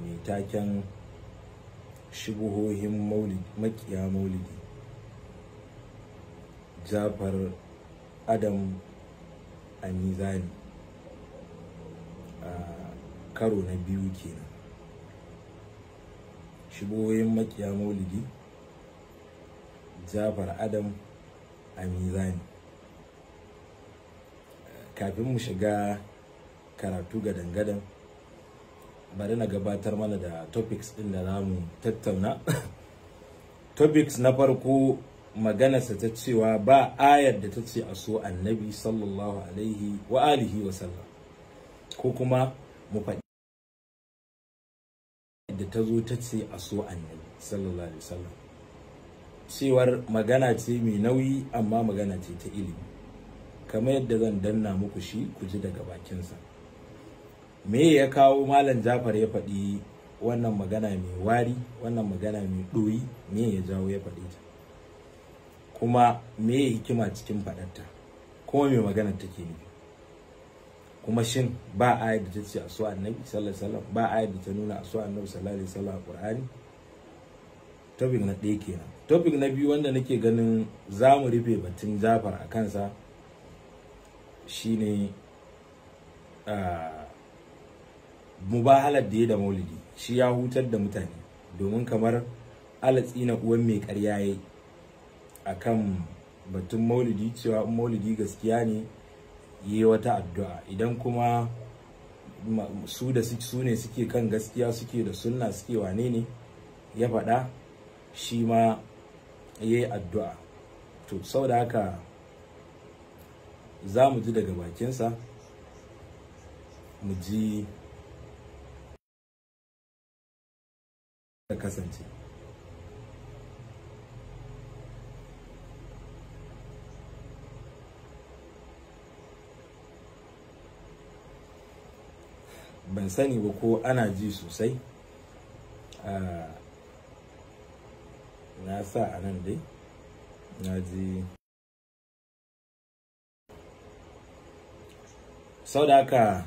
mai taken shubuhohin makiya maulidi jafar adam a nizani a karo na biyu kenan shubuhohin makiya maulidi jafar adam a nizani kafin mu shiga karatu ga dangadan bari na gabatar mana da topics ɗin da za tattauna topics na farko maganarsa ta cewa ba ayar da ta ce a so annabi sallallahu alaihi wa alihi wa sallam ko kuma mu faɗi da ta zo ta ce a so annabi sallallahu alaihi wa sallam cewar magana ce mai nauyi amma magana ce ta ilimi kamar yadda zan danna muku shi ku ji daga bakinsa me ya kawo malam jafar ya faɗi wannan magana mai wari wannan magana mai ɗoyi me ya jawo ya faɗi ta kuma me ya hikima cikin faɗarta kuma me magana take ne kuma shin ba yi da ta ce a su annabi sallallahu alaihi ba yi da ta nuna a su annabi sallallahu alaihi wasallam a qur'ani topic na ɗaya kenan topic na biyu wanda nake ganin za mu rufe batun jafar a kansa shine uh, mubahalar da ya da maulidi shi ya hutar da mutane domin kamar alatsi na uwan mai karya ya a kan batun maulidi cewa maulidi gaskiya ne yi wata addu'a idan kuma su da su ne suke kan gaskiya suke da sunna suke wane ne ya faɗa shi ma ya yi addu'a to sau da haka za mu ji daga bakinsa mu ji ta kasance ban sani ba ko ana ji sosai ah, na sa a nan dai na ji sau da aka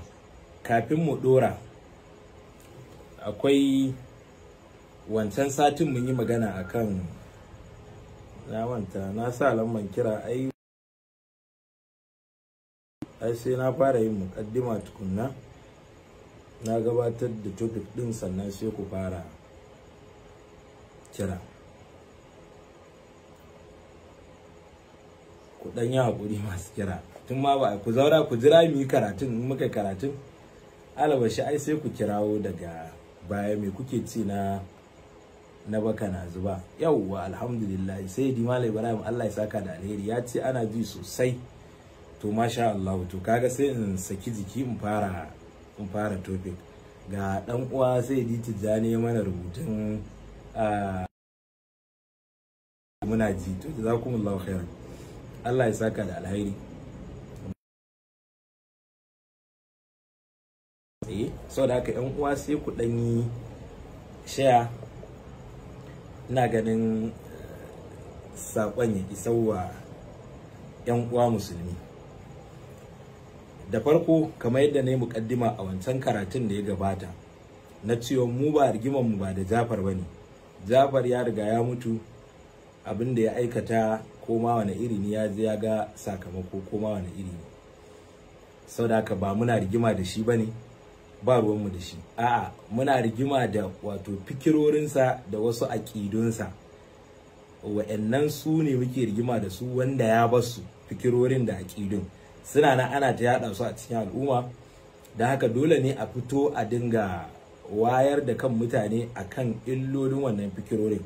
kafin mu dora akwai wancan satin mun yi magana akan na manta na sa lamban kira ai ai sai na fara yin mukaddima tukunna na gabatar da topic din sannan sai ku fara kira ku dan yi hakuri masu kira tun ma ba ku zaura ku jira mu yi karatun in muka karatun alabashi ai sai ku kirawo daga baya me kuke ci na na baka na zuba yauwa alhamdulillah sai di malai ibrahim allah ya saka da alheri ya ce ana ji sosai to masha allah to kaga sai in saki jiki in fara in fara topic ga dan uwa sai di tijjani mana rubutun muna ji to jazakumullahu khairan allah ya saka da alheri tsaye eh, sau da haka yan uwa sai ku ɗanyi share ina ganin saƙon ya wa 'yan uwa musulmi da farko kamar yadda na yi mukaddima a wancan karatun da ya gabata na cewa mu ba rigimar mu ba da jafar ba jafar ya riga ya mutu abin da ya aikata ko ma wani iri ne ya ji ya ga sakamako ko wani iri ne sau da haka ba muna rigima da shi bane ne ba ruwanmu da shi a'a muna rigima da wato fikirorinsa da wasu aƙidunsa wa'annan su ne muke rigima da su wanda ya basu fikirorin da aƙidun suna nan ana ta yada su a cikin al'umma da haka dole ne a fito a dinga wayar da kan mutane a kan illolin wannan fikirorin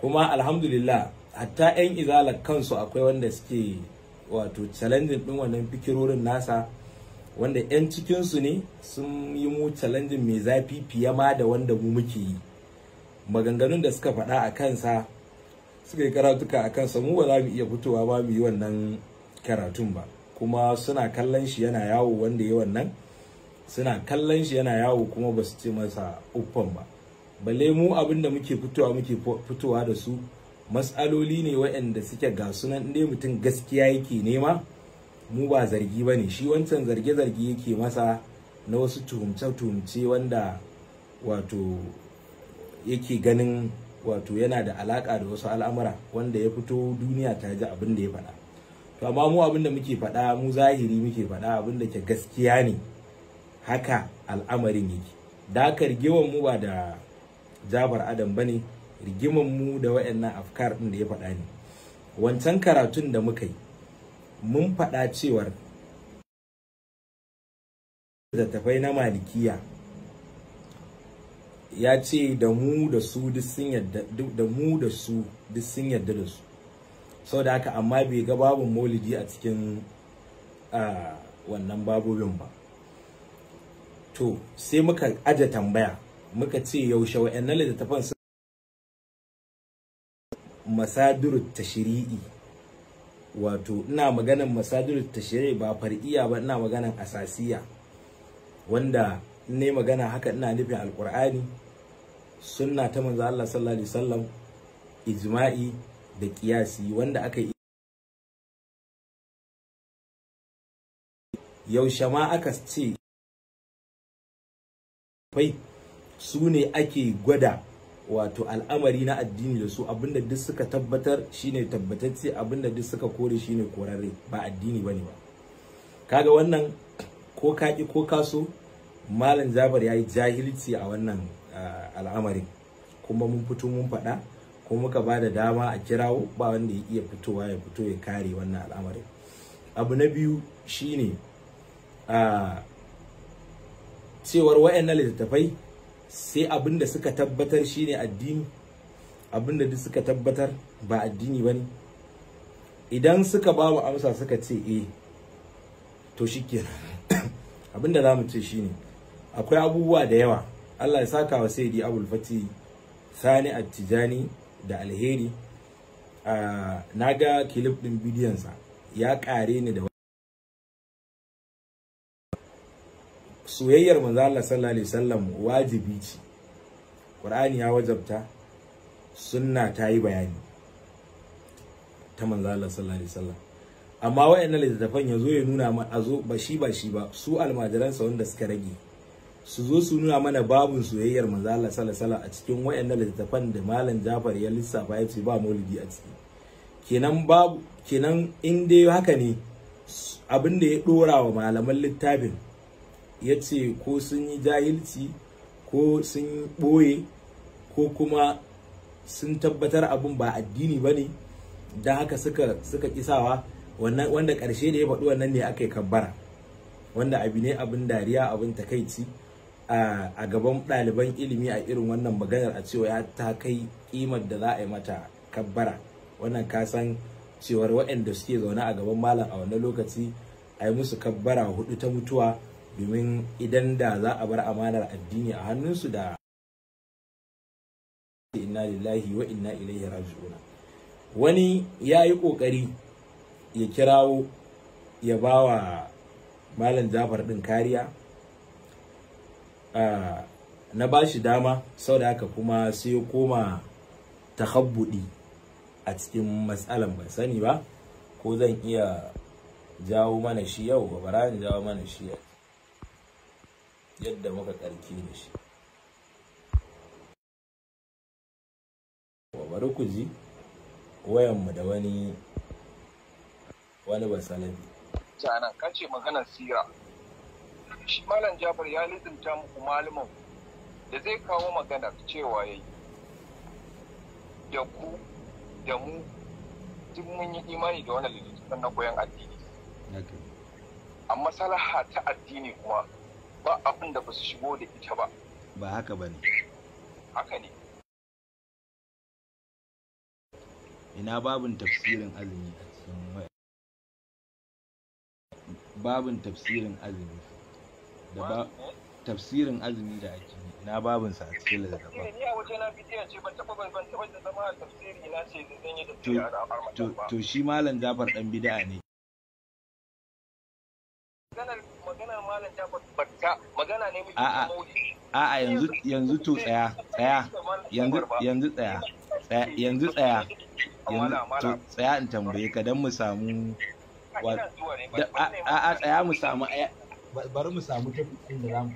kuma alhamdulillah hatta 'yan izalar kansu akwai wanda suke wato challenging din wannan fikirorin nasa wanda 'yan cikinsu ne sun yi mu challenging mai zafi fiye ma da wanda mu muke yi maganganun da suka faɗa a kansa suka yi karatuka a kansa mu ba za mu iya fitowa ba mu yi wannan karatun ba kuma suna kallon shi yana yawo wanda ya wannan suna kallon shi yana yawo kuma ba su ce masa uffan ba balle mu abin da muke fitowa muke fitowa da su matsaloli ne waɗanda suke ga sunan ɗaya mutum gaskiya yake nema mu ba zargi ba ne shi wancan zarge-zarge yake masa na wasu tuhumce-tuhumce wanda wato yake ganin wato yana da alaka da wasu al'amura wanda ya fito duniya ta ji abin da ya faɗa to amma mu abin da muke faɗa mu zahiri muke faɗa abin da ke gaskiya ne haka al'amarin yake da mu ba da jabar adam bane rigiman mu da wayannan afkar ɗin da ya faɗa ne wancan karatun da muka yi mun faɗa cewar da tafai na malikiya ya ce da mu da su duk sun yadda da mu da su duk sun yadda da su saboda haka amma bai ga babu maulidi a cikin wannan babobin ba to sai muka aje tambaya muka ce yaushe wa'annan littattafan su masadurut tashri'i wato ina maganan masadirin tashri ba far'iya ba ina maganan asasiya wanda ne magana haka ina nufin alkur'ani sunna ta manzo Allah sallallahu alaihi wasallam ijma'i da kiyasi wanda aka yi. yaushe ma aka ce fai su ne ake gwada wato al'amari na addini da su abinda duk suka tabbatar shine tabbatacce abinda duk suka kore shine korarre ba addini bane ba kaga wannan ko kaki ko kaso malam Jabar yayi jahilci a wannan ah, al'amarin kuma mun fito mun faɗa ko muka ba dama a kirawo ba wanda ya iya fitowa ya fito ya kare wannan al'amarin abu na biyu shine a ah, cewar wayannan littattafai sai abin da suka tabbatar shine addini abin da duk suka tabbatar ba addini ba idan suka ba mu amsa suka ce eh to shikenan abin da za ce shine akwai abubuwa da yawa Allah ya saka wa sayyidi Abul Fati Sani Attijani da Alheri ah, na ga kilif din bidiyon sa ya kare ni da soyayyar manzo Allah sallallahu alaihi wasallam wajibi ce Qur'ani ya wajabta sunna ta yi bayani ta manzo Allah sallallahu alaihi wasallam amma wayannan littattafan yazo ya nuna ma azo ba shi ba shi ba su sa wanda suka rage su zo su nuna mana babun soyayyar manzo Allah sallallahu alaihi wasallam a cikin wayannan littattafan da malam Jafar ya lissafa ya ce ba maulidi a ciki kenan babu kenan in dai haka ne abin da ya dora wa malaman littafin ya ce ko sun yi jahilci ko sun ɓoye ko kuma sun tabbatar abin ba addini ba ne don haka suka suka kisawa wanda ƙarshe da ya faɗi wannan ne aka yi kabbara wanda abu ne abin dariya abin takaici a gaban ɗaliban ilimi a irin wannan maganar a cewa ya ta kai ƙimar da za a yi mata kabbara wannan kasan san cewar waɗanda suke zaune a gaban malam a wannan lokaci a yi musu kabbara hudu ta mutuwa domin idan da za a bar amanar addini a hannunsu da inna lillahi wa inna ilaihi raji'una wani ya yi kokari ya kirawo ya ba wa malam jafar din kariya ah, na ba shi dama sau da haka kuma sai ya koma tahabbudi a cikin matsalan ban sani ba ko zan iya jawo mana shi yau ba jawo mana shi yau yadda muka karki da shi Wa bari ku ji wayanmu da wani wani basalabi jana ka ce maganar sira shi malam jafar ya lizinta muku malumin da zai kawo maganar cewa yayi da ku da mu duk mun yi imani da wani littattafan na koyon addini amma salaha ta addini kuma ba abin da ba su shigo da ita ba ba haka ba ne haka ne ina babin tafsirin azumi a cikin babin tafsirin azumi da ba tafsirin azumi da ake yi na babin sa a cikin littattafan ni a waje na bidiyon ce ban taba ban taɓa da zama tafsiri na ce da zan yi da a ba. to shi malam Jafar ɗan bid'a ne magana ne a'a yanzu yanzu to tsaya tsaya yanzu yanzu tsaya yanzu tsaya yanzu tsaya in tambaye ka dan mu samu a'a tsaya mu samu bari mu samu topic din da zamu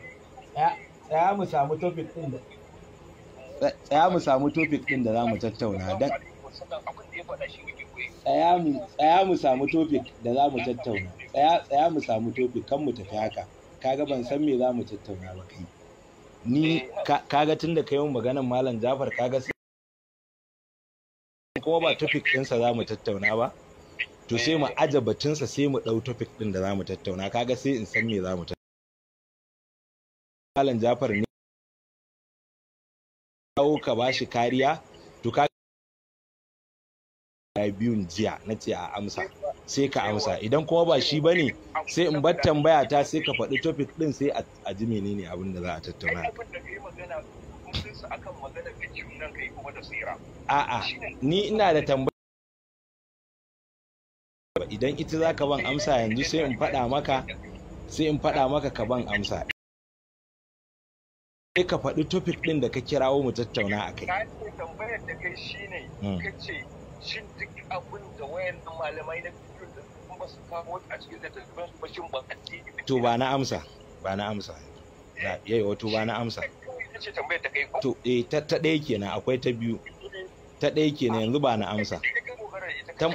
tsaya mu samu topic din da tsaya mu samu topic din da zamu tattauna dan tsaya mu samu topic da mu tattauna tsaya mu samu topic kan mu tafi haka kaga ban san me za mu tattauna ba kai ni eh. kaga tunda ka yi maganar malam jafar kaga ko ba topic sa za mu tattauna ba to sai mu eh. aje batunsa sai mu ɗau topic din da za mu tattauna kaga sai in san me za mu tattauna malam jafar ne kawo ka ba shi kariya to ka biyun jiya na ce a amsa sai ka amsa idan kuma ba shi bane sai in bar tambaya ta sai ka faɗi topic din sai a ji menene abin da za a tattauna a'a ni ina da tambaya idan ita za ka ban amsa yanzu sai in faɗa maka sai in faɗa maka ka ban amsa sai ka faɗi topic ɗin da ka kirawo mu tattauna a kai. tambayar da kai shine hmm. kace shin duk abin da wayan malamai na ba su kawo a cikin littattafan ba addini to ba na amsa ba na amsa yayi wato ba na amsa to eh ta ta ɗaya kenan akwai ta biyu ta ɗaya kenan yanzu ba na amsa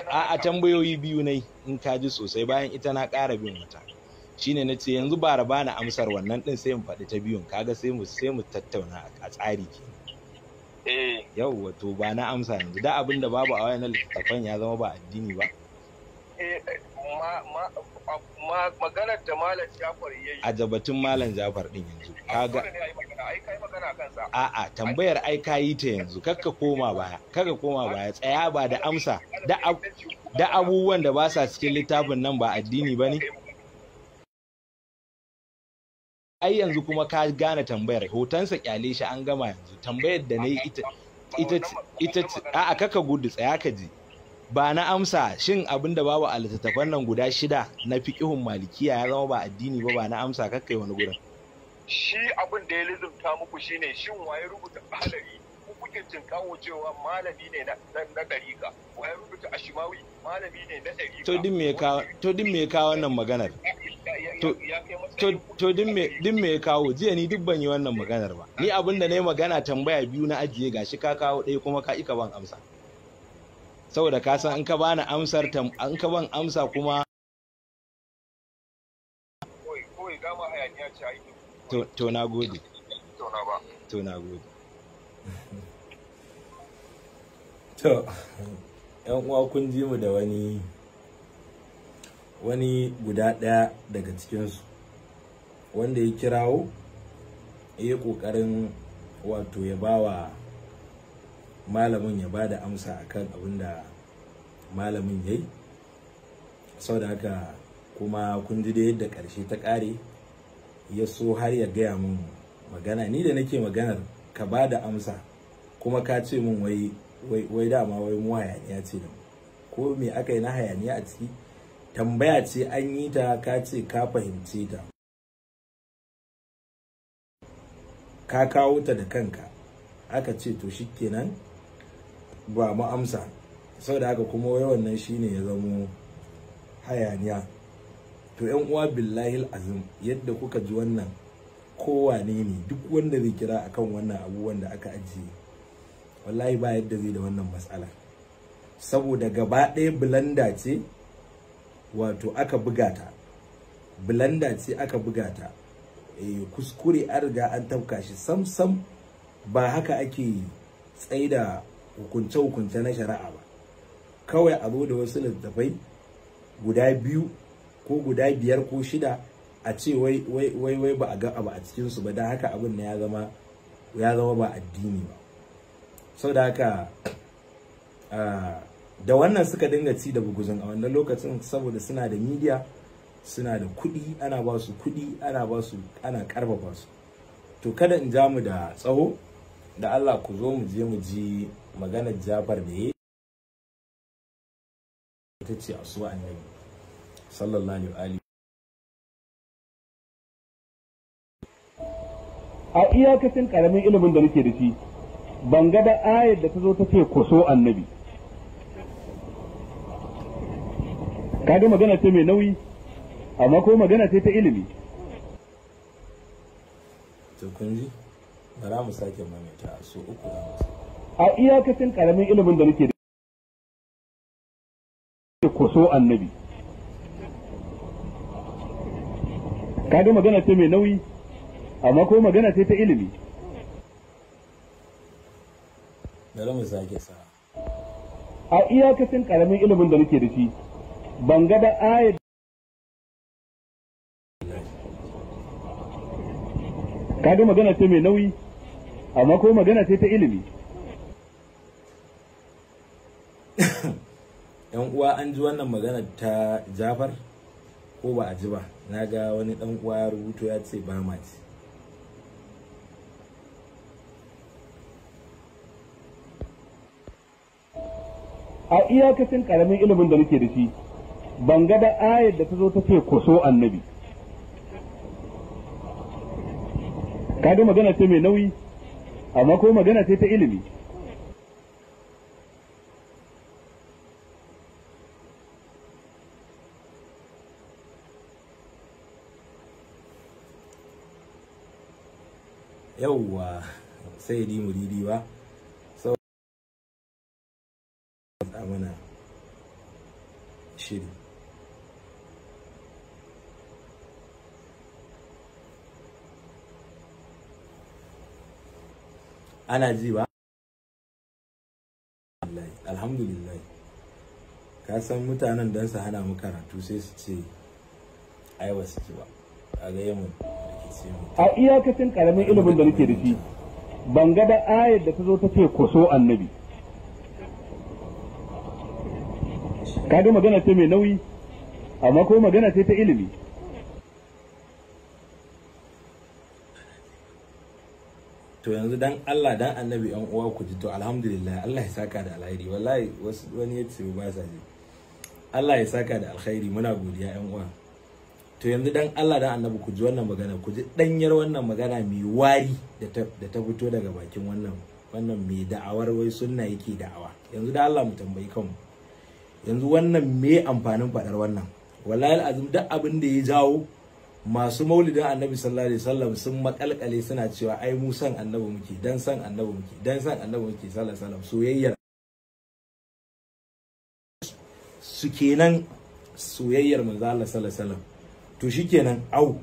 a tambayoyi biyu ne in ka ji sosai bayan ita na ƙara bin wata shine na ce yanzu bara ba na amsar wannan din sai mu faɗi ta biyun kaga sai mu sai mu tattauna a tsari kenan eh. yau wato ba na amsa yanzu da abin da babu a wayan littattafan ya zama ba addini ba eh, maganar da malam jafar ya yi a jabatun malam jafar din yanzu kaga a'a tambayar ai ka yi ta yanzu kakka koma baya kakka koma baya tsaya ba da amsa da abubuwan da ba sa cikin littafin nan ba addini ba ne ai yanzu kuma ka gane tambayar hotonsa kyale shi an gama yanzu tambayar da na yi ita ita ita a kakka gudu tsaya ka ji ba na amsa shin abin da babu a littattafan nan guda shida na fiƙihun malikiya ya zama ba addini ba ba na amsa kakkai wani gurin shi abin da ya lizumta muku shine shin waye rubuta halari ku kuke tinkawo cewa malami ne na na waye rubuta ashimawi malami ne na dariƙa to din me ka to din me ka wannan maganar to din din me kawo jiya ni duk ban yi wannan maganar ba ni abin da na yi magana tambaya biyu na ajiye gashi ka kawo ɗaya kuma ka ika ban amsa saboda ka san in ka bani amsar an ka ban amsa kuma to na gode to na gode to yan uwa kun ji mu da wani wani guda daya daga cikin su wanda ya kirawo ya yi ƙoƙarin wato ya bawa malamin ya bada amsa akan abin da malamin yayi yi sau da haka kuma kun ji da yadda ƙarshe ta ƙare ya so har ya gaya min magana ni da nake maganar ka ba da amsa kuma ka ce min wai wai dama wai mu hayaniya ce da ko me aka yi na hayaniya a ciki tambaya ce an yi ta ka ce ka fahimce ta ka kawo ta da kanka aka ce to shikenan ba mu amsa saboda haka kuma wannan shi shine ya zamo hayaniya to yan uwa billahi azim yadda kuka ji wannan kowa ne ne duk wanda zai kira akan wannan abubuwan da aka ajiye wallahi ba yadda zai da wannan matsala saboda gaba ɗaya blanda ce wato aka buga ta blanda ce aka buga ta e, kuskure an riga an tafka shi sam sam ba haka ake tsaida hukunce-hukunce na shari'a ba kawai a zo da wasu littafai guda biyu ko guda biyar ko shida a ce wai wai ba a ga abu a cikinsu ba don haka abin na ya zama ba addini ba sau da haka da wannan suka dinga ci da buguzin a wannan lokacin saboda suna da media suna da kuɗi ana ba su kuɗi ana ba su ana karfafa su to kada in ja mu da tsaho da Allah ku zo mu je mu ji maganar jabar da ya ta ce a suwa annabi sallallahu alaihi a iyakacin karamin ilimin da nake da shi ban ga da ayar da ta zo ta ce ku so annabi kaga magana ce mai nauyi amma ko magana ce ta ilimi to kun ji bara mu sake maimaita so uku da sake a iyakacin karamin ilimin da nake da ku so annabi kaga magana ce mai nauyi amma ko magana ce ta ilimi bari mu sake sa a iyakacin karamin ilimin da nake da shi ban ga da ayat kaga magana ce mai nauyi amma ko magana ce ta ilimi yan uwa an ji wannan magana ta jafar ko ba a ji ba na ga wani ɗan uwa ya rubuto ya ce ba ma ci a iyakacin karamin ilimin da nake da shi ban ga da ayar da ta zo ta ce kwaso so annabi kaga magana ce mai nauyi amma ko magana ce ta ilimi yawwa sai di muridi ba so a mana shiri ana ji ba alhamdulillah ka san mutanen don su hana mu karatu sai su ce ai su ci ba a iyakacin karamin ilimin da nake da shi ban ga da ayar da ta zo ta ce kwaso annabi kaga magana ce mai nauyi amma ko magana ce ta ilimi to yanzu dan Allah dan annabi yan uwa ku ji to alhamdulillah Allah ya saka da alheri wallahi wani ya ce ba sa ji Allah ya saka da alkhairi muna godiya yan uwa to yanzu dan Allah dan annabi ku ji wannan magana ku ji danyar wannan magana mai wari da ta fito daga bakin wannan wannan mai da'awar wai sunna yake da'awa yanzu da Allah mu tambayi kanmu yanzu wannan me amfanin fadar wannan wallahi azum duk abin da ya jawo masu maulidin annabi sallallahu alaihi wasallam sun makalkale suna cewa ai mu san annabi muke dan san annabi muke dan san annabi muke sallallahu alaihi wasallam soyayyar su kenan soyayyar manzo Allah sallallahu alaihi wasallam to shikenan au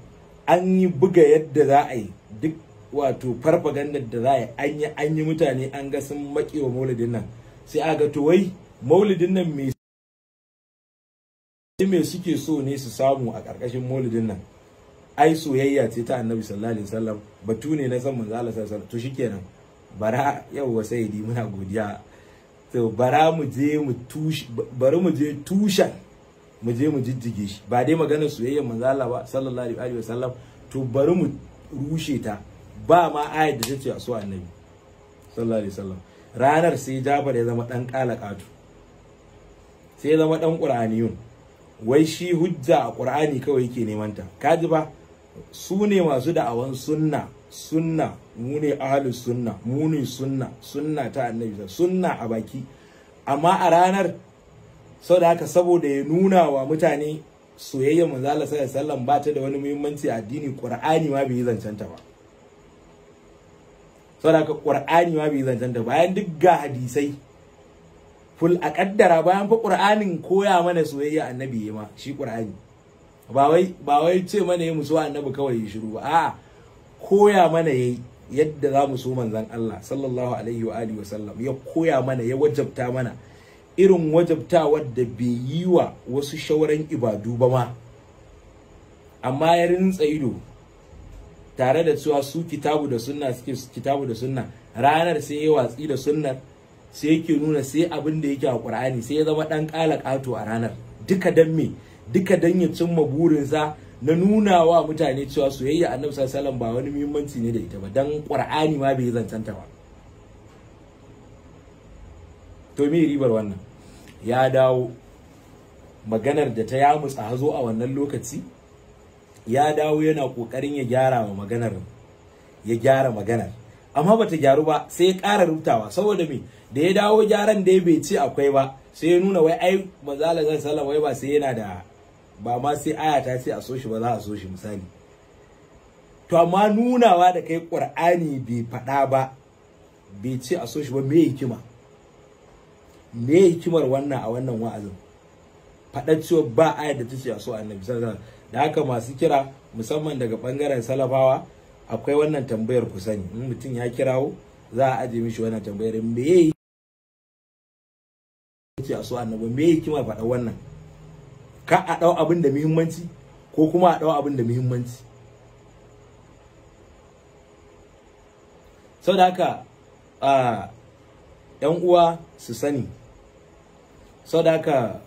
an yi buga yadda za a yi duk wato farfagandar da za a yi an yi an yi mutane an ga sun makewa maulidin nan sai a ga to wai maulidin nan me suke so ne su samu a ƙarƙashin maulidin nan ai soyayya ce ta annabi sallallahu alaihi wasallam batu ne na san manzo Allah sallallahu alaihi to shikenan bara yau wa sayyidi muna godiya to bara mu je mu tushe bari mu je tushen mu je mu jijjige shi ba dai maganar soyayyar manzo Allah ba sallallahu alaihi wa sallam to bari mu rushe ta ba ma ayat da tace a so annabi sallallahu alaihi wa sallam ranar sai Jabir ya zama dan kalakatu sai ya zama dan Qur'aniyun wai shi hujja a Qur'ani kawai yake neman ta kaji ba su ne masu da'awan sunna sunna mu ne ahli sunna mu ne sunna sunna ta annabi sunna a baki amma a ranar so da haka saboda ya nuna wa mutane soyayyar manzo Allah sallallahu alaihi wasallam ba ta da wani muhimmanci addini Qur'ani ma bai zancanta ba so da haka Qur'ani ma bai zancanta bayan duk ga hadisai ful a kaddara bayan fa Qur'anin koya mana soyayya annabi ma shi Qur'ani ba wai ba wai ce mana yi musu annabi kawai ya shiru ba a'a koya mana yayi yadda za mu so manzon Allah sallallahu alaihi wa alihi sallam ya koya mana ya wajabta mana irin wajabtawar da bai yi wa wasu shawaran ibadu ba ma amma ya rintsa ido tare da cewa su kitabu da sunna suke kitabu da sunna ranar sai ya watsi da sunna sai yake nuna sai abin da yake a Qur'ani sai ya zama dan kala kato a ranar duka dan me duka dan ya cimma burinsa na nuna wa mutane cewa soyayya annabi sallallahu alaihi ba wani muhimmanci ne da ita ba dan Qur'ani ma bai zancanta ba to me ribar wannan ya dawo maganar da ta yamutsa hazo a wannan lokaci ya dawo yana kokarin ya gyara wa maganar ya gyara maganar amma bata gyaru ba sai ya ƙara rubutawa saboda me da ya dawo gyaran da ya bai ci akwai ba sai ya nuna wai ai manzala zan sala wai ba sai yana da ba ma sai aya ta ce a so shi ba za a so shi misali to amma nunawa da kai qur'ani bai faɗa ba bai ce a so shi ba me hikima me hikimar wannan a wannan wa'azin faɗar cewa ba ayar da ta ce a so annabi sallallahu da haka masu kira musamman daga bangaren salafawa akwai wannan tambayar ku sani in mutum ya kirawo za a aje mishi wannan tambayar me ce a so annabi me hikimar faɗar wannan ka a ɗau abin da muhimmanci ko kuma a ɗau abin da muhimmanci sau da haka yan ah, uwa su sani sau da haka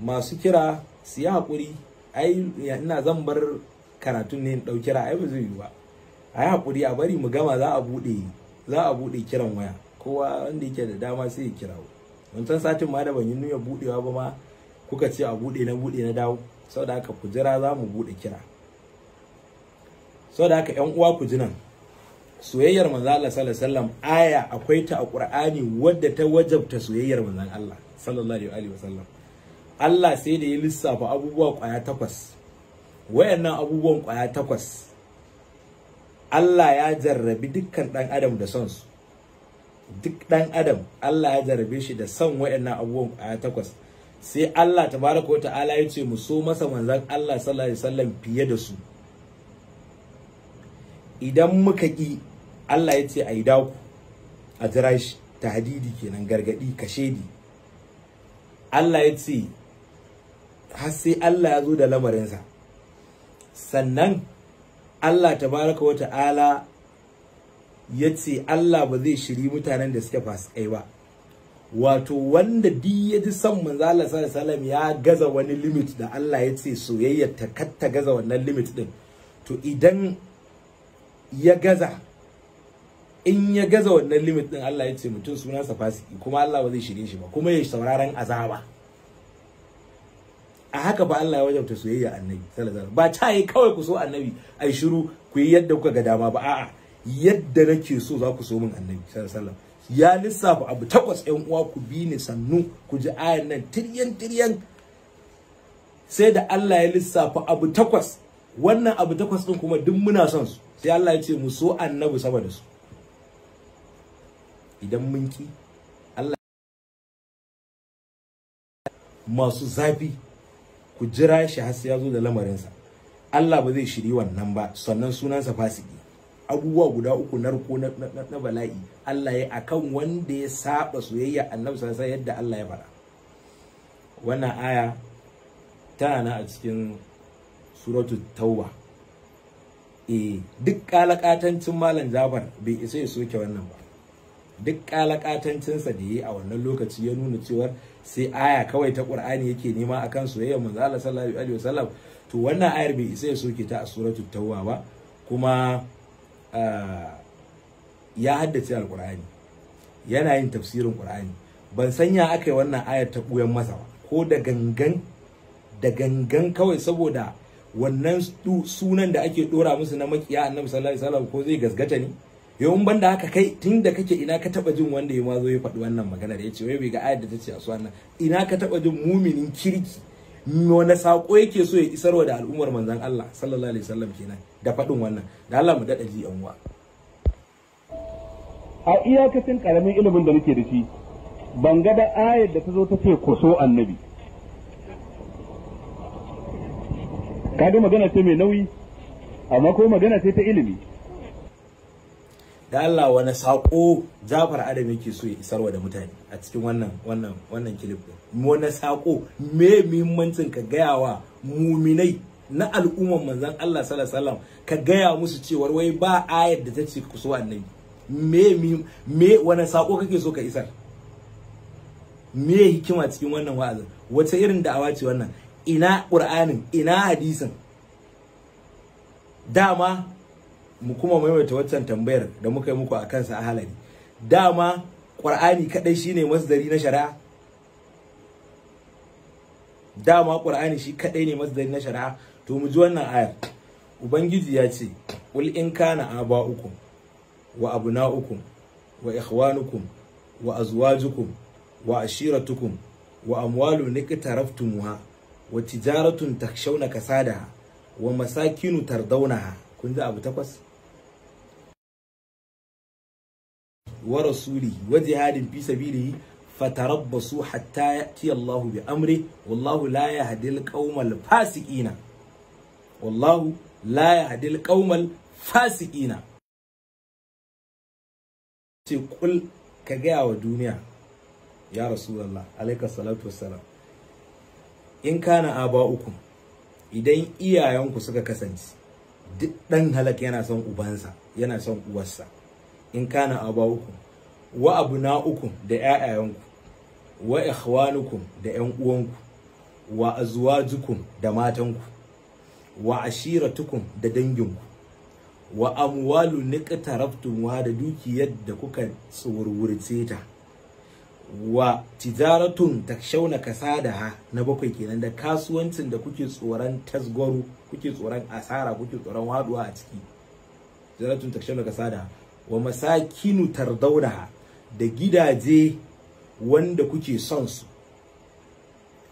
masu kira su yi haƙuri ai ina zan bar karatun ne ɗau a ai ba zai yi ba a yi haƙuri a bari mu gama za a buɗe za a buɗe kiran waya kowa wanda yake da dama sai ya kira wancan satin ma da ban yi nuna buɗewa ba ma kuka ce a buɗe na buɗe na dawo sau da haka ku za mu buɗe kira sau haka 'yan uwa ku ji soyayyar manzon Allah sallallahu alaihi wasallam aya akwai ta a Qur'ani wadda ta wajabta soyayyar manzon Allah sallallahu alaihi wasallam Allah sai da ya lissafa abubuwa kwaya takwas wayannan abubuwan kwaya takwas Allah ya jarrabi dukkan dan adam da son su duk dan adam Allah ya jarrabe shi da son wayannan abubuwan kwaya takwas sai Allah tabaraka wa ta'ala ya ce mu so masa manzon Allah sallallahu alaihi wasallam fiye da su idan muka ƙi Allah ya ce a yi daku a jira shi tahdidi kenan gargadi kashedi Allah ya ce har sai Allah ya zo da lamarinsa sannan Allah tabaraka wata'ala ya ce Allah ba zai shiri mutanen da suke fasikai ba wato wanda duk ya ji son manzo Allah sallallahu alaihi ya gaza wani limit da Allah ya ce soyayya ta katta gaza wannan limit din to idan ya gaza in ya gaza wannan limit din Allah ya ce mutum sunansa fasiki kuma Allah ba zai shige shi ba kuma ya sauraron azaba a haka ba Allah ya wajabta soyayya annabi sallallahu ba ta yi kawai ku so annabi ai shiru ku yi yadda kuka ga dama ba a'a yadda nake so za ku so min annabi sallallahu ya lissafa abu takwas yan uwa ku bi ni sannu ku ji ayan nan tiryan tiryan sai da Allah ya lissafa abu takwas wannan abu takwas din kuma duk muna son su sai Allah ya ce mu so annabi saboda su idan mun ki Allah masu zafi ku jira shi har sai ya zo da lamarin sa Allah ba zai shiri wannan ba sannan sunansa fasiki abubuwa guda uku narko na, na, bala'i Allah ya akan wanda ya saba soyayya annabi sallallahu yadda Allah ya fara wannan aya tana na a cikin suratul tauba eh duk kalakatancin malam Jafar bai isa ya soke wannan ba duk kalakatancinsa da yi a wannan lokaci ya nuna cewar sai aya kawai ta qur'ani yake nema akan soyayya manzo Allah sallallahu alaihi wasallam to wannan ayar bai isa ya soke ta a suratul tawwa ba kuma ah, ya haddace alqur'ani yana yin tafsirin qur'ani ban sanya aka yi wannan ayar ta buyan masa ba ko da gangan da gangan kawai saboda wannan sunan da ake dora musu na makiya annabi sallallahu alaihi wasallam ko zai gasgata ne yawan ban da haka kai tun da kake ina ka taba jin wanda ya ma zo ya faɗi wannan magana da ya ce wai bai ga ayar da ta ce a su wannan ina ka taba jin muminin kirki wani sako yake so ya isar wa da al'ummar manzan Allah sallallahu alaihi wasallam kenan da faɗin wannan da Allah mu daɗa ji yan uwa a iyakacin karamin ilimin da nake da shi ban ga da ayar da ta zo ta ce ku so annabi kaga magana ce mai nauyi amma ko magana ce ta ilimi da Allah wani sako Jafar Adam yake so ya isarwa da mutane a cikin wannan wannan wannan clip wani sako me muhimmancin ka gaya wa muminai na al'umman manzon Allah sallallahu alaihi wasallam ka gaya musu cewa wai ba ayar da ta ce ku so annabi me me wani sako kake so ka isar me hikima cikin wannan wa'azin wace irin da'awa ce wannan ina qur'anin ina hadisin dama mu kuma maimaita waccan tambayar da muka yi muku a kansa ahalari dama ƙur'ani kaɗai shine masdari na shari'a dama shi kaɗai ne masdari na shari'a to mu ji wannan ayar ubangiji ya ce ul in kana uku wa uku wa ikhwanukum wa azwajukum wa ashiratukum wa amwalu iqtaraftumuha wa tijaratun takshawna kasada wa masakinu tardawnaha kun ji abu takwas wa rasulihi wa jihadin fi sabilihi fatarabbasu hatta ya'ti Allahu bi amri wallahu la yahdi al-qaumal fasiqina wallahu la yahdi al-qaumal fasiqina ce kul ka gaya wa duniya ya rasulullah alayka salatu wassalam in kana aba uku idan iyayenku suka kasance duk dan halak yana son ubansa yana son uwarsa in kana uku: wa abu na uku da ƴaƴayenku wa ikhwanukum da ƴan uwanku wa azwajukum da matanku wa ashiratukum da danginku wa amwalu niqtaraftumha da dukiyar da kuka tsurwurce ta wa tijaratun takshawna kasadaha na bakwai kenan da kasuwancin da kuke tsoron tasgwaro kuke tsoron asara kuke tsoron waduwa a ciki tijaratun takshawna kasadaha wa masakinu tardaunaha da gidaje wanda kuke son su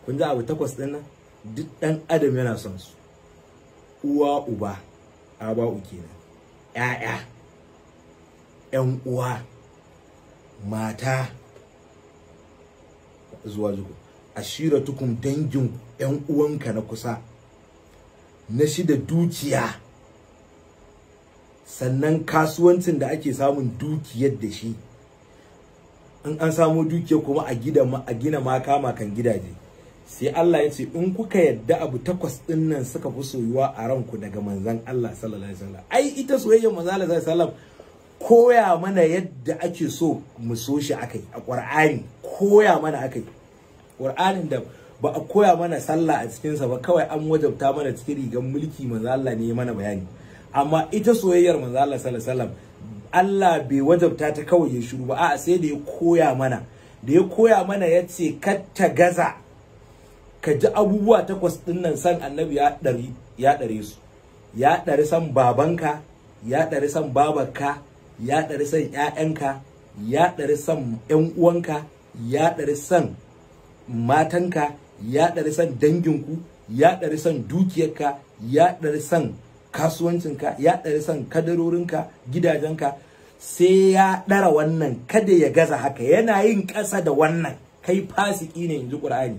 kun ji abu takwas ɗin nan duk dan adam yana son su uwa uba aba'u kenan ƴaƴa ƴan uwa mata zuwa zuwa ashiratukum dangin ƴan uwanka na kusa na shida dukiya sannan kasuwancin da ake samun dukiyar da shi in an samo dukiyar kuma a gida a gina maka makan gidaje sai Allah ya ce in kuka yadda abu takwas din nan suka fi soyuwa a ranku daga manzon Allah sallallahu alaihi wasallam ai ita soyayyar manzon Allah sallallahu alaihi wasallam koya mana yadda ake so mu so shi akai a Qur'ani koya mana akai Qur'anin da ba a koya mana sallah a cikinsa ba kawai an wajabta mana cikin rigar mulki manzo Allah ne mana bayani amma ita soyayyar manzo Allah sallallahu alaihi wasallam Allah bai wajabta ta kawai ya shiru ba a'a sai da ya koya mana da ya koya mana ya ce katta gaza ka ji abubuwa takwas din nan san annabi ya dari ya dare su ya dari san babanka ya dari san babarka ya dari san ƴaƴanka ya dari san ƴan uwanka ya dari san matanka ya dari san danginku ya dari san dukiyarka ya dari san kasuwancinka ya ɗari son kadarorinka gidajenka sai ya ɗara wannan kada ya gaza haka yana yin ƙasa da wannan kai fasiki ne inji ƙur'ani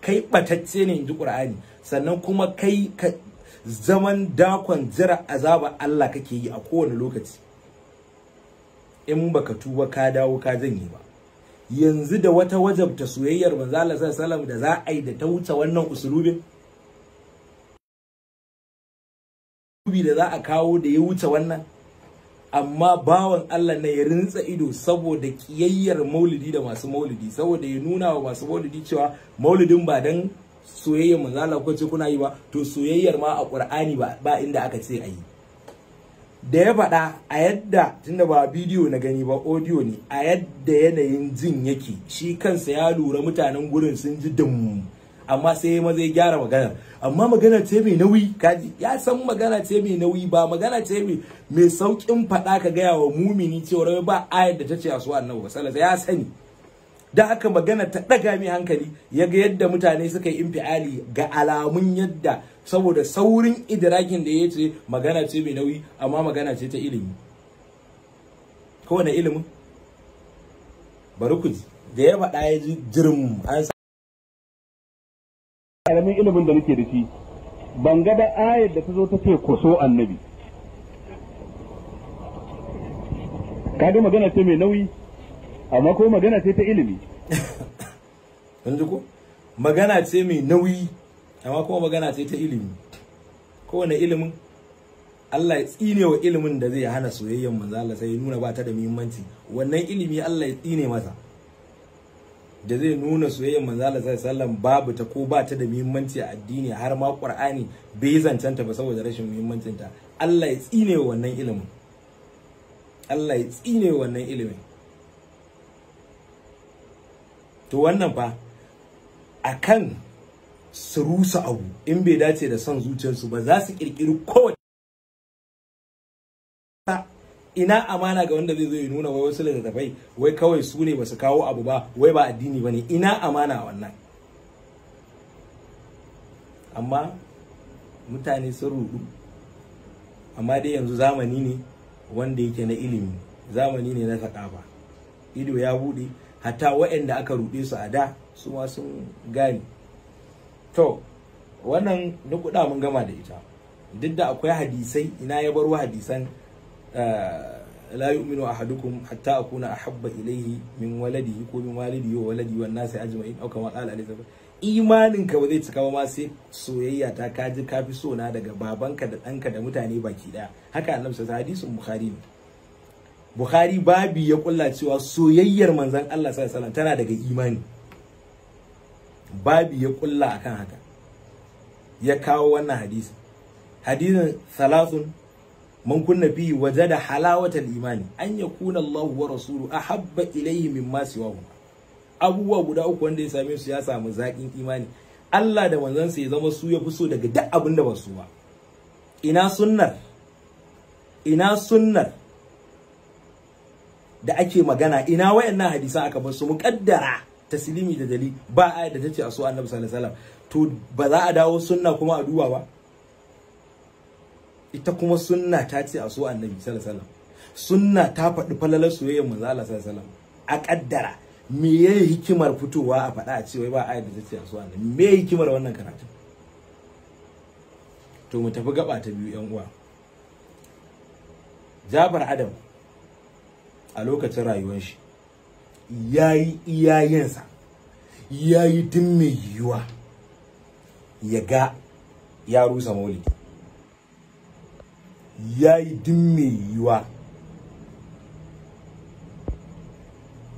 kai ɓatacce ne inji ƙur'ani sannan kuma kai zaman dakon jira azaba Allah kake yi a kowane lokaci in baka tuba ka dawo ka janye ba yanzu da wata wajabta soyayyar manzo Allah da za a yi da ta wuce wannan usulubin dubi da za a kawo da ya wuce wannan amma bawan Allah na ya rintsa ido saboda kiyayyar maulidi da masu maulidi saboda ya nuna wa masu maulidi cewa maulidin ba dan soyayyar manzala ko ce kuna yi ba to soyayyar ma a Qur'ani ba ba inda aka ce a yi da ya faɗa a yadda tunda ba bidiyo na gani ba audio ne a yadda yanayin jin yake shi kansa ya lura mutanen gurin sun ji dum amma sai maza ya gyara magana amma magana ce mai nauyi kaji ya san magana ce mai nauyi ba magana ce mai mai saukin faɗa ka gaya wa mumini cewa ba ayar da ta ce a su annabi ba sallallahu ya sani da haka magana ta ɗaga mai hankali ya yadda mutane suka yi infiali ga alamun yadda saboda saurin idrakin da ya ce magana ce mai nauyi amma magana ce ta ilimi kowane ilimin bari ku da ya faɗa ya ji karamin ilimin da muke da shi ban ga da ayar da ta zo ta ce ku so annabi ga magana ce mai nauyi amma ko magana ce ta ilimi yanzu ko magana ce mai nauyi amma kuma magana ce ta ilimi kowane ilimin Allah ya tsine wa ilimin da zai hana soyayyen manzo Allah sai ya nuna ba ta da muhimmanci wannan ilimi Allah ya tsine masa da zai nuna soyayyar manzo Allah sallallahu babu ta ko ba ta da muhimmanci a addini har ma Qur'ani bai zancanta ba saboda rashin muhimmancin ta Allah ya tsine wannan ilimin Allah ya tsine wannan ilimin to wannan fa akan su rusa abu in bai dace da son zuciyarsu ba za su kirkiri kowace ina amana ga wanda zai zo ya nuna wai wasu littattafai wai kawai su ne ba su kawo abu ba wai ba addini ba ne ina amana wannan amma mutane sun rudu amma dai yanzu zamani ne wanda yake na ilimi zamani ne na sakafa ido ya buɗe hatta waɗanda aka ruɗe su a da su ma sun gane to wannan nukuda mun gama da ita duk da akwai hadisai ina ya baro hadisan la yu'minu ahadukum hatta akuna ahabba ilayhi min waladihi ko min walidihi wa waladihi wan nasi ajma'in aw kama qala alayhi imanin ka ba zai cika ba sai soyayya ta kaji kafi so na daga babanka da danka da mutane baki daya haka annabi sallallahu alaihi hadisin bukhari ne bukhari babi ya kulla cewa soyayyar manzon Allah sallallahu alaihi wasallam tana daga imani babi ya kulla akan haka ya kawo wannan hadisi hadisin salasun man kunna fihi da halawata imani an yakuna Allah wa rasulu ahabba ilayhi mimma siwahu abubuwa guda uku wanda ya same su ya samu zakin imani Allah da manzansa ya zama su ya fi so daga duk abin da ba su ba ina sunnar da ake magana ina wayannan hadisa aka bar su muqaddara taslimi da dali ba'a da tace a so annabi sallallahu to ba za a dawo sunna kuma a duba ba ita kuma sunna ta ce a so annabi sallallahu alaihi wasallam sunna ta faɗi falalar soyayyar manzo Allah sallallahu alaihi wasallam a kaddara me ya hikimar fitowa a faɗa a ce wai ba ayat da zai ce a so annabi me hikimar wannan karatu to mu tafi gaba ta biyu yan uwa Jabar Adam a lokacin rayuwar shi yayi iyayensa yayi duk mai yiwuwa ya ga ya rusa maulidi ya yi din mai yiwa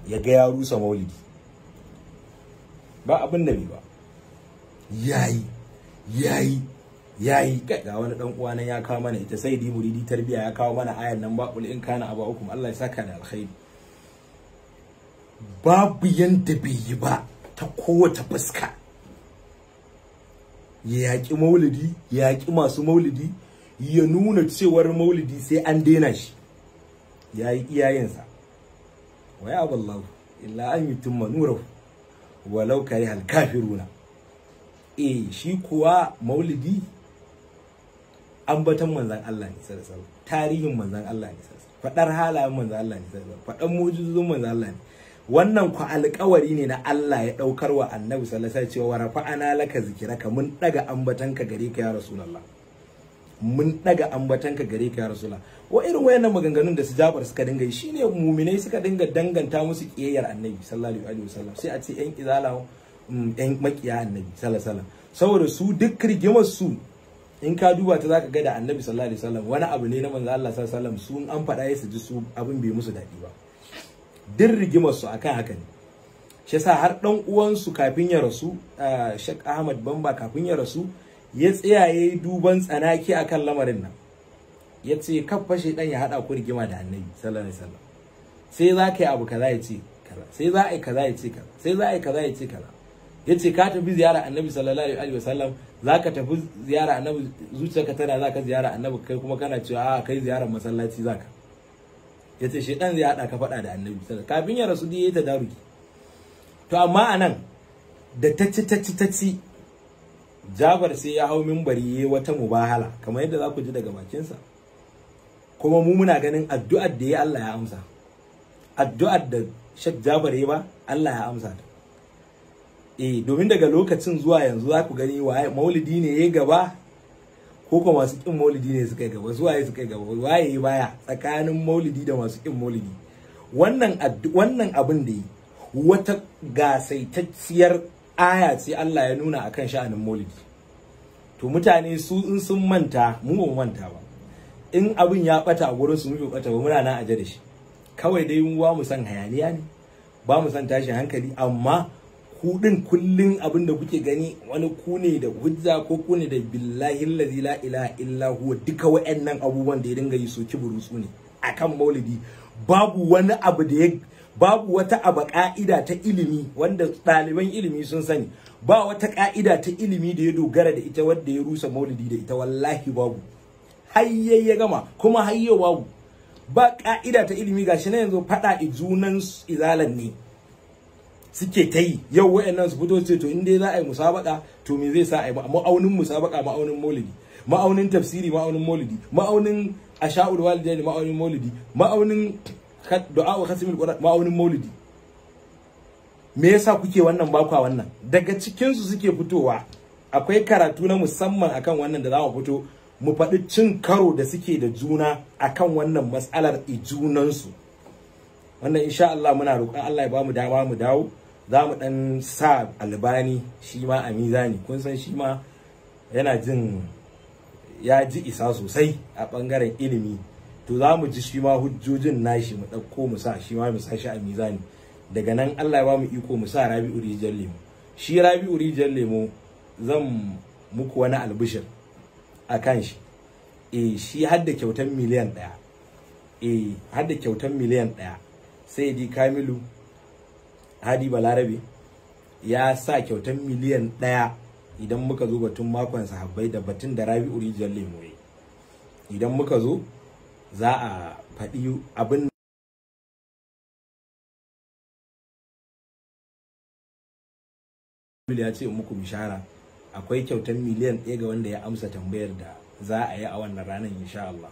ya ga ya rusa maulidi ba abin da bai ba yayi yayi yayi ga wani dan uwa nan ya kawo mana ita sai di muridi tarbiya ya kawo mana ayan nan ba in kana aba hukum Allah ya saka da alkhairi babu yanda bai yi ba ta kowace fuska ya yaki maulidi ya yaki masu maulidi ya nuna cewar maulidi sai an daina shi ya yi iyayensa wa ya ballahu illa an yutimma nurahu walau kare halkafiruna eh shi kuwa maulidi Ambatan manzan Allah ne sai sai tarihin manzan Allah ne sai fadar halayen manzan Allah ne sai fadan mujizun manzan Allah ne wannan ku alƙawari ne na Allah ya daukar wa Annabi sallallahu alaihi wasallam cewa rafa'ana laka zikraka mun daga ambatanka gare ka ya rasulullah mun daga ambatanka gare ka ya rasula wa irin wayannan maganganun da su jabar suka dinga yi shine muminai suka dinga danganta musu kiyayyar annabi sallallahu alaihi wasallam sai a ce yan izala mm, yan makiya annabi sallallahu alaihi wasallam saboda su duk rigimar su in ka duba ta zaka ga da annabi sallallahu alaihi wasallam wani abu ne na manzo Allah sallallahu alaihi wasallam su an faɗa ya su ji su abin bai musu daɗi ba duk rigimar su akan haka ne shi yasa har dan uwansu kafin ya rasu eh, Sheikh Ahmad Bamba kafin ya rasu ya tsaya ya yi duban tsanaki a kan lamarin nan ya ce kan fashe dan ya haɗa ku rigima da annabi sallallahu alaihi wasallam sai za ka yi abu kaza ya ce kaza sai za a yi kaza ya ce kaza sai za a yi kaza ya ce kaza ya ce ka tafi ziyara annabi sallallahu alaihi wasallam za ka tafi ziyara annabi zuciyarka tana za ka ziyara annabi kai kuma kana cewa a kai ziyarar masallaci za ka ya ce shaidan zai haɗa ka faɗa da annabi sallallahu alaihi kafin ya rasu ya yi ta daruki to amma a nan da ta ci ta ci ta ci jabar sai ya hau mimbari ya wata mubahala kamar yadda za ku ji daga bakinsa kuma mu muna ganin addu'ar da ya Allah ya amsa addu'ar da Sheikh jabar ya ba Allah ya amsa ta eh domin daga lokacin zuwa yanzu za ku gani waye maulidi ne ya gaba ko kuma masu kin maulidi ne suka gaba zuwa ya suka gaba waye ya baya tsakanin maulidi da masu kin maulidi wannan wannan abin da yi wata gasaitacciyar aya ce Allah ya nuna a kan sha'anin maulidi to mutane su in sun manta mu ba manta ba in abin ya bata a gurin su muke bata ba muna nan aje da shi kawai dai mu ba mu san hayaniya ne ba mu san tashin hankali amma ku din kullun abin da kuke gani wani ku ne da hujja ko ku ne da billahi allazi la ilaha illa huwa duka wayannan abubuwan da ya dinga yi so kiburu su ne akan maulidi babu wani abu da ya babu wata aba ka'ida ta ilimi wanda ɗaliban ilimi sun sani ba wata ka'ida ta ilimi da ya dogara da ita wadda ya rusa maulidi da ita wallahi babu hayye ya gama kuma hayye babu ba ka'ida ta ilimi gashi na yanzu faɗa izunan izalan ne suke ta yi yau wayannan su fito ce to in dai za a yi musabaka to me zai sa a yi ma'aunin musabaka ma'aunin maulidi ma'aunin tafsiri ma'aunin maulidi ma'aunin asha'ul walidaini ma'aunin maulidi ma'aunin du'a wa khatimul ma'aunin maulidi me yasa kuke wannan ba kwa wannan daga cikin su suke fitowa akwai karatu na musamman akan wannan da za mu fito mu faɗi cin karo da suke da juna akan wannan matsalar ijunan su wannan insha Allah muna roƙon Allah ya bamu dama mu dawo za mu dan sa albani shi ma a mizani kun san shi ma yana jin ya ji isa sosai a ɓangaren ilimi to za mu ji shi ma hujjojin nashi mu ɗauko mu sa shi ma mu sa shi a mizani daga nan Allah ya ba mu iko mu sa rabi rijiyar lemo shi rabi rijiyar lemo zan muku wani albishir a kan shi e shi har da kyautan miliyan ɗaya e har da kyautan miliyan ɗaya sai di Kamilu Hadi Balarabe ya sa kyautan miliyan ɗaya idan muka zo batun makon sahabbai da batun da rabi rijiyar lemo idan muka zo za a faɗi abin ya ce muku mishara akwai kyautar miliyan ɗaya ga wanda ya amsa tambayar da za a yi a wannan ranar insha Allah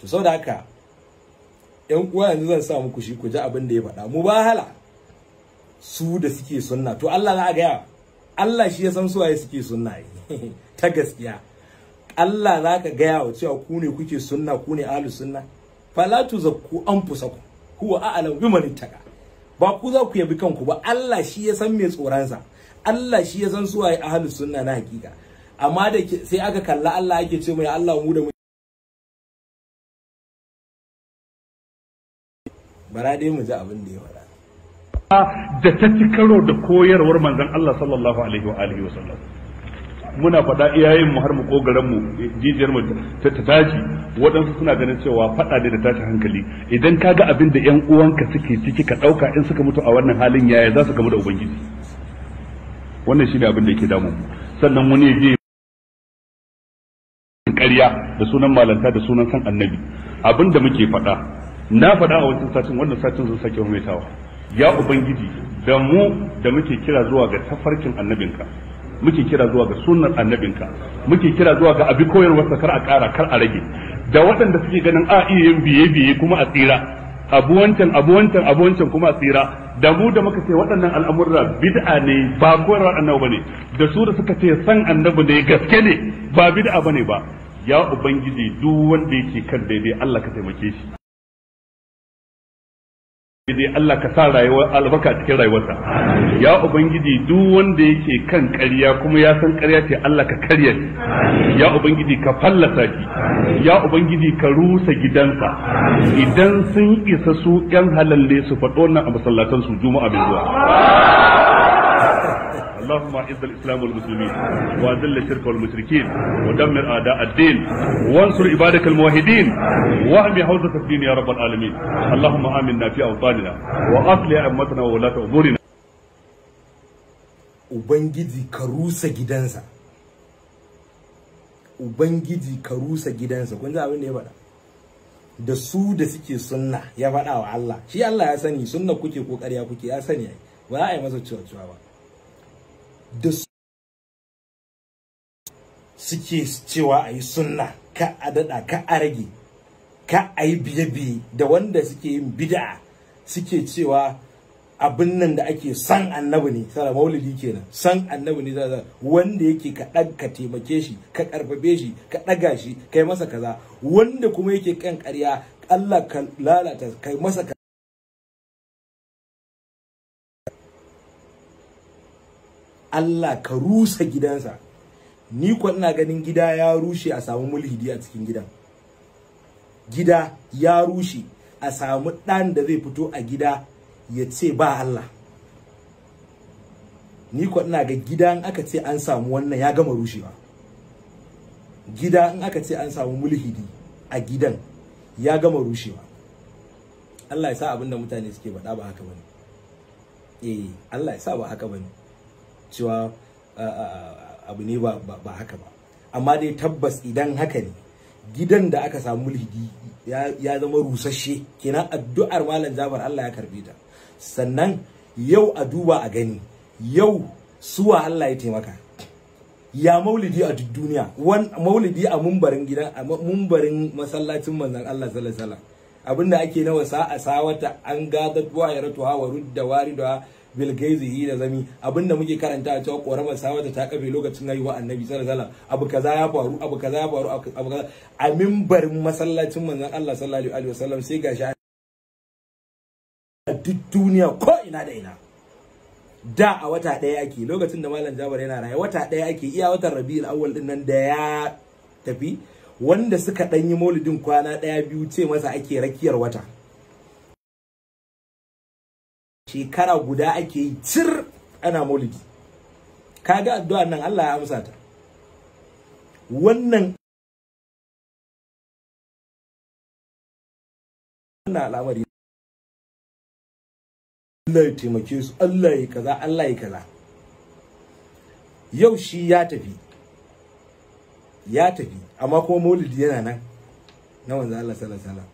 to sau da haka yan uwa yanzu zan sa muku shi ku ji abin da ya faɗa mu ba hala su da suke sunna to Allah a gaya Allah shi ya san suwaye suke sunna ta gaskiya Allah za ka gaya wa cewa ku ne kuke sunna ku ne ahlus sunna fala tuzakku anfusakum huwa a'lamu biman ittaqa ba ku za ku yabi kanku ba Allah shi ya san mai tsoronsa Allah shi ya san suwaye ahlus sunna na hakika amma da sai aka kalla Allah ake ce mai Allah mu da mu bara dai mu ji abin da ya faɗa da ta ci da koyarwar manzon Allah sallallahu alaihi wa alihi wa muna faɗa iyayen mu har mu kogaran mu jijiyar mu ta tashi waɗansu suna ganin cewa faɗa ne da tashi hankali idan ka ga abin da ƴan uwanka suke ciki ka ɗauka in suka mutu a wannan halin yaya za su gamu da ubangiji wannan shine abin da yake damu sannan wani ya je ƙarya da sunan malanta da sunan san annabi abin da muke faɗa na faɗa a wancan satin wannan satin sun sake maimaitawa ya ubangiji da mu da muke kira zuwa ga tafarkin annabinka muke kira zuwa ga sunnar annabinka muke kira zuwa ga abi koyarwarsa kar a kara kar a rage da waɗanda suke ganin a iya yin biye biye kuma a tsira abu wancan abu wancan abu wancan kuma a tsira da mu da muka ce waɗannan al'amurra bid'a ne ba koyarwar annabi bane da su da suka ce san annabi ne gaske ne ba bid'a bane ba ya ubangiji duk wanda yake kan daidai Allah ka taimake shi dai Allah ka sa rayuwa albarka cikin rayuwarsa ya ubangiji duk wanda yake kan ƙarya kuma ya san ƙarya ce Allah ka karya shi ya ubangiji ka fallasa shi ya ubangiji ka rusa gidansa idan sun isa su ƴan halalle su faɗo nan a masallatan su juma'a mai zuwa اللهم اعز الاسلام والمسلمين واذل الشرك والمشركين ودمر اعداء الدين وانصر عبادك الموحدين واهم حوزه الدين يا رب العالمين اللهم امنا في اوطاننا واصلح امتنا وولاة امورنا Ubangiji ka rusa gidansa, Ubangiji ka rusa gidansa, kun ji abin da ya faɗa. da su da suke sunna ya faɗa wa Allah shi Allah ya sani sunna kuke ko ƙarya kuke ya sani ba za a yi masa cewa ba da suke cewa a yi sunna ka a daɗa ka a rage ka a yi biye-biye da wanda suke yin bid'a suke cewa abin nan da ake san annabi ne sara maulidi kenan san annabi ne sara wanda yake ka taimake shi ka ƙarfafe shi ka ɗaga shi kai masa kaza wanda kuma yake kan ƙarya Allah ka lalata kai masa kaza. Allah ka rusa gidansa ni ko ina ganin gida ya rushe a samu mulhidi a cikin gidan gida ya rushe a samu ɗan da zai fito a gida ya ce ba Allah ni ko ina ga gidan aka ce an samu wannan ya gama rushewa gida in aka ce an samu mulhidi a gidan ya gama rushewa Allah ya sa abinda mutane suke faɗa ba haka bane eh Allah ya sa ba haka bane cewa abu ne ba haka ba amma dai tabbas idan haka ne gidan da aka samu mulhidi ya zama rusashe kenan addu'ar malam Jafar Allah ya karbe ta sannan yau a duba a gani yau suwa Allah ya taimaka ya maulidi a duk duniya maulidi a mumbarin gidan a mumbarin masallacin manzon Allah sallallahu alaihi wasallam abinda ake nawa sa'a sawata an gadat wa yaratu wa rudda waridu bilgaizi yi da zami abinda muke karanta a cewa ƙoramar sabata ta kafe lokacin haihuwa annabi sallallahu alaihi wasallam abu kaza ya faru abu kaza ya faru abu kaza a mimbarin masallacin manzon Allah sallallahu alaihi wasallam sai gashi a duk duniya ko ina da ina da a wata ɗaya ake lokacin da malam jabar yana raye wata ɗaya ake iya watan rabi'ul awwal din nan da ya tafi wanda suka ɗan yi maulidin kwana ɗaya biyu ce masa ake rakiyar wata shekara guda ake yi cir ana maulidi kaga addu'a nan Allah ya amsa ta wannan wannan al'amari Allah ya taimake su Allah ya kaza Allah ya kaza yau shi ya tafi ya tafi amma kuma maulidi yana nan na wanzu Allah sallallahu alaihi wasallam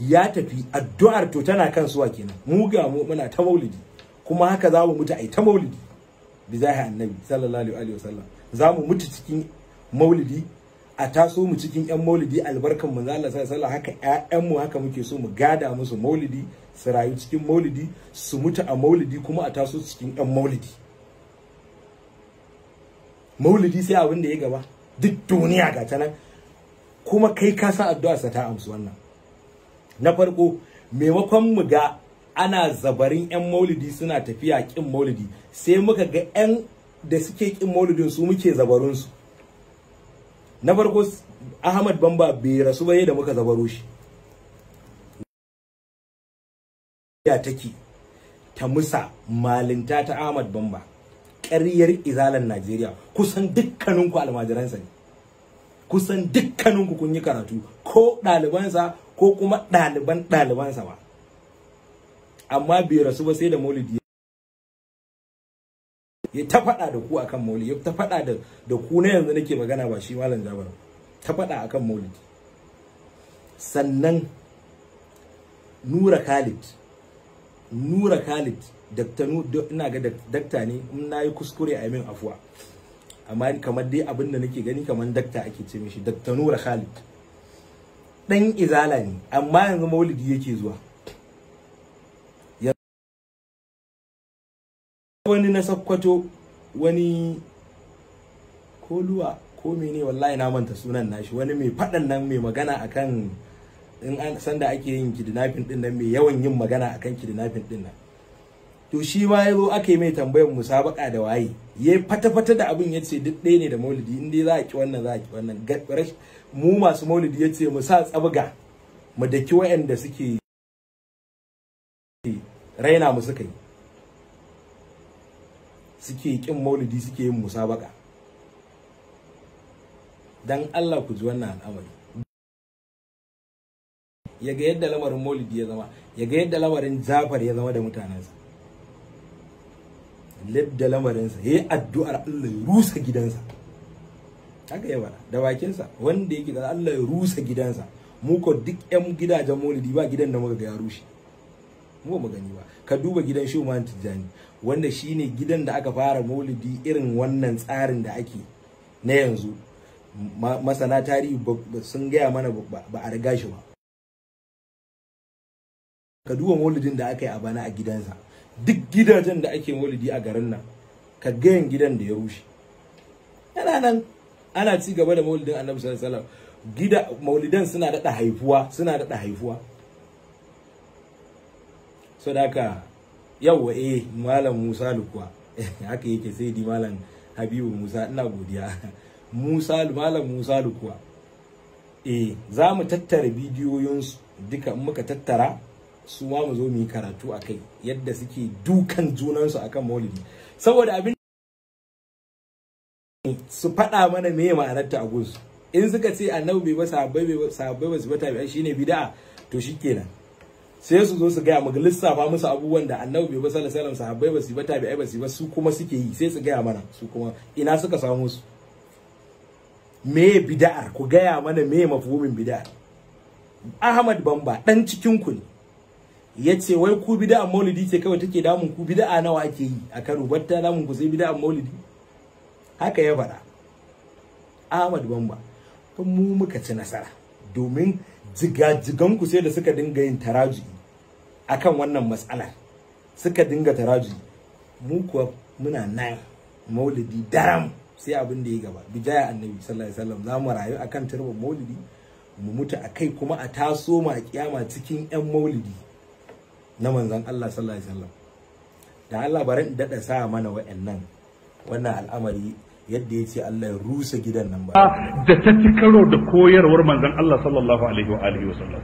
ya tafi addu'ar to tana kan suwa kenan mu ga mu muna ta maulidi kuma haka za mu mutu ai ta maulidi bi zahi annabi sallallahu alaihi wasallam za mu mutu cikin maulidi a taso mu cikin yan maulidi albarkan manzo Allah sallallahu alaihi haka ƴaƴan mu haka muke so mu gada musu maulidi su rayu cikin maulidi su mutu a maulidi kuma a taso cikin yan maulidi maulidi sai abin da ya gaba duk duniya ga ta nan kuma kai ka addu'a sa ta amsu wannan na farko maimakon mu ga ana zabarin 'yan maulidi suna tafiya kin maulidi sai muka ga 'yan da suke kin maulidin su muke zabarunsu na farko ahmad bamba bai rasu ba da muka zabaro shi ya take ta musa malinta ta ahmad bamba ƙaryar izalan najeriya kusan dukkaninku almajiransa ne kusan dukkaninku kun yi karatu ko ɗalibansa ko kuma ɗaliban ɗalibansa ba amma bai rasu ba sai da maulidi ya ta faɗa da ku akan maulidi ya ta faɗa da ku na yanzu nake magana ba shi malam jabar ta faɗa akan maulidi sannan nura khalid nura khalid dakta ina ga dakta ne in nayi yi kuskure a min afuwa amma kamar dai abin da nake gani kamar dakta ake ce mishi dakta nura khalid dan izala ne amma yanzu maulidi yake zuwa wani na sakkwato wani koluwa ko mene wallahi na manta sunan nashi wani mai faɗan nan mai magana akan in an sanda ake yin kidnapping din nan mai yawan yin magana akan kidnapping din nan to shi ma ya zo aka yi mai tambayar musabaka da waye ya fata-fata da abin ya ce duk ɗaya ne da maulidi in dai za a ki wannan za a ki wannan mu masu maulidi ya ce mu sa tsabga mu daki waɗanda suke raina mu suka yi suke kin maulidi suke yin musabaka dan Allah ku ji wannan al'amari yaga yadda lamarin maulidi ya zama yaga yadda lamarin jafar ya zama da mutanensa labda lamarinsa ya yi addu'ar Allah ya rusa gidansa haka ya bada da bakinsa wanda yake da Allah ya rusa gidansa mu ko duk yan gidajen maulidi ba gidan da muka ga ya rushe mu ba gani ba ka duba gidan Shuman Tijjani wanda shine gidan da aka fara maulidi irin wannan tsarin da ake na yanzu masana tarihi sun gaya mana ba a riga shi ba ka duba maulidin da aka yi a bana a gidansa duk gidajen da ake maulidi a garin nan ka gayan gidan da ya rushe yana nan ana ci gaba da maulidin annabi sallallahu alaihi wasallam gida maulidan suna daɗa haifuwa suna da haifuwa so da haka yawwa eh malam musa lukwa eh, haka yake sai di malam habibu musa ina godiya musa malam musa lukwa eh za mu tattara bidiyoyinsu duka muka tattara su ma mu zo mu yi karatu a kai yadda suke dukan junansu akan maulidi saboda abin su faɗa mana me ma'anarta a gunsu in suka ce annabi bai ba sahabbai bai sahabbai ba su ba tabi'ai shine bid'a to shikenan sai su zo su gaya lissa lissafa musu abubuwan da annabi bai ba sallallahu alaihi wasallam sahabbai ba su ba tabi'ai ba su ba su kuma suke yi sai su gaya mana su kuma ina suka samu su me bid'ar ku gaya mana me mafhumin bid'ar Ahmad Bamba dan cikin ku ne ya ce wai ku bida'an maulidi ce kawai take damun ku bida'a nawa ake yi a Kano wata damun ku sai bida'an maulidi haka ya faɗa Ahmad Bamba to mu muka ci nasara domin jigajigan ku sai da suka dinga yin taraji akan wannan matsalar suka dinga taraji mu kuwa muna nan maulidi daram sai abin da ya gaba bijaya annabi sallallahu alaihi wasallam za mu rayu akan turban maulidi mu mutu akai kuma a taso ma kiyama cikin yan maulidi na manzan Allah sallallahu alaihi wasallam da Allah bari in dada sa mana wa'annan wannan al'amari yadda ya ce Allah ya rusa gidan nan ba da ta ci karo da koyarwar manzon Allah sallallahu alaihi wa alihi wasallam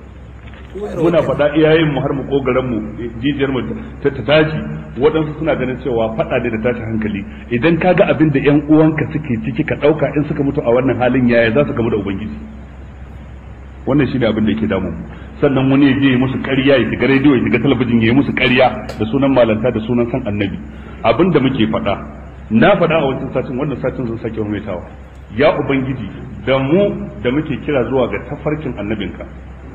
muna faɗa iyayen mu har mu kogaran mu jijiyar mu ta tashi waɗansu suna ganin cewa faɗa ne da tashin hankali idan ka ga abin da ƴan uwanka suke ciki ka ɗauka in suka mutu a wannan halin yaya za su gamu da ubangiji wannan shi ne abin da yake damun mu sannan wani ya je musu ƙarya ya shiga rediyo ya shiga talabijin ya yi musu ƙarya da sunan malanta da sunan san annabi abin da muke faɗa na faɗa a wancan satin wannan satin sun sake maimaitawa ya ubangiji da mu da muke kira zuwa ga tafarkin annabinka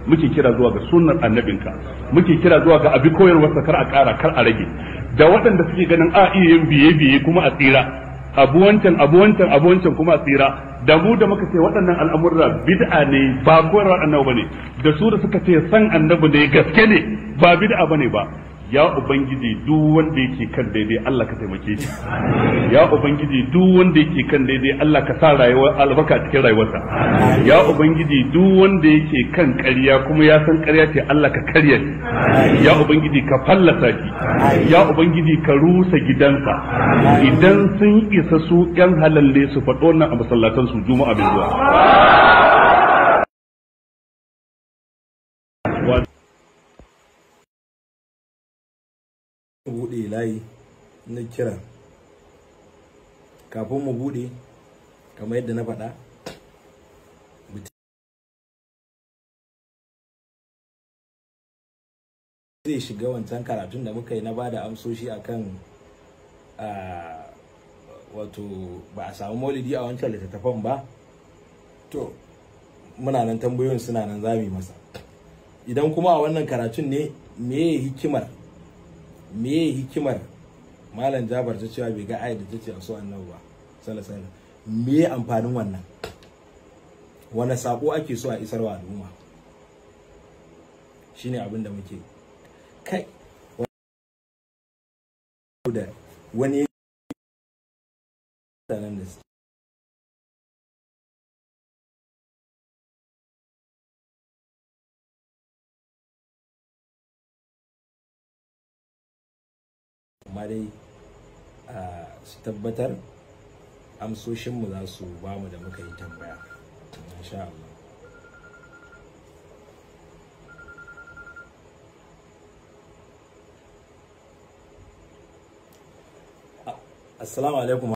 muke kira zuwa ga sunan annabinka muke kira zuwa ga abi sa kar a ƙara kar a rage da waɗanda suke ganin a iya yin biye biye kuma a tsira abu wancan abu wancan abu wancan kuma tsira da mu da muka ce waɗannan al'amurra bid'a ne ba koyarwa annabi bane da su da suka ce san annabi ne gaske ne ba bid'a bane ba ya ubangiji duk wanda yake kan daidai Allah ka taimake shi ya ubangiji duk wanda yake kan daidai Allah ka sa rayuwar albarka cikin rayuwarsa ya ubangiji duk wanda yake kan ƙarya kuma ya san ƙarya ce Allah ka karya shi ya ubangiji ka fallasa shi ya ubangiji ka rusa gidansa idan sun isa su ƴan halalle su faɗo nan a masallatan su juma'a bai zuwa buɗe layi na kira kafin mu buɗe kamar yadda na faɗa zai shiga wancan karatun da muka yi na ba da amsoshi akan wato ba a samu maulidi a wancan littattafan ba to muna nan tambayoyin suna nan zami masa idan kuma a wannan karatun ne me hikimar meye hikimar malam jabar ta cewa bai ga ayat da tace a so annabi ba sallallahu alaihi me amfanin wannan wani sako ake so a isarwa al'umma shine abin da muke kai da wani nan da amma dai su tabbatar amsoshinmu za su ba mu da muka yi tambaya insha Allah Assalamu alaikum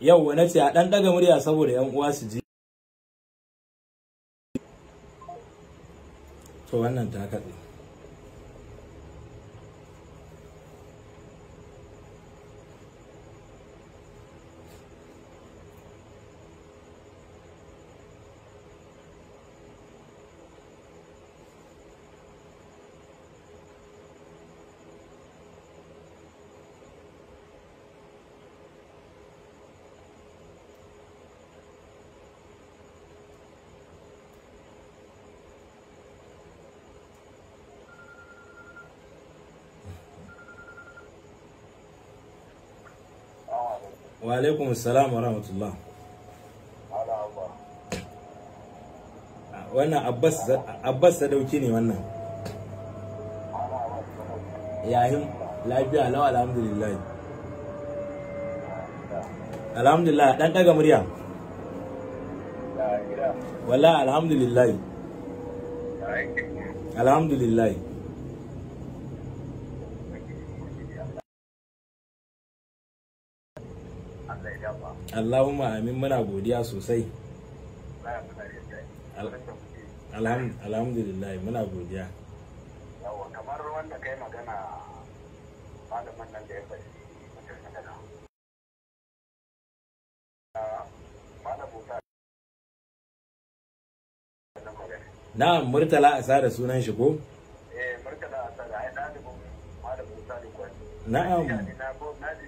yau wani ce a ɗan ɗaga murya saboda yan uwa su ji to wannan ta kaɗe wa alaikum assalam wa rahmatullah wannan abbas abbas sadauki ne wannan yayin lafiya lawa alhamdulillah alhamdulillah dan daga murya wala alhamdulillah alhamdulillah Allahumma amin muna godiya sosai alhamdulillah muna godiya Yawo kamar wanda kai magana malamin nan da ya faɗi ah, Na'am Murtala Asara sunan shi ko? Eh Murtala Asara ai ɗalibin malamin Sani Kwani. Na'am. Na ji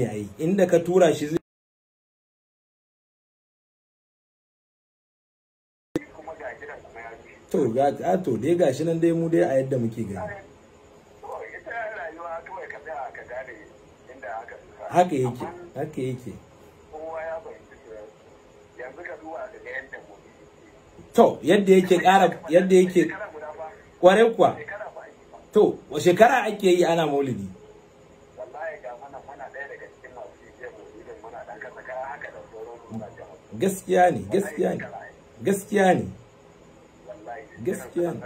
yayi inda ka tura shi zai to ga a to dai gashi nan dai mu dai a yadda muke gani haka yake haka yake to yadda yake ƙara yadda yake kware kuwa to shekara ake yi ana maulidi gaskiya ne gaskiya ne gaskiya ne gaskiya ne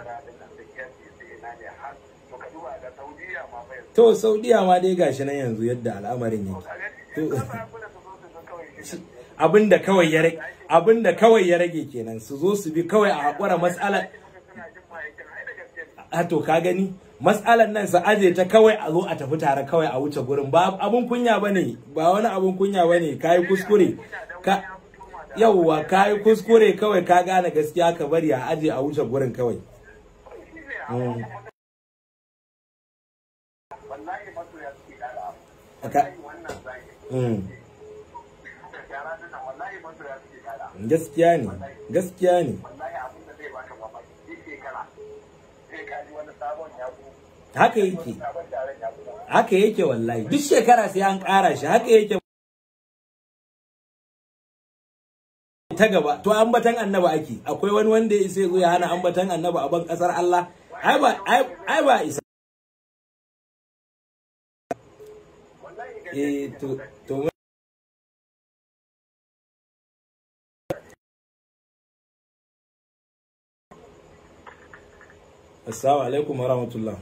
to saudiya ma dai gashi nan yanzu yadda al'amarin yake abinda kawai ya rage abinda kawai ya rage kenan su zo su bi kawai a hakura matsala a to ka gani matsalan nan sa aje ta kawai a zo a tafi tare kawai a wuce gurin ba abun kunya bane ba wani abun kunya bane kai kuskure ka yauwa kai kuskure kawai ka gane gaskiya ka bari a aje a wuce gurin kawai mm. Mm. gaskiya ne gaskiya ne haka yake haka yake wallahi duk shekara sai an ƙara shi haka yake ta gaba to ambatan annaba ake akwai wani wanda ya sai zo ya hana ambatan annaba a ban kasar Allah ai ba ai ba isa eh to to Assalamu alaikum wa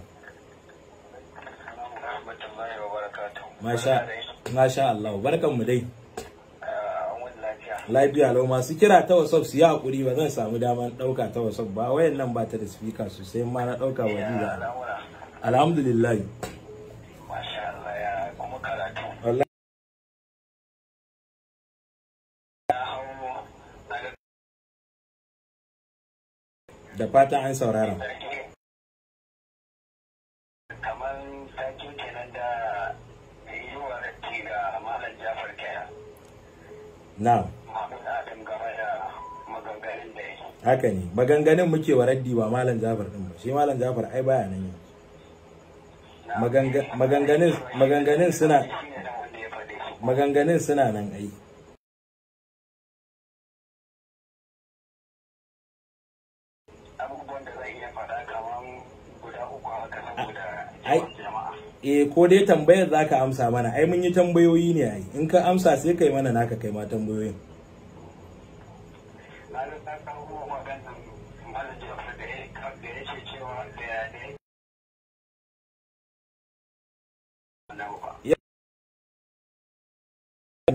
Masha Allah, barkanmu dai. Lafiya lau masu kira ta WhatsApp su yi hakuri ba zan samu daman ɗauka ta WhatsApp ba wayan nan ba ta da speaker sosai ma na ɗauka wa da alhamdulillah. Masha Da fatan an saurara. na'am haka ne maganganun muke wa raddi ba malam jafar din ba shi malam jafar ai baya nan yau maganganun maganganun suna maganganun suna nan ai abubuwan da zai iya faɗa kaman guda uku haka saboda eh ko dai tambayar za ka amsa mana ai mun yi tambayoyi ne ai in ka amsa sai kai mana naka kai ma tambayoyin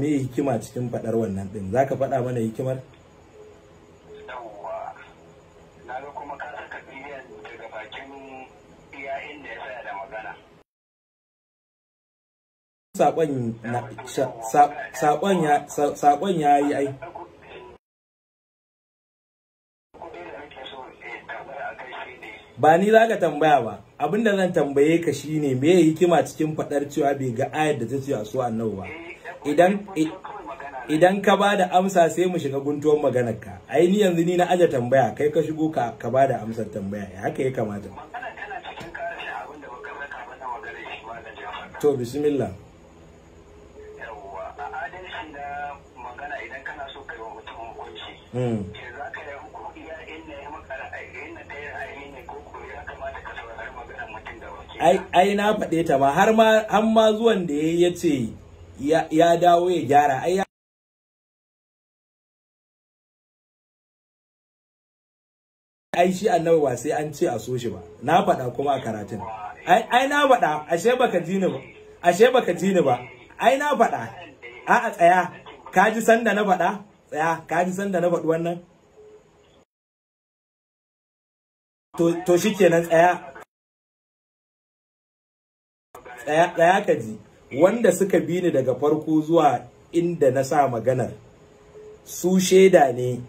me hikima cikin faɗar wannan ɗin za ka faɗa mana hikimar? saƙon ya yi ba ni za ka tambaya ba abin da zan tambaye ka shine me ya hikima cikin faɗar cewa bai ga ayar da ta ce a so annabi ba idan idan ka ba da amsa sai mu shiga guntuwar maganar ka ai ni yanzu ni na aje tambaya kai ka shigo ka ka ba da amsar tambaya haka ya kamata to bismillah ce mm. za ka ai na faɗe ta ma har ma zuwan da ya ce ya dawo ya gyara ai ai shi annabi ba sai an ce a so shi ba na faɗa kuma a karatun ai na faɗa ashe baka ba ashe baka ji ba ai na faɗa a a tsaya ka ji sanda na faɗa tsaya ka ji sanda na faɗi wannan to shi kenan tsaya tsaya ka ji wanda suka bi ni daga farko zuwa inda na sa maganar su shaida ne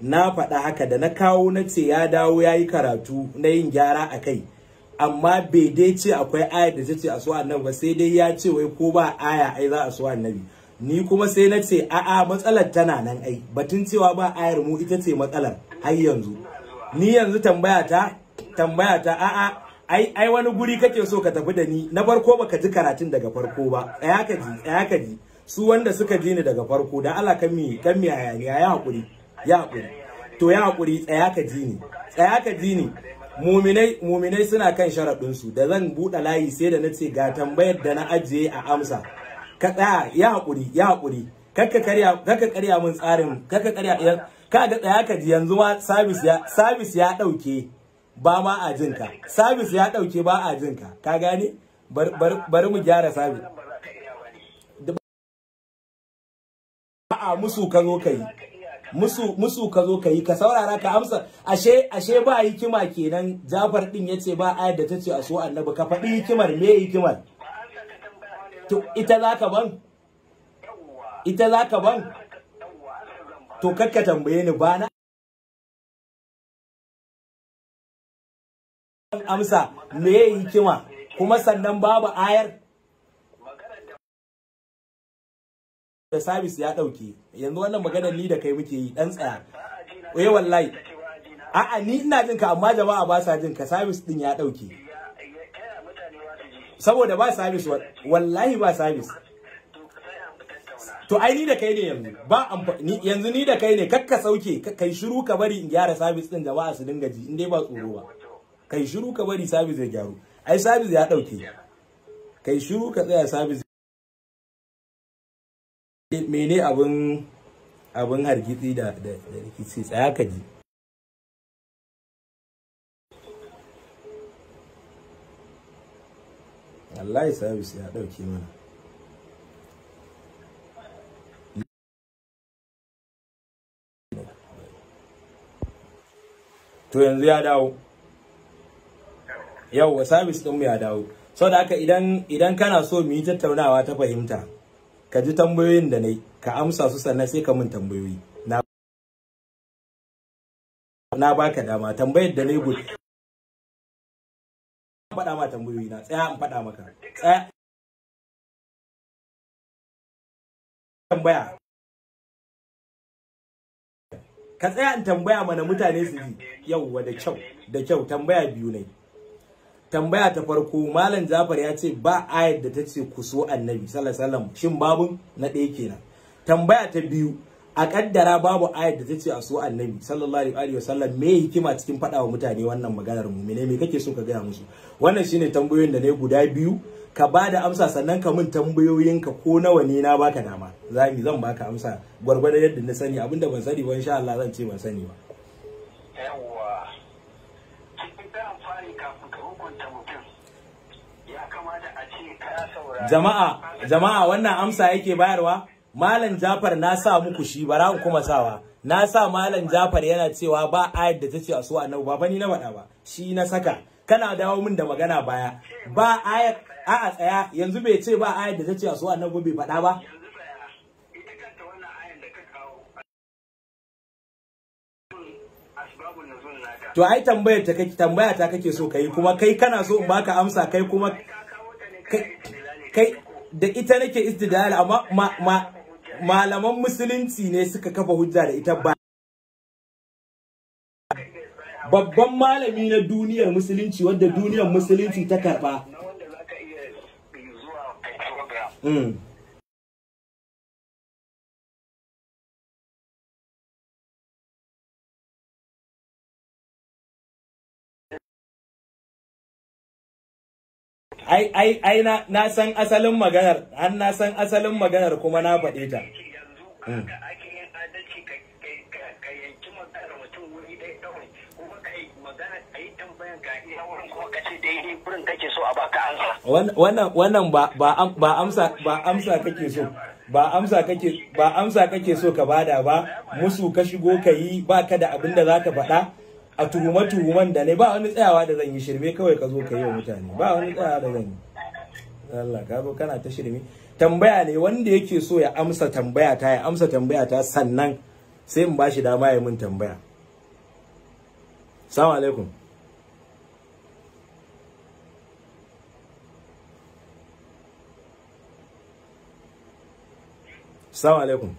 na faɗa haka da na kawo na ce ya dawo ya yi karatu na yin gyara a kai amma bai dai ce akwai aya da ta ce a so annabi ba sai dai ya ce wai ko ba aya ai za a so annabi ni kuma sai na ce a'a matsalar tana nan ai batun cewa ba ayar mu ita ce matsalar har yanzu ni yanzu tambaya ta tambaya ta a'a ai ai wani guri kake so ka tafi da ni na farko baka ji karatun daga farko ba tsaya ka ji tsaya ka ji su wanda suka ji ni daga farko da Allah kan mi kan mi ya hakuri ya hakuri to ya hakuri tsaya ka ji ni tsaya ka ji ni muminai muminai suna kan sharaɗinsu da zan buɗe layi sai da na ce ga tambayar da na ajiye a amsa ka tsaya ya haƙuri ya haƙuri kakka karya kakka mun tsarin kakka karya ka ga tsaya ka ji yanzu ma service ya service ya dauke ba ma a jin ka service ya dauke ba a jin ka ka gane bari mu gyara service a musu ka zo kai musu musu ka zo kai ka saurara ka amsa ashe ashe ba hikima kenan Jafar din yace ba ayar da tace a so annabi ka faɗi hikimar me hikimar to ita za ka ban ita za ka ban to kakka tambaye ni ba na amsa me ya hikima kuma sannan babu ayar da sabis ya ɗauke yanzu wannan maganar ni da kai muke yi ɗan tsaya eh wallahi a'a ni ina jinka amma jama'a ba sa jin ka sabis din ya ɗauke saboda ba service wallahi ba service to ai ni da kai ne yanzu ba yanzu ni da kai ne kakka sauke kai shiru ka bari in gyara service din jama'a su dinga ji in dai ba tsoro ba kai shiru ka bari service ya gyaru ai service ya dauke kai shiru ka tsaya service mene abun abin hargitsi da rikici tsaya ka ji wallahi sabis ya dauke mana to yanzu ya dawo yau sabis mu ya dawo sau da haka idan kana so mu yi tattaunawa ta fahimta ka ji tambayoyin da nayi ka amsa su sannan sai ka mun tambayoyi na baka dama tambayar da nai faɗa ma tambayoyi na tsaya in faɗa maka tsaya tambaya ka tsaya in tambaya mana mutane su ji yauwa da kyau da kyau tambaya biyu ne tambaya ta farko malam jafar ya ce ba ayar da ta ce ku so annabi sallallahu alaihi wasallam shin babun na ɗaya kenan tambaya ta biyu a kaddara babu ayat da ta ce a so annabi sallallahu alaihi wasallam me hikima cikin faɗawa wa mutane wannan maganar mumine me kake so ka gaya musu wannan shine tambayoyin da ne guda biyu ka ba da amsa sannan ka mun tambayoyin ka ko nawa ne na baka dama zami zan baka amsa gwargwadon yadda na sani abinda ban sani ba insha Allah zan ce ban sani ba jama'a jama'a wannan amsa yake bayarwa Malam Jafar na sa muku shi bara in kuma sawa. Na sa Malam Jafar yana cewa ba ayat da tace a so annabi ba ni na bada ba. Shi na saka. Kana dawo min da magana baya. Ba ayat a a tsaya yanzu bai ce ba ayat da tace a so annabi bai fada ba. To ai tambayar ta kake tambaya ta kake so kai kuma kai kana so in baka amsa kai kuma kai da ita nake istidlal amma ma malaman musulunci ne suka kafa hujja da ita ba babban malami na duniyar musulunci wadda duniyar musulunci ta karba ai ai ai na na san asalin maganar an na san asalin maganar kuma na faɗe ta wannan wannan ba ba amsa ba amsa kake so ba amsa kake ba amsa kake so ka bada ba musu ka shigo ka yi ba ka da abin da zaka faɗa a tuhuma tuhuman da ne ba wani tsayawa da zan yi shirme kawai ka zo ka yi wa mutane ba wani tsayawa da zan yi Allah ka zo kana ta shirme tambaya ne wanda yake so ya amsa tambaya ta ya amsa tambaya ta sannan sai in bashi dama ya mun tambaya Assalamu alaikum Assalamu alaikum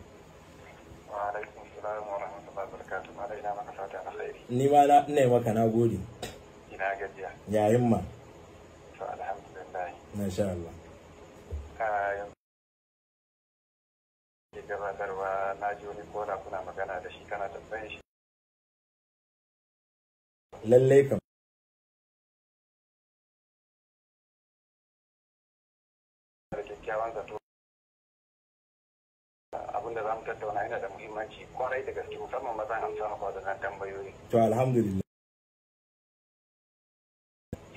ni ma na ne maka na gode ina gajiya yayin ma to alhamdulillah sha Allah ke gabatarwa na ji wani kora kuna magana da shi kana tambayin shi lallai kam abin da za mu tattauna yana da muhimmanci kwarai da gaske musamman mazan amsa na maka nan tambayoyi. To alhamdulillah.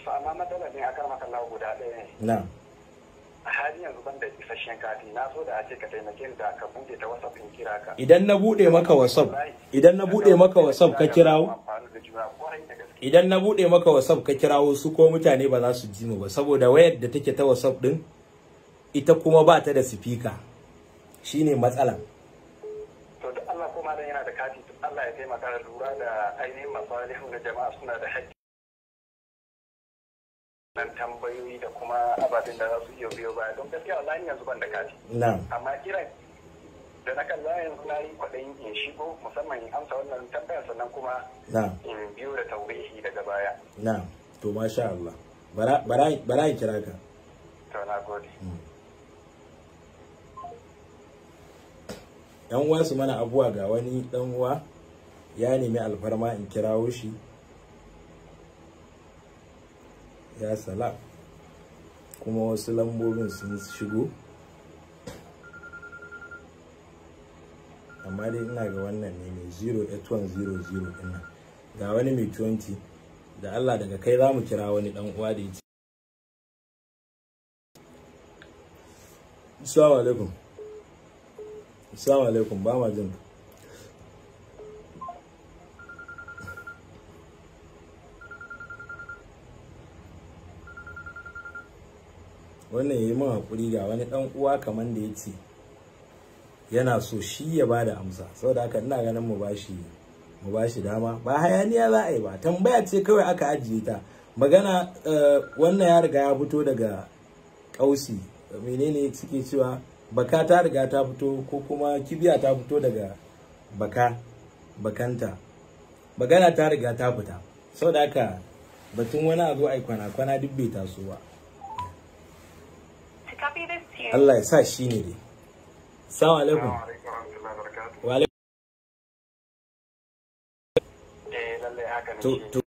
So amma matsala ne akan makallawa guda ɗaya ne. Na. A halin yanzu ban da isasshen kati na so da a ce ka taimake ni da ka buɗe ta wasa in kira ka. Idan na buɗe maka WhatsApp idan na buɗe maka WhatsApp ka kirawo. Idan na buɗe maka WhatsApp ka kirawo su ko mutane ba za su ji mu ba saboda wayar da take ta WhatsApp ɗin ita kuma ba ta da sifika. shine matsalan to da Allah kuma dan yana da kati Allah ya taimaka da lura da ainihin masalihin da jama'a suna da haƙƙi nan tambayoyi da kuma ababen da za su iya biyo baya don gaskiya wallahi yanzu ban da kati amma kiran da na kalla yanzu na yi kwaɗayin in shigo musamman in amsa wannan tambayar sannan kuma in biyo da taurihi daga baya to masha Allah bara bara kira ka to na mm. yan uwa su mana abuwa ga wani dan uwa ya nemi alfarma in kirawo shi ya salam kuma wasu lambobin sun shigo amma dai ina ga wannan ne mai 08100 dinnan ga wani mai 20 da Allah daga kai za mu kira wani dan uwa da yake Assalamu alaikum Assalamu alaikum ba ma jin wannan yi min hakuri ga wani dan uwa kaman da yace yana so shi ya bada amsa saboda haka ina ganin mu bashi mu bashi dama ba hayaniya za a yi ba tambaya ce kawai aka ajiye ta magana eh, wannan ya riga ya fito daga kausi menene suke cewa baka ta riga ta fito ko kuma kibiya ta fito daga baka bakanta bagana ta riga ta fita sau da haka batun wani a ai kwana kwana duk bai taso ba Allah ya sa shi ne dai salamu alaikum wa alaikum eh, to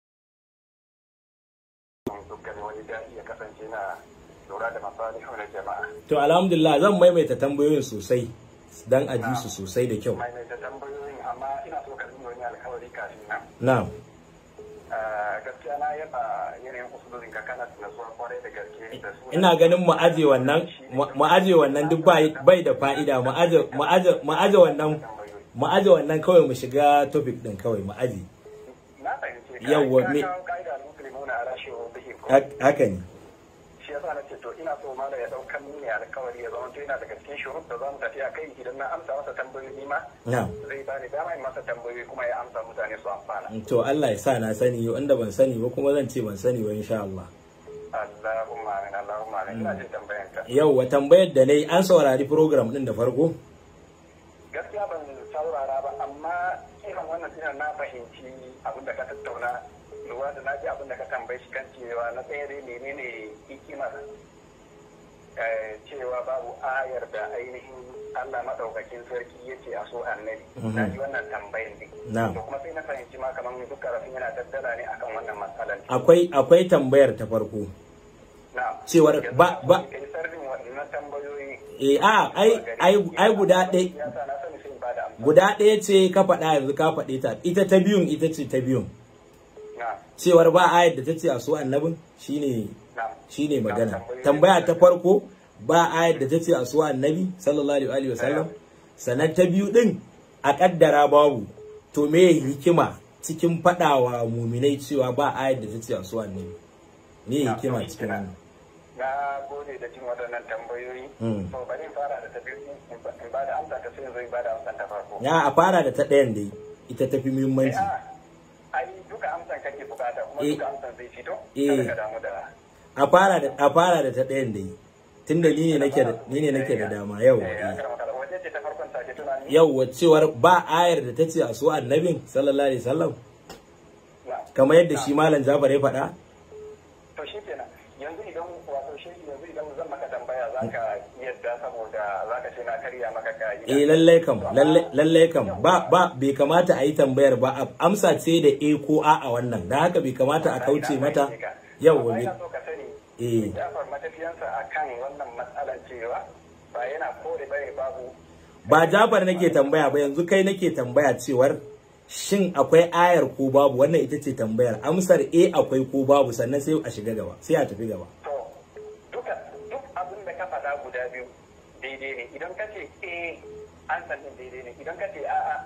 lura da masalihu jama'a to alhamdulillah zan maimaita tambayoyin sosai dan a ji su sosai da kyau maimaita tambayoyin amma ina so ka wani kafin nan na'am ah, gaskiya na yaba yanayin ka kana tunasuwa kwarai da gaske ina ganin mu aje wannan mu aje wannan duk bai da fa'ida mu aje mu aje mu aje wannan mu aje wannan kawai mu shiga topic din kawai mu aje yawwa me haka ne shi yasa na ce to ina so ma da ya daukan mini alkawari ya zama to ina daga cikin shurut da zamu tafi a kai idan na amsa masa tambayoyi ma zai bani dama in masa tambayoyi kuma ya amsa mutane su amfana to Allah ya sa na sani inda ban sani ba kuma zan ce ban sani ba insha Allah Allahumma amin Allahumma amin ina jin yauwa tambayar da nayi an saurari program din da farko gaskiya ban saurara ba amma kiran wannan tunan na fahimci abin da ka tattauna da ka tambayi shi kan cewa na tsaye dai menene hikimar eh, cewa babu ayar da ainihin Allah maɗaukakin sarki ya ce a so annabi mhm. na ji wannan tambayin ne to kuma sai na fahimci ma kamar mai duk rafin yana daddala ne akan wannan matsalar akwai akwai tambayar ta farko cewar ba ba e a ai ai ai guda ɗaya guda ɗaya ce ka faɗa yanzu ka faɗe ta ita ta biyun ita ce ta biyun cewar ba a da ta ce a so annabin shine shine magana tambaya ta farko ba a da ta ce a so annabi sallallahu alaihi wasallam sannan ta biyu din a kaddara babu to me hikima cikin fadawa muminai cewa ba a da ta ce a so annabi me hikima cikin wannan na gode da cin waɗannan tambayoyi hmm. to bari in fara da ta biyu in ba da amsa ta sai zai ba da amsa ta farko ya a fara da ta ɗayan dai ita ta fi muhimmanci eh, ah, duka amsan kake bukata kuma eh. duka amsan zai fito eh. kada damu da a fara da a fara da ta ɗayan da yi tunda ni ne nake da ni ne nake da dama yau eh, yau cewar ba ayar da ta ce a so annabin sallallahu alaihi wasallam kamar yadda shi malam Jafar ya faɗa to shi kenan yanzu idan wato shi yanzu idan zan maka tambaya eh lallai kam lallai kam ba ba bai kamata a yi tambayar ba amsa ce da eh ko a a wannan da haka bai kamata a kauce mata yau wani eh dafar matafiyansa akan wannan matsalar cewa ba yana kore bane babu ba Jafar nake tambaya ba yanzu kai nake tambaya cewar shin akwai ayar ko babu wannan ita ce tambayar amsar eh akwai ko babu sannan sai a shiga gaba sai a tafi gaba to duk abin da ka faɗa guda biyu daidai ne idan ka ce eh an sannin daidai ne idan ka ce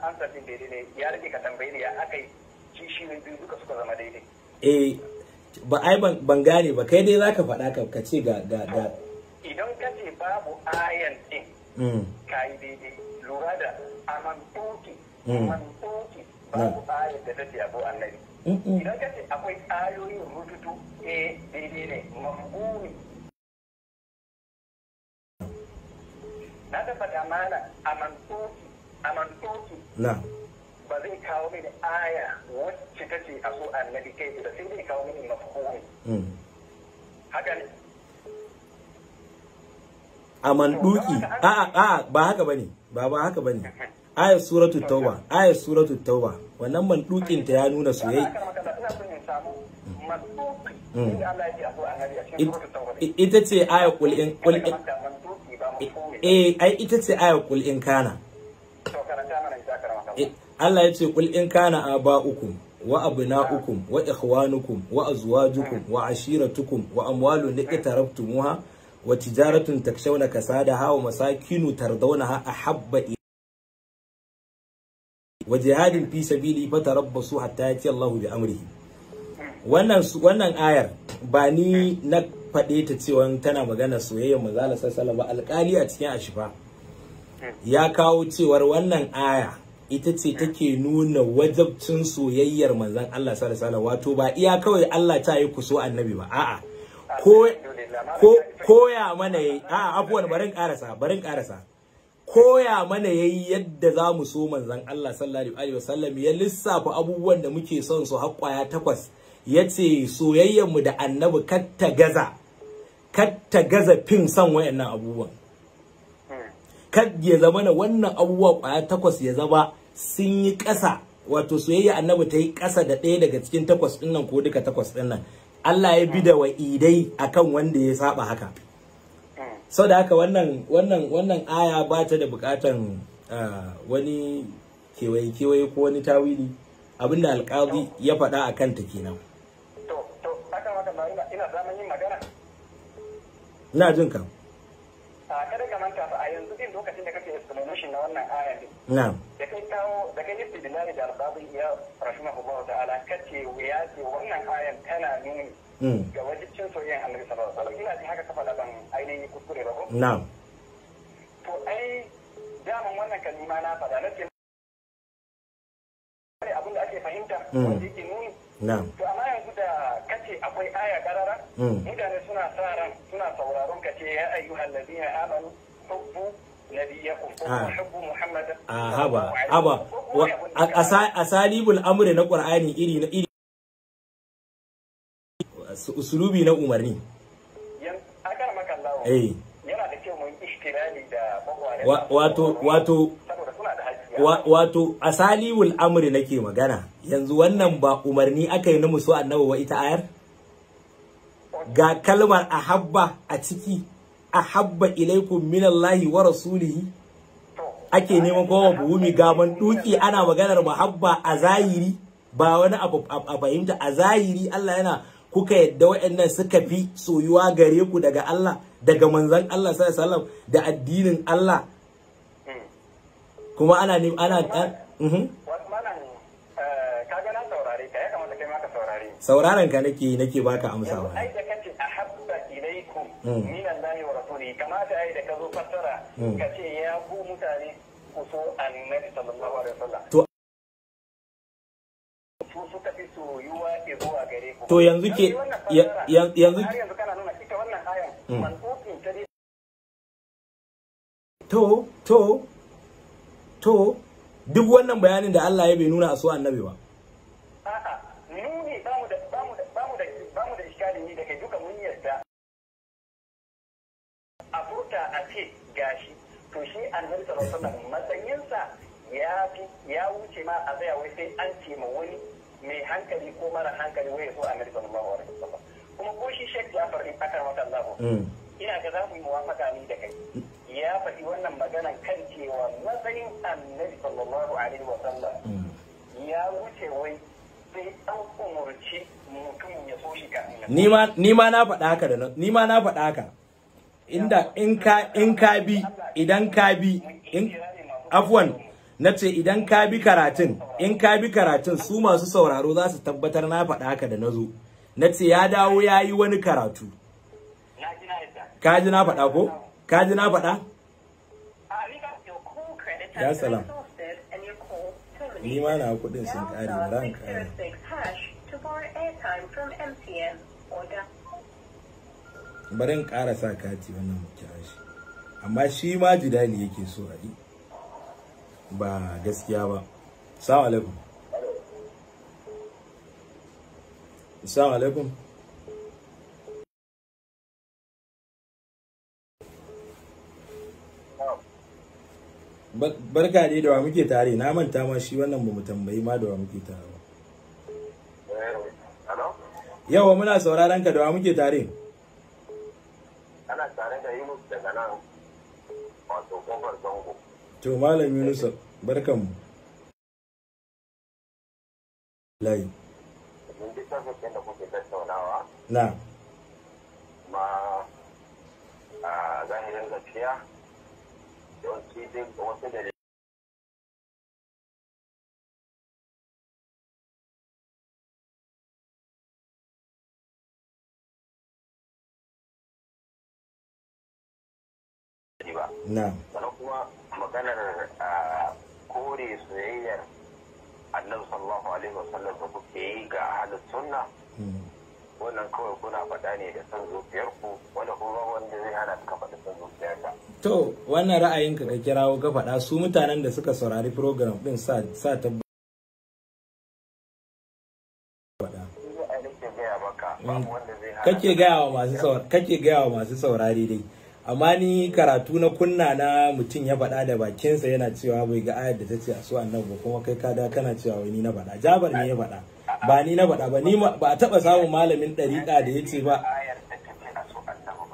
an sannin daidai ne ya rike ka tambayi ne ya aka yi kishiyoyi biyu duka suka zama daidai eh ba ai ban gane ba kai dai zaka faɗa ka ce ga ga ga idan ka ce babu ayan din hmm. ka yi daidai lura da aman toki hmm. aman toki babu ayan hmm. da ta ce abu annabi idan ka ce akwai ayoyin rubutu eh daidai ne mafhumi na tabbata mana a mantoki a mantoki ba zai kawo mini aya wacce ta ce a so annabi kai da sai zai kawo mini mafhumi hmm. haka ne a manduki a a ba haka bane ba ba haka bane ayat suratu tauba ayat suratu tauba wannan mandukin ta ya nuna soyayya hmm. Hmm. ita ce ayat qul in qul eh ai ita ce ayar kul in kana eh, Allah ya ce kul in kana uku wa uku wa ikhwanukum wa azwajukum wa ashiratukum wa amwalun iqtarabtumuha wa tijaratun takshawna kasadaha wa masakinu tardawnaha ahabba wa jihadin fi sabili fatarabbasu hatta yati Allahu bi amrihi wannan wannan ayar ba ni na faɗe ta cewa tana magana soyayyar manzala sallallahu ba alƙali a cikin ashifa ya kawo cewar wannan aya ita ce take nuna wajabcin soyayyar manzon Allah sallallahu alaihi wato ba iya kawai Allah ta yi kuso annabi ba a'a ko ko koya mana yayi a'a afwan barin karasa barin karasa koya mana yayi yadda za mu so manzon Allah sallallahu alaihi wasallam ya lissafa abubuwan da muke son su haƙwaya takwas yace soyayyar mu da annabi kar ta gaza katta gaza fin san wayannan abubuwan kad ya zama na wannan abubuwa kwaya takwas ya zama sun yi ƙasa wato soyayya annabi ta yi ƙasa da ɗaya daga cikin takwas ɗin nan ko duka takwas ɗin nan Allah ya bi da wa'idai akan wanda ya saba haka sau da haka wannan wannan wannan aya ba ta da buƙatan wani kewaye kewaye ko wani tawili abinda alƙazi ya faɗa a kanta kenan ina jin ka a kada ka manta a yanzu din lokacin da kake explanation na wannan aya na'am da kai kawo da kai istidlali da ya ta'ala kace ce wannan ayan tana nuni hmm. ga wajibcin soyayyen annabi sallallahu alaihi wasallam ina jin haka kafa da ban ainihin kuskure ba ko na'am to ai daman wannan kalima na na ce abin da ake fahimta hmm. wanda yake nuni to amma yanzu da ce akwai aya karara hmm. mutane suna sa ran suna sauraron ka ce ya ya amanu hubbu amri na qur'ani iri na iri na umarni eh. yana da kyau mun ishtirali da wato wato wato wul amri nake magana yanzu wannan ba umarni aka yi na musu annabi wa ita ayar ga kalmar ahabba a ciki ahabba ilaikum minallahi wa rasulihi ake neman kowa buhumi gaban duki ana maganar mahabba a zahiri ba wani abu a fahimta a zahiri Allah yana kuka yadda waɗannan suka fi soyuwa gare ku daga Allah daga manzon Allah sallallahu alaihi wasallam da addinin Allah kuma ana ne ana sauraron ka nake nake baka amsa ba ai da kace ahabba ilaikum min mm. Allah wa rasuli kamata ai da ka zo fassara mm. kace ya ku mutane ku so annabi sallallahu alaihi wasallam to suka fi soyuwa zuwa gare ku to yanzu ke yanzu kana nuna ita wannan ayan mm. man to to to duk wannan bayanin da Allah ya bai nuna a su ba a'a nuni bamu da bamu da bamu da bamu duka mun yarda a furta a ce gashi to shi annabi sallallahu alaihi wasallam matsayinsa ya ya wuce ma a tsaya wai sai an ce ma wani mai hankali ko mara hankali wai ya zo annabi sallallahu alaihi wasallam kuma ko shi Sheikh Jafar ne akar maka Allah mm. ina ga mu yi muwafaka ni da kai mm. ya faɗi wannan magana kan cewa matsayin annabi sallallahu alaihi wa sallam mm. ya wuce wai sai an umurci mutum ya so shi kafin ni ma na faɗa haka da ni ma na faɗa haka inda in ka in ka bi idan ka bi in afwan na ce idan ka bi karatun in ka bi karatun su masu sauraro za su tabbatar na faɗa haka da nazo na ce ya dawo ya yi wani karatu ka ji na faɗa ko ka ji na faɗa uh, ya salam ni ma na kuɗin sun ƙare ba ran ƙare barin ƙara sa kati wannan mu kira shi amma shi ma jidali yake so a yi ba gaskiya ba salamu alaikum salamu alaikum barka dai da wa muke tare na manta ma shi wannan ba mu tambayi ma da wa muke tare ba yawa muna sauraron ka da wa muke tare ana tare da Yunus daga nan wato kofar zango to malam Yunus barkan mu layi mun ji tabbacin da kuke na ma a zahirin gaskiya ba. Sannan kuma maganar ah, kore soyayyar annabi sallallahu alaihi wasallam da kuke yi ga ahlus sunna hmm. wannan kawai kuna faɗa ne da son ku wanda kuma wanda zai hana ka faɗa son ka. To wannan ra'ayinka ka kirawo ka faɗa su mutanen da suka saurari program ɗin sa sa tabbata. Kake gaya wa masu saurari kake gaya wa masu saurari dai. amma ni karatu na kunna na mutum ya faɗa da bakinsa yana cewa bai ga ayar da ta ce a su annabi kuma kai ka da kana cewa wani na faɗa jabar ne ya faɗa ba ni na faɗa ba ni ba a taɓa samun malamin ɗariƙa da ya ce ba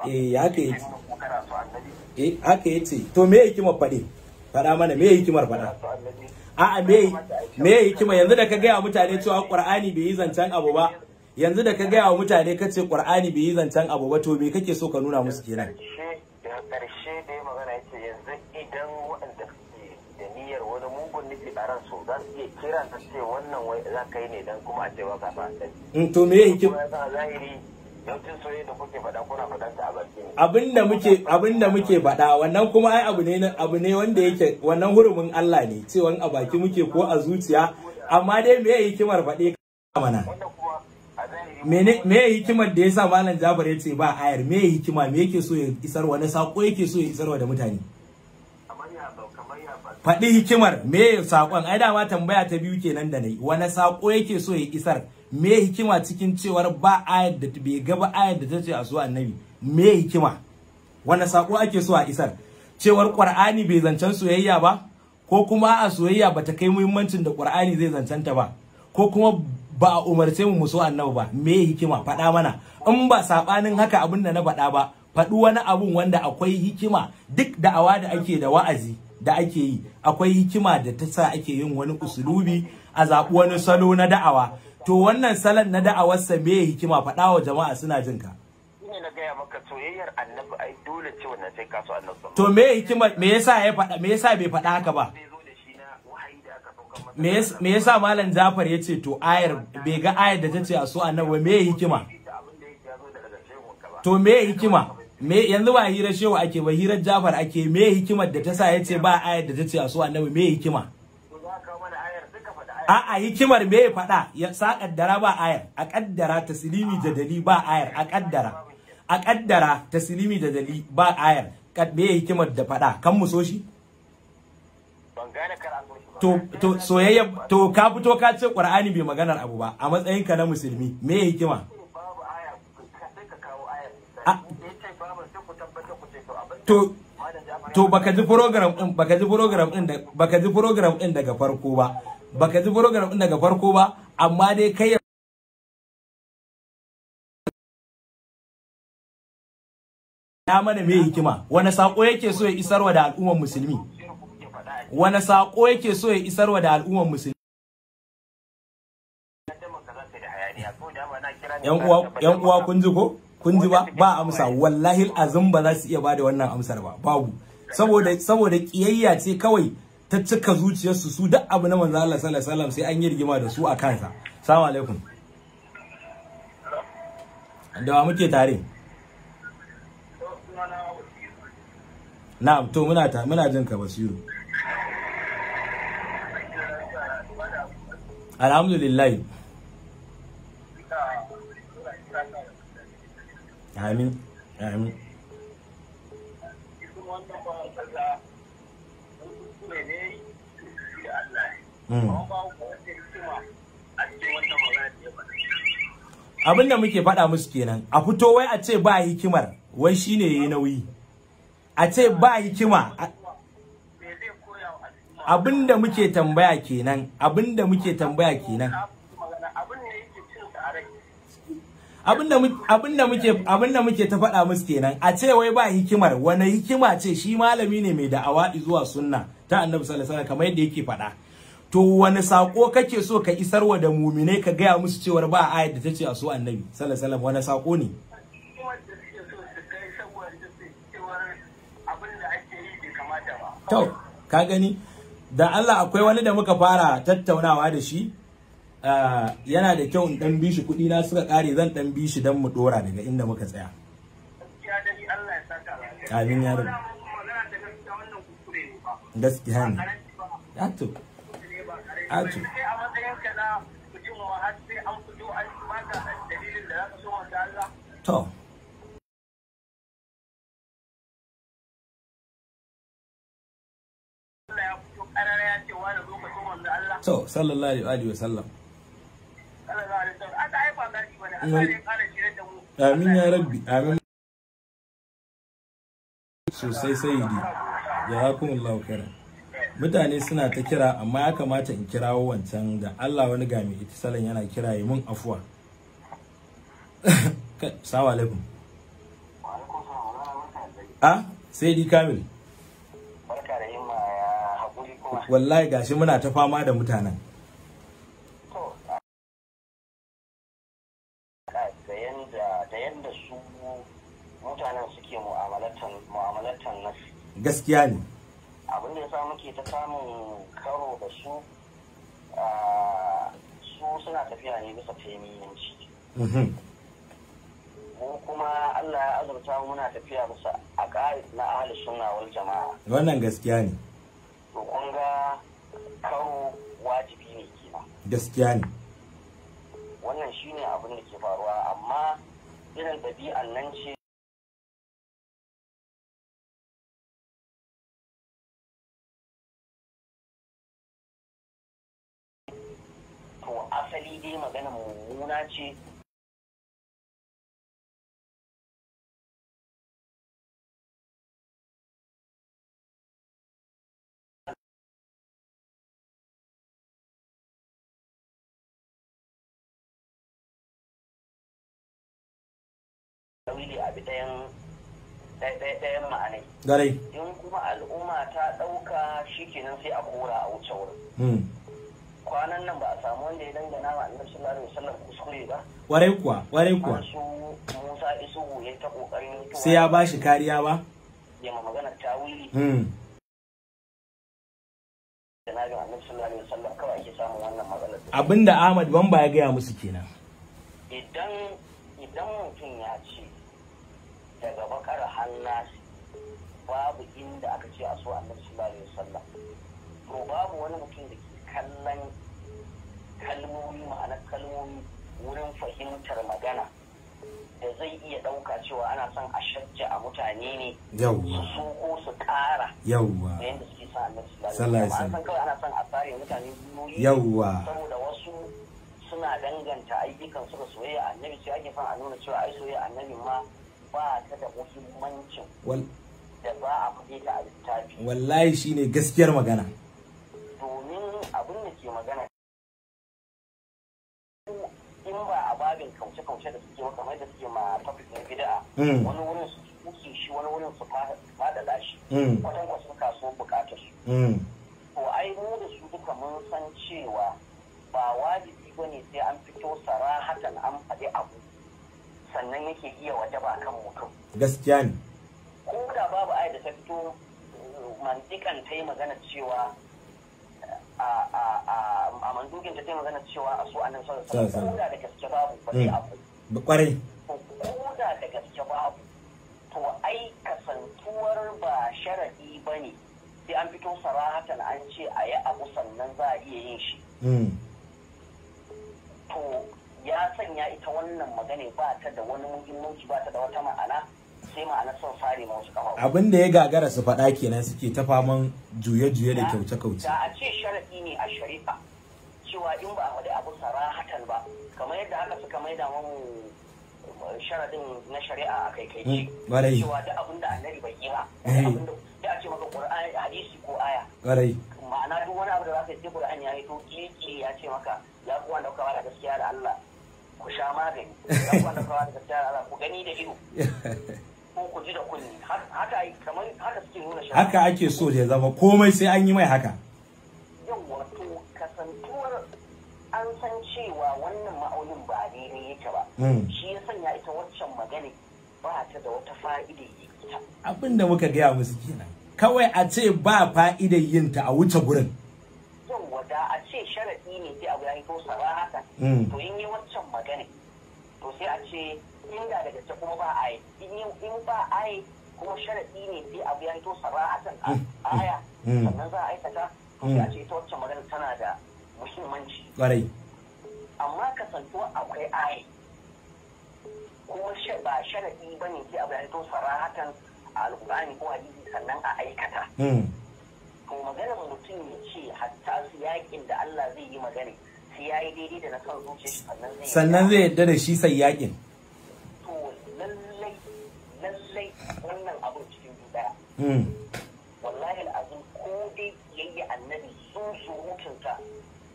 eh haka ya ce eh haka ya ce to me hikimar faɗi faɗa mana me hikimar faɗa a'a me me hikima yanzu da ka gaya wa mutane cewa qur'ani bai yi zancen abu ba yanzu da ka gaya wa mutane ka ce qur'ani bai yi zancen abu ba to me kake so ka nuna musu kenan da yanzu idan waɗanda da niyyar wani mugun nufi a ransu za su kira ka ce wannan wai za ka yi ne dan kuma a ce ba ka ba in eh, to me yake zahiri yawancin soyayya da kuke faɗa kuna faɗan ta a baki ne abinda muke abinda muke faɗa wannan kuma ai abu ne abu ne wanda yake wannan hurumin Allah ne cewa a baki muke ko a zuciya amma dai me yake hikimar faɗe mana me ya hikimar da ya sa malam Jabir ya ce ba ayar me ya hikima me yake so ya isarwa na sako yake so ya isarwa da mutane faɗi hikimar me saƙon ai dama tambaya ta biyu kenan da nai wani saƙo yake so ya isar me hikima cikin cewar ba ayar da bai ga ba ayar da ta ce a so annabi me hikima wani saƙo ake so a isar cewar ƙur'ani bai zancen soyayya ba ko kuma a soyayya ba ta kai muhimmancin da ƙur'ani zai zancanta ba ko kuma ba a umarce mu so annabi ba me hikima faɗa mana in ba saɓanin haka abin da na faɗa ba faɗi wani abun wanda akwai hikima duk da'awa da ake da wa'azi da ake yi akwai hikima da ta sa ake yin wani usulubi a zaɓi wani salo na da'awa to wannan salon na da'awarsa me hikima faɗa wa jama'a suna jin ka na gaya maka soyayyar annabi ai dole ce wannan sai ka so annabi to me hikima me yasa ya faɗa me yasa bai faɗa haka ba me yasa malam Jafar ya ce to ayar bai ga ayar da ta ce a so annabi me hikima to me hikima me yanzu ba hirar shehu ake ba hirar jafar ake me hikimar da ta sa yace ba ayar da ta ce a so annabi me hikima a a hikimar me ya faɗa ya sa kaddara ba ayar a kaddara taslimi da dali ba ayar a kaddara a kaddara taslimi da dali ba ayar me ya hikimar da faɗa kan mu so shi to to soyayya to ka fito ka ce qur'ani bai maganar abu ba a matsayinka na musulmi me ya hikima to to baka ji program din baka ji program din baka ji program din daga farko ba baka ji program din daga farko ba amma dai kai ya mana me hikima wani sako yake so ya isarwa da al'ummar musulmi wani sako yake so ya isarwa da al'ummar musulmi yan uwa kun ji ko kun ji ba ba amsa wallahi azum ba za su iya bada wannan amsar ba babu saboda saboda kiyayya ce kawai ta cika zuciyarsu su duk abu na manzo Allah sallallahu alaihi wasallam sai an yi rigima da su a kansa assalamu alaikum da wa muke tare na'am to muna ta muna jin ka basiru alhamdulillah amin amin hmm. abin da muke faɗa musu kenan a fito wai a ce ba hikimar wai shine yayi nauyi a ce ba hikima abin muke tambaya kenan abinda muke tambaya kenan abinda muke abinda muke ta faɗa musu kenan a ce wai ba hikimar wani hikima ce shi malami ne mai da'awa zuwa sunna ta annabi sallallahu alaihi kamar yadda yake faɗa to wani sako kake so ka isarwa da muminai ka gaya musu cewar ba ayat da ta ce a so annabi sallallahu alaihi wani sako ne to ka gani da Allah akwai wani da muka fara tattaunawa da shi Eh, yana da kyau in dan bishi, kudi na suka kare zan dan bishi dan mu dora daga inda muka tsaya amin ya rabu gaskiya ne to a to To, sallallahu alaihi wa sallam. Eh, amin ya rabbi, amin. Sosai sayidi, ya hakun Allah kira. Mutane suna ta kira amma ya kamata in kirawo wancan da Allah wani ga mai salon yana kira yi mun afuwa. Sawa alaikum. A, ah, sai di kamil. Wallahi gashi muna ta fama da mutanen. gaskiya ne abin da ya samu ke ta samun karo da su su suna tafiya ne bisa taimiyanci mhm. mu kuma Allah ya azurta muna tafiya bisa a ƙari na ahli sunna wal jama'a wannan gaskiya ne to kun ga karo wajibi ne kenan gaskiya ne wannan shine abin da ke faruwa amma irin ɗabi'an nan ce to asali dai magana mummuna ce tawili ɗayan ɗayan ma'anai. In kuma al'umma ta ɗauka shikenan sai a kora a wuce wurin. Hmm. kwanan nan ba a samu wanda ya dangana ma annabi sallallahu alaihi wasallam kuskure ba warai kuwa warai kuwa Musa Isuhu ya ta kokarin sai ya bashi kariya ba ya ma magana tawili mm janabin annabi sallallahu alaihi wasallam kawai ake samun wannan matsalar abinda Ahmad Bamba ya gaya musu kenan idan idan mutum ya ce daga bakar hannasi babu inda aka ce a so annabi sallallahu alaihi wasallam to babu wani mutum da ke kallon kalmomi ma'ana kalmomi wurin fahimtar magana da zai iya ɗauka cewa ana son a shajja a mutane ne su so ko su ƙara yawwa da yadda sa ana son a tsare mutane biyu yawwa saboda wasu suna danganta ayyukan su da soyayya annabi sai ake son a nuna cewa ai soyayya annabi ma ba ta da muhimmancin da ba a kuɗe ta a littafi wallahi shine gaskiyar magana abin da ke magana in ba a babin kauce-kauce da suke maka mai da suke ma topic bid'a hmm. wani wurin su suke shi wani wurin su fadada shi kwatan hmm. kwasu kasuwar bukatar su hmm. to ai mu da su duka mun san cewa ba wajibi ba ne sai an fito hatan an faɗi abu sannan yake iya ba kan mutum gaskiya ne ko da babu ai da ta fito mantikan ta yi magana cewa a mandugin ta magana cewa a so annabi sallallahu alaihi da gaske babu ba sai hmm. abu kwarai ko da da gaske babu to ai kasantuwar ba sharadi bane sai an fito sarahatan an ce a yi abu sannan za a iya yin shi hmm. to ya sanya ita wannan magana ba ta da wani muhimmanci ba ta da wata ma'ana abin da ya gagara su faɗa kenan suke ta faman juye-juye da kyauce-kyauce da a ce sharaɗi ne a shari'a cewa in ba a faɗi abu sarahatan ba kamar yadda aka suka maida mun sharaɗin na shari'a a kai kai ce mm, cewa da abin da annabi bai yi ba eh. da a ce maka qur'ani hadisi ko aya Ƙwarai. ma'ana duk wani abu da za ka yi sai qur'ani ya hito kiki ya ce maka ya kuwa da kawa da gaskiya da Allah ku sha magani ya kuwa da kawa da gaskiya da Allah ku gani da ido ko ku ji da haka nuna ake so ya zama komai sai an yi mai haka yawa to kasantuwar an san cewa wannan ma'aunin ba a daidai yake ba hmm. shi ya sanya ita waccan magana ba ta da wata fa'ida abin da muka gaya musu kenan kawai a ce ba fa'ida yin ta a wuce gurin yawa da a ce sharaɗi ne sai abu ya yi tosa ba haka hmm. to in yi waccan magana to sai a ce inda daga ta kuma ba a yi in ba a yi kuma sharaɗi ne sai abu ya hito sara'atan hmm. aya hmm. Hmm. sannan za a aikata to ya ce ta wacce magana tana da muhimmanci ƙwarai amma kasantuwa akwai aya kuma ba sharaɗi ba ne sai abu ya hito sara'atan a alƙur'ani ko hadisi sannan a aikata to maganar mutum ya ce hatta su yaƙin da Allah zai yi magana sai ya yi daidai da na son zuciya sannan zai yarda yadda da shi sai yaƙin to lallai Hmm. wallahi al'azin ko dai yayi annabi sun mutunta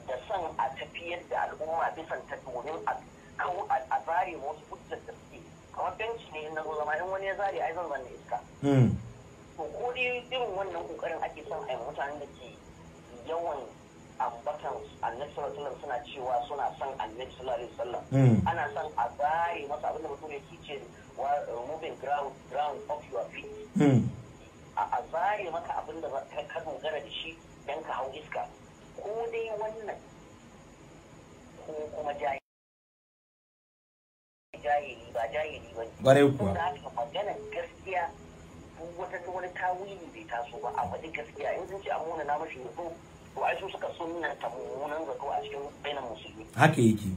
da san a tafiyar da al'umma bisan ta domin a kawo zare wasu hujjar da suke kamar benci ne na zama in wani ya zare ai zan iska hmm. to ko dai irin wannan kokarin ake son a mutanen da ke yawan ambatan annabi sallallahu alaihi suna cewa suna son annabi sallallahu alaihi hmm. ana son a zare masa abinda mutum ya ce wa ground ground of your feet a zare maka abin da ka dogara da shi don ka hau iska ko dai wannan ko kuma jayi jahili ba jahili ba ne. bare kuwa da haka magana gaskiya ko wata ta wani tawili bai taso ba a faɗi gaskiya in sun ce an muna na mashi yato to ai su suka sunna ta mummunan zato a cikin bainar musulmi haka yake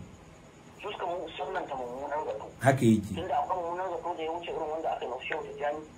su suka sunna ta mummunan zato haka yake tunda akwai mummunan zato da ya wuce irin wanda aka yi masu shehu da jami'i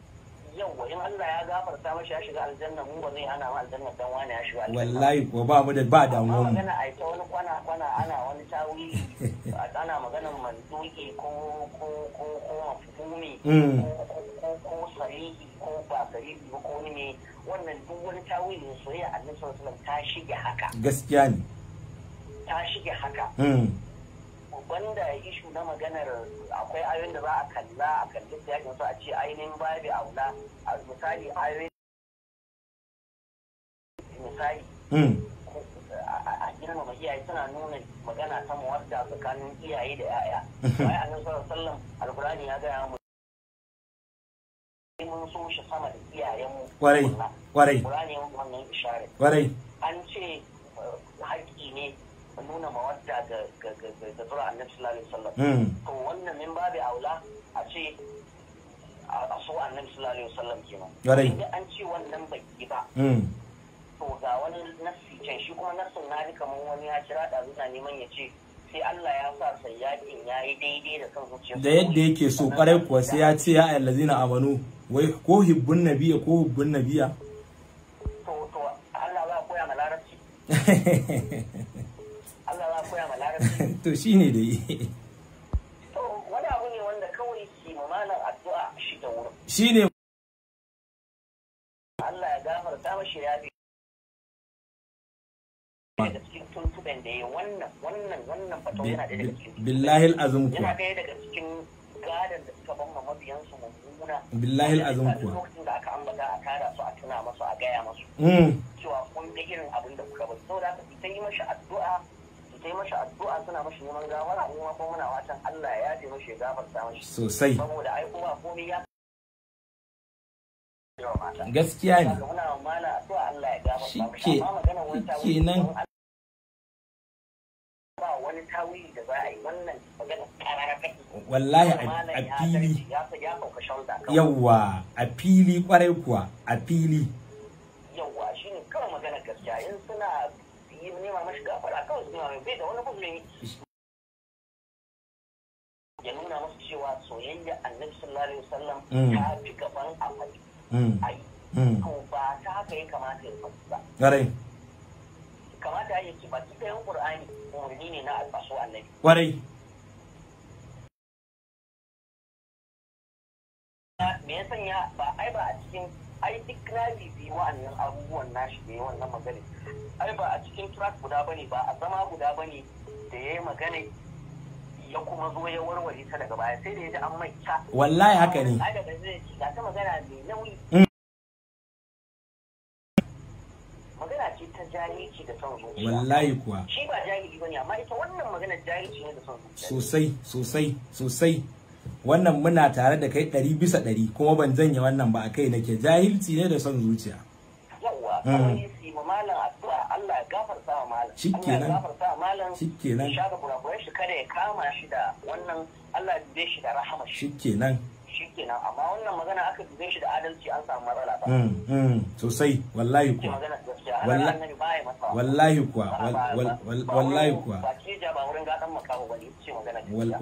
ko in Allah ya gafarta mashi ya shiga aljanna mu ba zai hana mu aljanna dan wani ya shiga aljanna wallahi ko ba mu da ba damuwa mu magana ai ta wani kwana kwana ana wani tawi ana maganan manduki ko ko ko ko mafhumi mm. ko ko ko sarihi ko ba sarihi ko ko ne wannan duk wani tawi ne soyayya annabi sallallahu alaihi wasallam ta shige haka gaskiya ne ta shige haka mm. banda ishu na maganar akwai ayoyin da za a kalla a kalli siyashin su a ce ainihin babu aula a misali ayoyi misali hmm. a girmama iyaye suna nuna magana ta mawadda tsakanin iyaye da 'ya'ya bai hmm. a sallallahu sallan wasallam alqur'ani ya gaya mu mun so shi sama da iyayenmu mu kwarai kwarai kwarai su nuna mawadda ga ga tura annabi sallallahu alaihi wasallam hmm. to wannan min babi aula a ce a so annabi sallallahu alaihi wasallam kenan idan an ce wannan baki ba hmm. to ga wani nassi can shi kuma nassin na ji kamar wani ya kira da zuwa neman ya ce sai Allah ya sa sayyakin ya yi daidai da kan zuciya da yadda yake so kare kuwa sai ya ce ya allazina amanu wai ko hibbun nabiya ko hubbun nabiya to to Allah ba koya ma larabci to shi ne da yi wani abu ne wanda kawai kimanin addu'a shi da wurin shi ne Allah ya gafarta mashi ya bi daga cikin tuntuɓen da ya wannan wannan wannan fata yana da cikin billahi azum kuwa yana ɗaya daga cikin gadon da suka bamma mabiyansu mummuna billahi azum kuwa lokacin da aka ambata a tara su a tuna masu a gaya masu mm. cewa kun ga irin abin da kuka ba saboda haka sai yi mashi addu'a ta yi masa addu'a suna mashi neman gafara mu ma ko muna watan Allah ya yafe mashi ya gafarta mashi sosai saboda ai kuma komai ya gaskiya ne shike kenan wallahi a fili yawa a fili kwarai kuwa a fili yawa ne kawai magana gaskiya in suna nema mashi gafara kawai su mai bai da wani gudun ya nuna masu cewa soyayya annabi sallallahu alaihi wasallam mm. fi gaban mm. ai mm. to ba ta haka ya kamata ya faɗi ba kamata ya ce umarni ne na alfasu annabi ƙwarai me ya sanya ba ai ba a cikin ai duk rami bi wa'annan abubuwan nashi da yawan wannan magana ai ba a cikin track guda bane ba a zama guda bane da yayi magana ya kuma zo ya warware ta daga baya sai da ya ji an mai ta wallahi haka ne ai daga zai ci ga ta magana mai nauyi mm. magana ce ta jahilci da son zuciya wallahi kuwa shi ba jahili bane amma ita wannan magana jahilci ne da son zuciya sosai sosai sosai wannan muna tare da kai ɗari bisa ɗari kuma ban janye wannan ba a kai nake jahilci ne da son zuciya yawwa hmm. kawai su ma malam addu'a Allah ya gafarta wa malam shikenan Allah ya gafarta wa malam shikenan shaga kurakurai shi kada ya kama shi da wannan Allah ya shi da rahama shikenan shi kenan amma wannan magana aka dube shi da adalci an samu matsala ba mm, mm sosai wallahi kuwa wallahi kuwa wallahi kuwa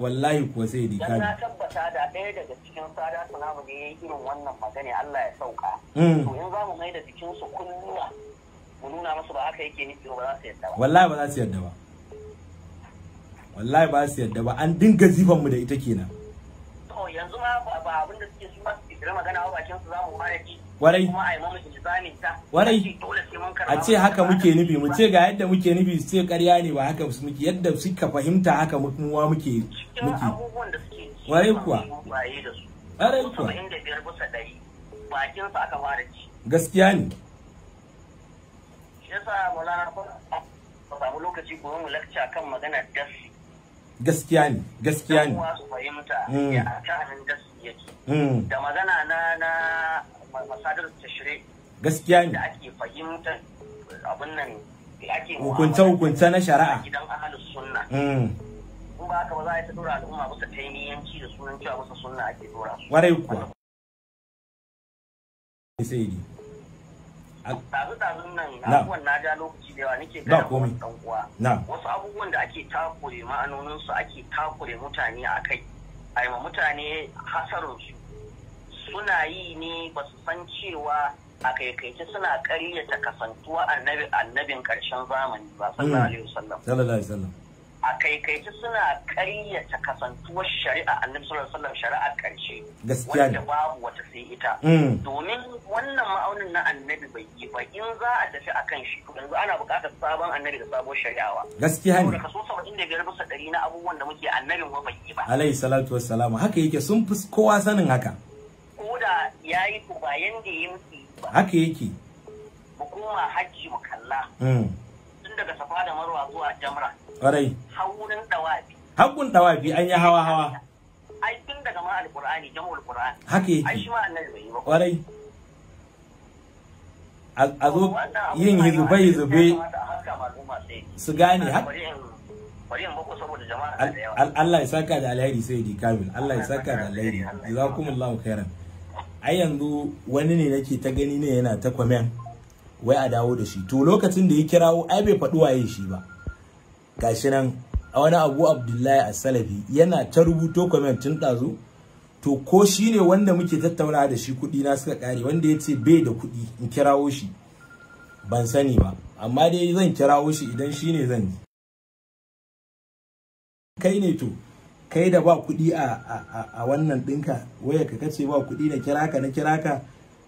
wallahi kuwa sai dai kani na tabbata da ɗaya daga cikin sada suna mu ya yi irin wannan magana Allah ya sauka mm to in za mu mai da cikin su kunnuwa mu nuna musu ba haka yake nufi ba za su yadda ba wallahi ba za su yadda ba wallahi ba su yadda ba an dinga zifan mu da ita kenan to yanzu ma ba abin da suke suma su ba magana ba bakin su za mu fara ji warai warai a ce haka muke nufi mu ce ga yadda muke nufi su ce karya ne ba haka muke yadda suka fahimta haka muwa muke muke warai kuwa warai kuwa aka gaskiya ne shi yasa mulana ba samu lokaci gobe mu lakca kan magana dasi gaskiya ne gaskiya ne hmm. hmm. da magana na na masadar ta tashri gaskiya ne da ake fahimta abin nan da ake hukunce hukunce na shari'a gidan ahlus sunna hmm. in ba haka ba za a ta dora al'umma bisa taimiyanci da sunan cewa bisa sunna ake dora su kwarai kuwa sai tazu tazun nan abubuwan na ja lokaci da yawa nake dan uwa wasu abubuwan da ake takure ma'anonin su ake takure mutane a kai a mutane hasarin su suna yi ne ba su san cewa a kaikaice suna ƙaryata kasantuwa annabin karshen zamani ba sallallahu mm. alaihi wasallam a kaikaici suna karyata kasantuwar shari'a annabi sallallahu alaihi shari'a karshe wanda babu wata sai ita mm. domin wannan ma'aunin na annabi bai yi ba in za a tafi akan shi to yanzu ana buƙatar sabon annabi da sabon shari'awa gaskiya ne kaso 75 bisa ɗari na abubuwan da muke annabin wa bai yi ba alaihi salatu wassalamu haka yake sun fi kowa sanin haka Koda yayi ko bayan da ya haka yake hukuma hajji mu kalla mm. daga safa da marwa zuwa jamra ƙwarai haurin dawafi haƙun dawafi an yi hawa hawa ai tun daga ma alƙur'ani jamu alƙur'ani haka yake ai shi ma annabi bai yi ba ƙwarai a zo yin hizube hizube su gane haka Allah ya saka da alheri sai di kamil Allah ya saka da alheri jazakumullahu khairan ai yanzu wani ne nake ta gani ne yana ta comment wai a dawo da shi to lokacin da ya kirawo ai bai faɗi waye shi ba gashi nan a wani abu abdullahi as-salafi yana ta rubuto comment tun ɗazu to ko shi ne wanda muke tattauna da shi kuɗi na suka kare wanda ya ce bai da kuɗi in kirawo shi ban sani ba amma dai zan kirawo shi idan shi ne zan yi kai ne to kai da ba kuɗi a wannan ɗinka waya ka kace ba kuɗi na kiraka na kiraka?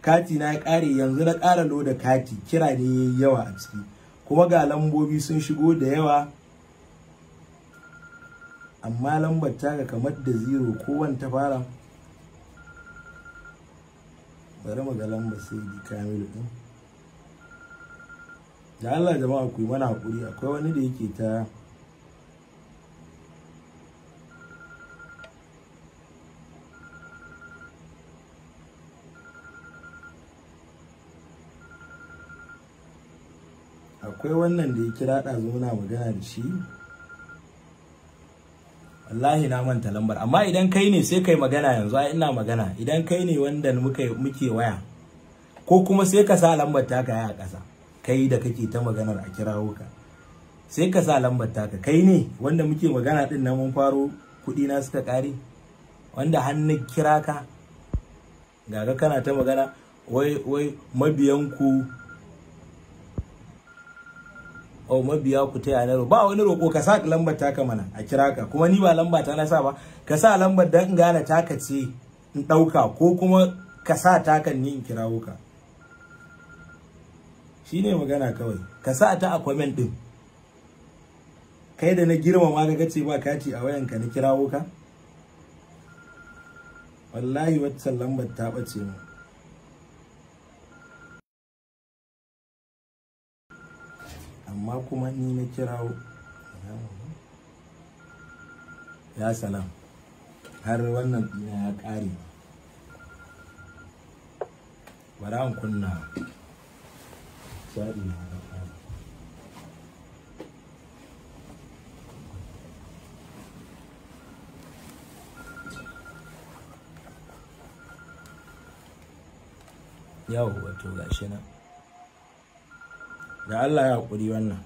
kati na ya kare yanzu na kara loda kati kira ne yayi yawa a ciki kuma ga lambobi sun shigo da yawa amma lambar ta ga kamar da zero kowane ta fara bari mu ga lambar sai di kamilu din da Allah jama'a ku yi mana hakuri akwai wani da yake ta akwai wannan da ya kira ɗazu muna magana da shi wallahi na manta lambar amma idan kai ne sai kai magana yanzu a ina magana idan kai ne wanda muke waya ko kuma sai ka sa lambar ka yi a ƙasa kai da kake ta maganar a kirawo ka sai ka sa lambar ka kai ne wanda muke magana din nan mun faro kuɗi na suka kare? wanda hannun kira ka gaga kana ta magana wai wai mabiyanku o mabiya ku ta yana ba wani roko ka sa lambar taka mana a kira ka kuma ni ba lamba ta na sa ba ka sa lambar dan in gane taka ce in ɗauka ko kuma ka sa takan ni in kirawo ka shine magana kawai ka sa ta a comment din kai da na girmama ga ce ba kati a wayanka na kirawo ka wallahi waccan lambar ta bace mu amma kuma ni na kirawo ya salam har wannan dina ya ƙare bara an kunna shaɗi na yau wato gashi nan da Allah ya haƙuri wannan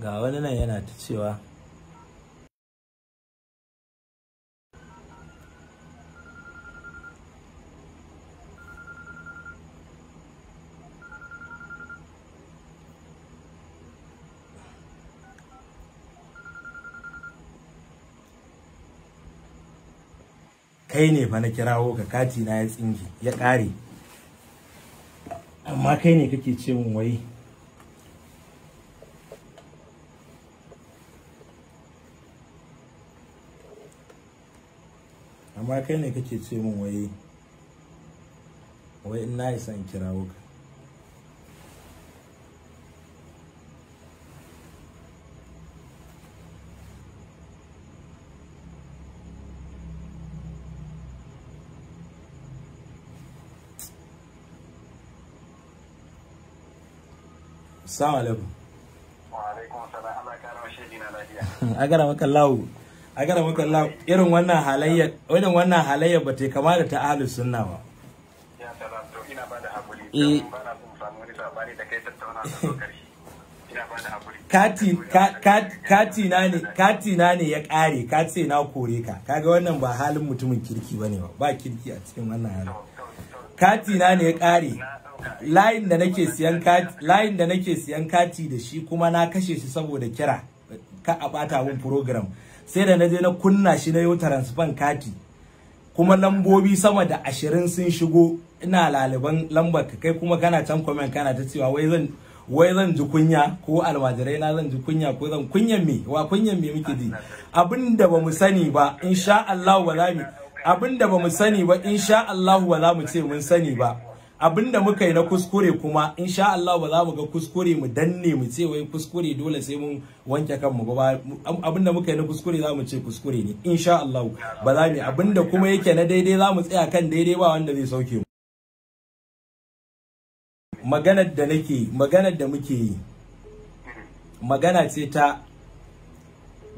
ga wani nan yana ta cewa kai ne fa na kirawo ka kati na ya tsingi ya ƙare amma kai ne kake ce mun wai amma kai ne kake ce min wai wai in na isa in kirawo ka Assalamu alaikum. Wa alaikum assalam. Allah ya karama mashi dina lafiya. Agara maka lawo. a gara muka irin wannan halayya irin wannan halayya ba ta kama da ta ahlus sunna ba ya to ina ba da hakuri eh. ba na son samu wani labari da kai tattauna karshe ina ba da hakuri kati kati na ne kati na ne ya kare ka ce na kore ka kaga wannan ba halin mutumin kirki bane ba ba kirki a cikin wannan halin kati na ne ya kare layin da nake siyan kati layin da nake siyan kati da shi kuma na kashe shi saboda kira ka a bata mun program sai da na je na kunna shi na yo transfer kati kuma lambobi sama da ashirin sun shigo ina laliban lambar ka kai kuma kana can comment kana ta cewa wai zan wai zan ji kunya ko almajirai na zan ji kunya ko zan kunyan me wa kunyan me muke ji abinda bamu sani ba insha Allah ba za mu abinda bamu sani ba insha Allah ba za mu ce mun sani ba abinda muka yi na kuskure kuma insha Allah ba za mu ga kuskure mu danne mu ce wai kuskure dole sai mun wanke kanmu ba abinda muka yi na kuskure za mu ce kuskure ne insha Allah ba za mu abinda kuma yake na daidai za mu tsaya kan daidai ba wanda zai sauke mu maganar da nake maganar da muke yi magana ce ta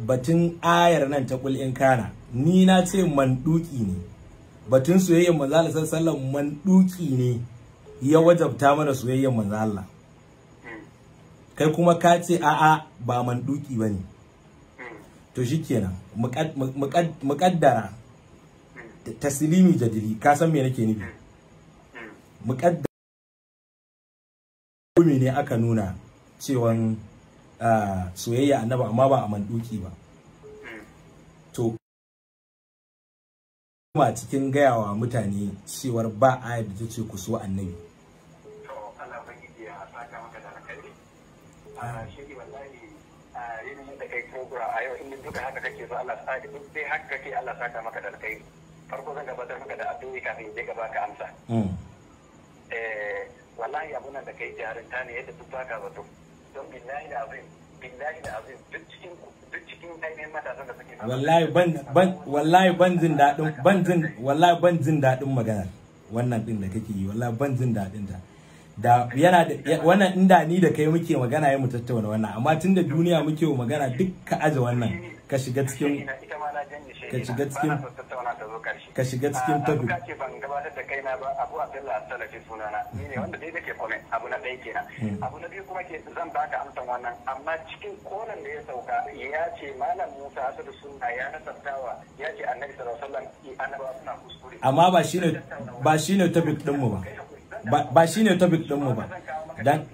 batun ayar nan ta kul in kana ni na ce manduki ne batun soyayyar manzo Allah sallallahu alaihi manduki ne ya wajabta mana soyayyar manzo Allah kai kuma ka ce a'a ba manduki bane to shikenan muqaddara taslimi jadili ka san me nake nufi muqaddara ne aka nuna cewan ah, soyayya annaba amma ba a manduki ba kuma cikin gayawa mutane cewar ba a da ta ce ku so annabi da ah. Ah, ah, a da farko zan gabatar maka da addu'o'i kafin je gaba ka amsa mm. eh wallahi da kai jarinta ne yadda duk baka zato don billahi da abin wallahi ban ban wallahi ban magana wannan din da kake yi ban jin da yana da inda ni da kai muke magana yayin mu tattauna wannan amma tunda duniya muke magana duk ka aje wannan ka shiga cikin tabi ka gabatar da kaina ba abu abdullahi salafi sunana ne wanda dai baka amsan wannan amma cikin kolan da ya sauka ya malam musa asadu sunna ya nasartawa eh, ba shine ba shine topic din mu ba dan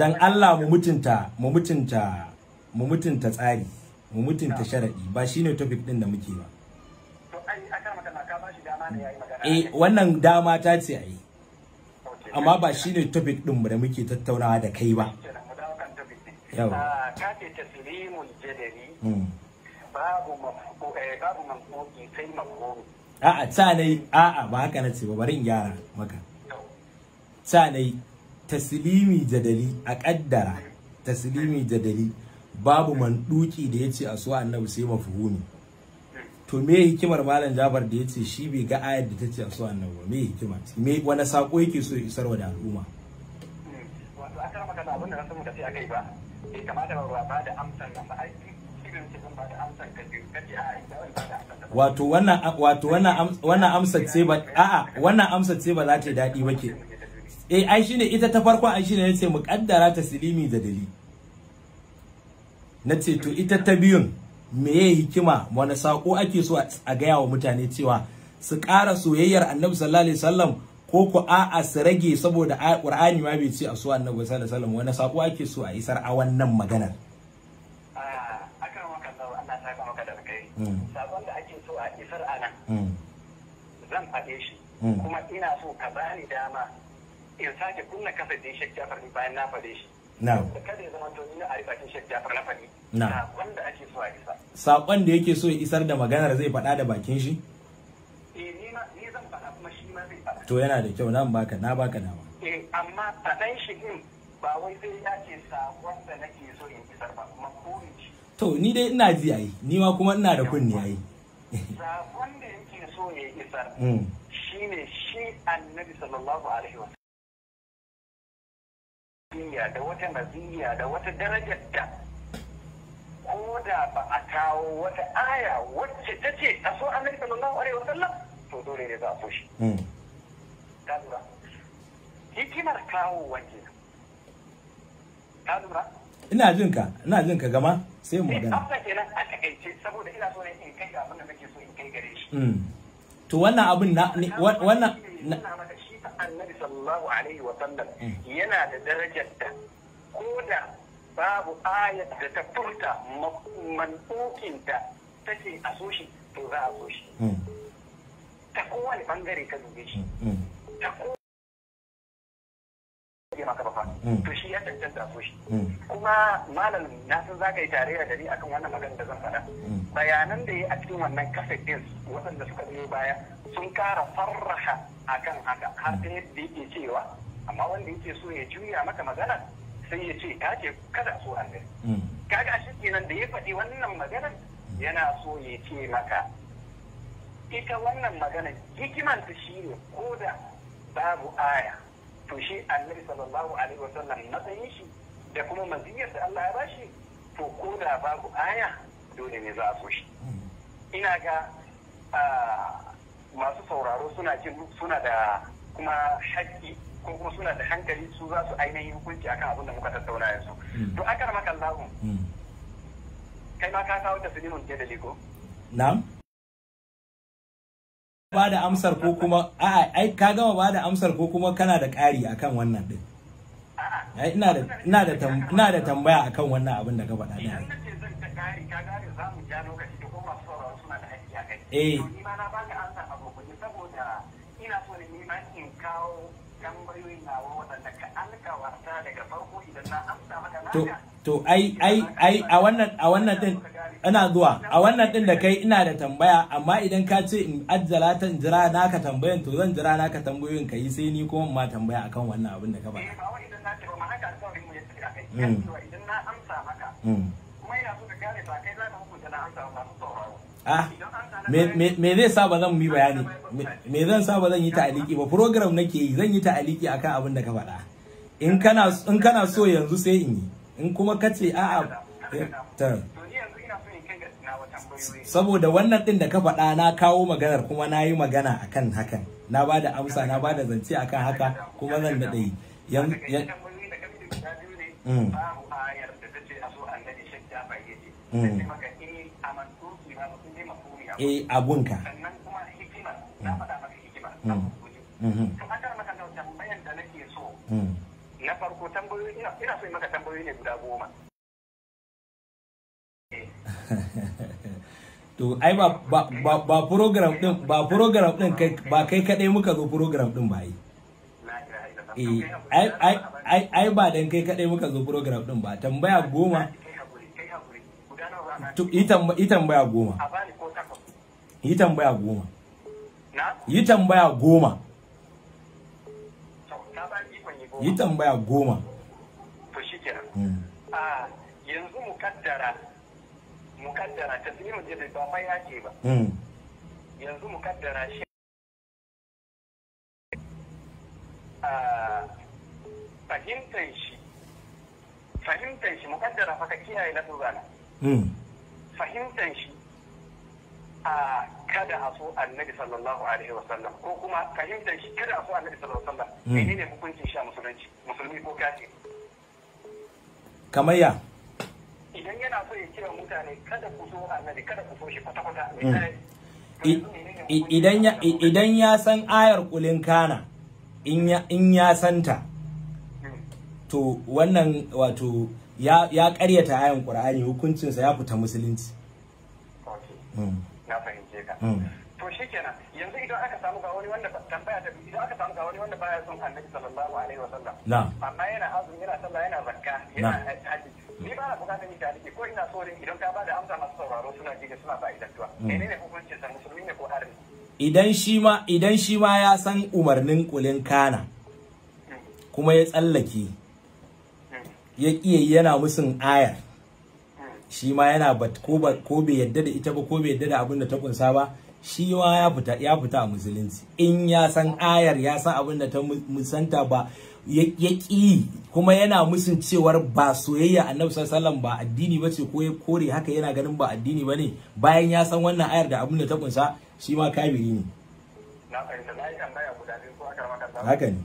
dan Allah mu mutunta mu mutunta mu mutunta tsari mu mutunta sharaɗi ba shine topic din da muke ba eh wannan dama ta ce ai amma ba shine topic din mu da muke tattaunawa da kai ba yau ta ah, ce taslimul jadali hmm. babu eh, babu mamduki sai mamduki a'a ta ne a'a ba haka na ce ba bari in gyara maka ta ne taslimi jadali a kaddara taslimi jadali babu duki da yace a so annabi sai mafhumi to me hikimar malam jabar da yace shi bai ga ayar da tace a so annabi me hikima me wani sako yake so ya isarwa da al'umma wato a kan kana abin da na samu da sai akai ba eh kamata ba ba da amsan nan ba ai wato wannan wato wannan wannan amsar ce ba a'a wannan amsa ce ba za ta yi daɗi ba ke eh ai shine ita ta farko ai shine yace muqaddara taslimi da dalili na ce to ita ta biyun meye hikima wani sako ake so a gaya wa mutane cewa su ƙara soyayyar annabi sallallahu alaihi wasallam ko ku a'a su rage saboda qur'ani ma bai ce a so annabi sallallahu alaihi wasallam wani sako ake so a isar a wannan maganar sabon hmm. da ake so a isar a nan hmm. zan faɗe shi hmm. kuma ina so ka bani dama in sake kunna kasa da shi bayan na faɗe shi na na wanda ake so a isa sakon da yake so ya isar da maganar zai faɗa da bakin shi eh ni ma ni zan faɗa kuma shi ma zai faɗa to yana da kyau nan baka na baka dama eh amma faɗan shi din ba wai sai ya ce sakon da nake so in isar ba kuma ko to ni dai ina ji ayi ni ma kuma ina da kunni yayi. sakon da yake so ya isar mm. shine shi annabi sallallahu alaihi wa kiyya da wata naziyya da wata darajar da ko da ba a kawo wata aya wacce ta ce a so annabi sallallahu alaihi wasallam to dole ne za a so shi hmm. ta lura hikimar kawo wanke ta lura ina jin ka ina jin ka gama sai mu sai eh, amma kenan a takaice saboda ina so ne in kai abin da nake so in kai gare shi hmm. to wannan abin na wannan annabi sallallahu alaihi wa sallam mm. yana da darajar da ko da babu ayat da ta furta da ta ce a so to za a so mm. ta kowane bangare ka dube shi mm. Mm. shi ya cancanta shi mm. kuma malam na san zaka yi tarayya da ni akan wannan magana da zan faɗa mm. bayanan da ya a cikin wannan kasafin din waɗanda suka biyo baya sun kara farraha akan haka har da yadda yake cewa amma wanda yake so ya juya maka magana sai ya ce ka kada so an kaga a shi kenan da ya faɗi wannan maganar yana so ya ce maka ita wannan magana hikimanta shi ne ko da babu aya to shi annabi sallallahu alaihi wasallam matsayin shi da kuma maziyar da Allah ya bashi to ko da babu aya dole ne za a so shi hmm. ina ga masu sauraro suna jin suna da kuma haƙƙi ko kuma suna da hankali su za su ainihin hukunci akan abin da muka tattauna yanzu hmm. to akar maka Allahu hmm. kai ma ka kawo tasirin ke da liko na'am ba da amsar ko kuma a'a ai ka gama ba da amsar ko kuma kana da ƙari akan wannan din ina da ina da ina da tambaya akan wannan abin da ka faɗa ne eh ina so ne ma in kawo tambayoyin na ka daga farko idan na amsa maka to to ai ai ai a wannan a wannan din ina zuwa a wannan din da kai ina da tambaya amma idan ka ce in ajjala ta jira naka tambayan to zan jira naka tambayoyin ka yi sai ni kuma ma tambaya akan wannan abin da ka eh, ba idan na ce ba ma haka alƙawarin mu ya tsira kai. Mm. Idan na amsa maka. Mm. Kuma ina so ka ba kai za ka hukunta na amsa ba Ah, me zai sa ba zan yi bayani me zan sa ba zan yi ta'aliki ba program nake yi zan yi ta'aliki akan abin da ka faɗa in kana so yanzu sai in yi in kuma ka ce a'a eh, ta saboda wannan din da ka faɗa na kawo maganar kuma na yi magana akan hakan na ba da amsa na ba da zance akan haka kuma zan daɗa yi e abunka na farko tambayoyi ina so maka tambayoyi ne guda goma to ai ba ba program din ba program din kai ba kai kadai muka zo program din ba yi eh, ai ai ai ba dan kai kadai muka zo program din ba tambaya goma yi tambaya goma yi tambaya goma yi tambaya goma yi tambaya goma to hmm. ah, yanzu mu kaddara mukaddara ta sai mun je ba mai yake ba hmm. yanzu mukaddara shi a fahimtar shi fahimtar shi mukaddara fa ka kiyaye na tuzana hmm. fahimtar shi a kada a so annabi sallallahu alaihi wasallam ko kuma fahimtar shi kada a so annabi sallallahu alaihi wasallam hmm. menene hukuncin shi a musulunci musulmi ko kafiri kamar ya idan ya kira mutane kada ku so san ayar kulin kana in ya santa mm. to wannan wato ya karyata ayan qur'ani hukuncinsa ya fita musulunci mm. na fahimce ka mm. to kenan, yanzu idan aka samu ga wani wanda tambaya ta idan aka samu ga wani wanda son annabi sallallahu alaihi wasallam amma yana azumi yana sallah yana zakka yana hajji ni ba na bukatar ni tarihi, ko ina so idan ka da amsa masu sauraro suna ji da suna fa'idantuwa menene hukuncin san musulmi ne ko harbi idan shi ma idan shi ma ya san umarnin kulin kana kuma ya tsallake ya kiyaye yana musun ayar shi ma yana ko bai yadda da ita ba ko bai yadda da abin da ta kunsa ba shi ma ya fita a musulunci in ya san ayar ya san abin da ta musanta ba ya ƙi kuma yana musun cewar ba soyayya annabi sallallahu ba addini bace ko ya kore haka yana ganin ba addini bane bayan ya san wannan ayar da abin da ta kunsa shi ma kabiri ne haka ne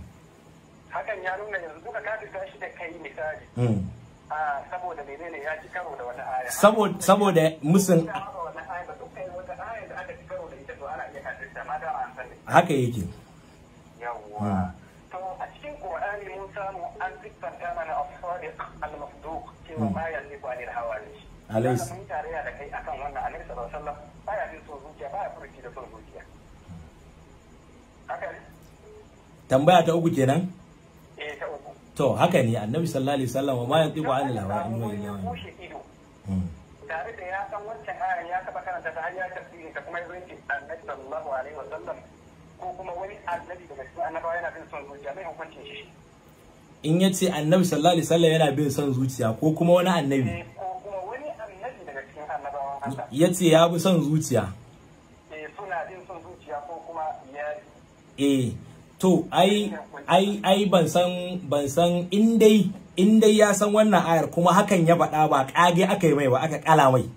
hakan ya nuna yanzu duka kafirta shi da kai misali hmm. saboda menene ya ci karo da wata aya saboda saboda musun haka yake yawwa hmm. cewa mm. kai akan wannan annabi tambaya ta uku kenan eh to haka ne annabi sallallahu alaihi wasallam wa ma yantiqu an in tare da ya mm. san wancan ayan ya taba karanta ta har ya tafsiri ta kuma yanzu annabi sallallahu alaihi wasallam ko kuma wani annabi daga cikin annabawa yana bin son zuciya mai hukuncin shi in ya ce annabi sallallahu alaihi wasallam yana bin son zuciya ko kuma wani annabi eh, ya ce ya bi son zuciya eh, eh to ai ai ai ban san ban san in dai ya san wannan ayar kuma hakan ya faɗa ba kage aka yi mai ba aka kala mai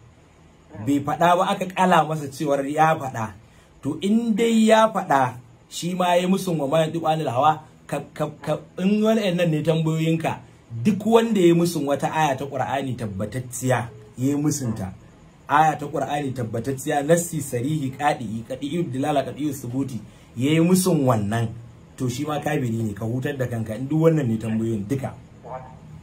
bai faɗa ba aka kala masa cewar ya faɗa to in dai ya faɗa shi ma ya musun wa mayan duk hawa in nan ne tambayoyinka duk wanda ya musun wata aya ta Qur'ani tabbatacciya ya yi musunta aya ta Qur'ani tabbatacciya nassi sarihi qadi qadi dilala qadi subuti ya yi musun wannan to shi ma kabiri ne ka hutar da kanka in duk wannan ne tambayoyin duka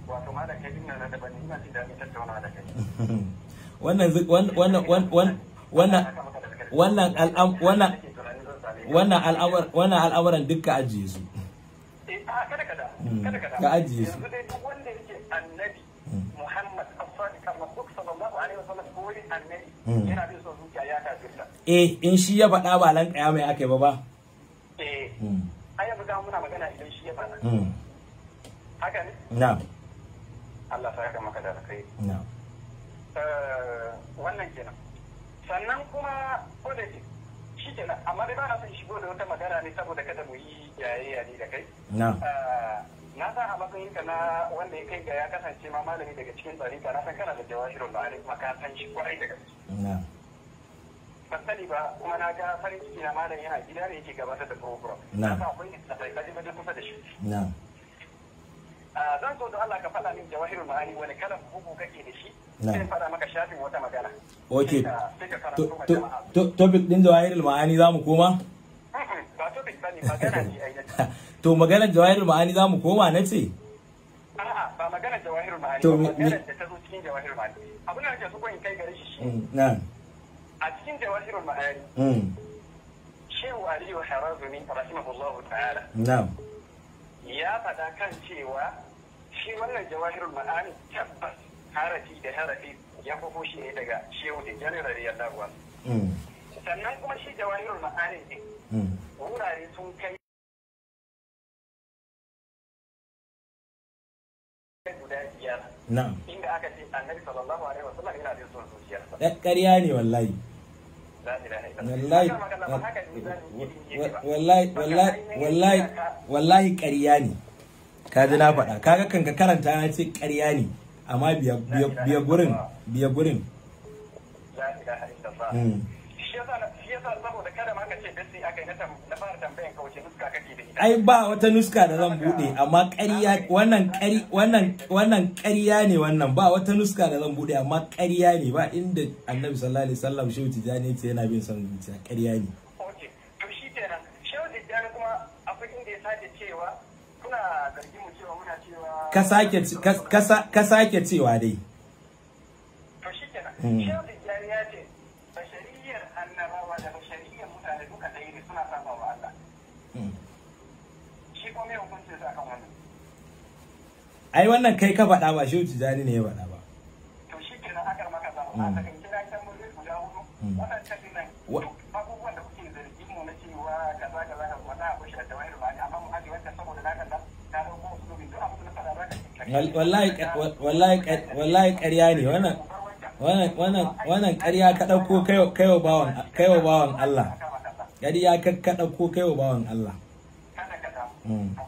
wato ma da kai din nan da bani ina ci da tauna da kai wannan wannan wannan wannan wannan al'amuran duka ajiye su kada ka da hmm. kada ajiye duk wanda yake annabi hmm. Muhammad hmm. eh in shi ya faɗa ba lan kaya mai ba ba eh ga muna magana idan shi ya faɗa haka ne na eh, wannan kenan sannan kuma ko da shi kenan amma dai ba na son shigo da wata magana ne saboda kada mu yi yayayya ne da kai na ah, san a matsayin ka na wanda ya kai ga ya kasance ma malami daga cikin ka na san kana da jawahirul ma'arif ma ka san shi kwarai da gaske ban sani ba kuma na ga farin ciki na malami yana gida ne yake gabatar da program na akwai da kusa da shi zan so da Allah ka faɗa min jawahirul ma'ani wani kalan bugu kake da shi sai faɗa maka shafin wata magana okay topic din jawahirul ma'ani za mu koma ba topic ba ne magana ce ai to magana jawahirul ma'ani za mu koma na ce a'a ba magana jawahirul ma'ani ba magana da ta zo cikin jawahirul ma'ani abin da nake so in kai gare shi shi mm, a cikin jawahirul ma'ani mm. shehu aliyu harazumi rahimahullahu ta'ala na'am ya faɗa kan cewa shi wannan jawahir ma'ani tabbas harafi da harafi ya kwafo shi ne daga shehu da janar mm. sannan kuma shi jawahir ma'ani ne mm. wurare sun kai guda biyar inda aka ce annabi sallallahu alaihi wasallam yana da son zuciyarsa eh, ƙarya ne wallahi wallahi wallahi ƙarya ne ka ji na faɗa kaga kan ka karanta na ce ƙarya ne amma biya gurin biya gurin la ilaha illallah ai ba wata nuska da zan bude amma ƙarya wannan ƙari wannan wannan ƙarya ne wannan ba wata nuska da zan bude amma ƙarya ne ba inda annabi sallallahu alaihi wasallam shehu tijani yace yana bin son zuciya ƙarya ne okay to shi kenan shehu tijani kuma akwai inda ya sake cewa kuna zargin mu cewa muna cewa ka sake ka sake cewa dai to shi kenan mm. ai wannan kai ka faɗa ba shehu tijani ne ya faɗa ba to shi maka a takan kira guda hudu hmm. wannan nan abubuwan da kuke zargi mu na cewa abu shi da wani rubani amma mu haɗe saboda na ta duk abu da faɗa ba ka wallahi ƙarya ne wannan wannan ƙarya ka ɗauko kaiwa bawan Allah ƙarya ka ɗauko kaiwa bawan Allah kada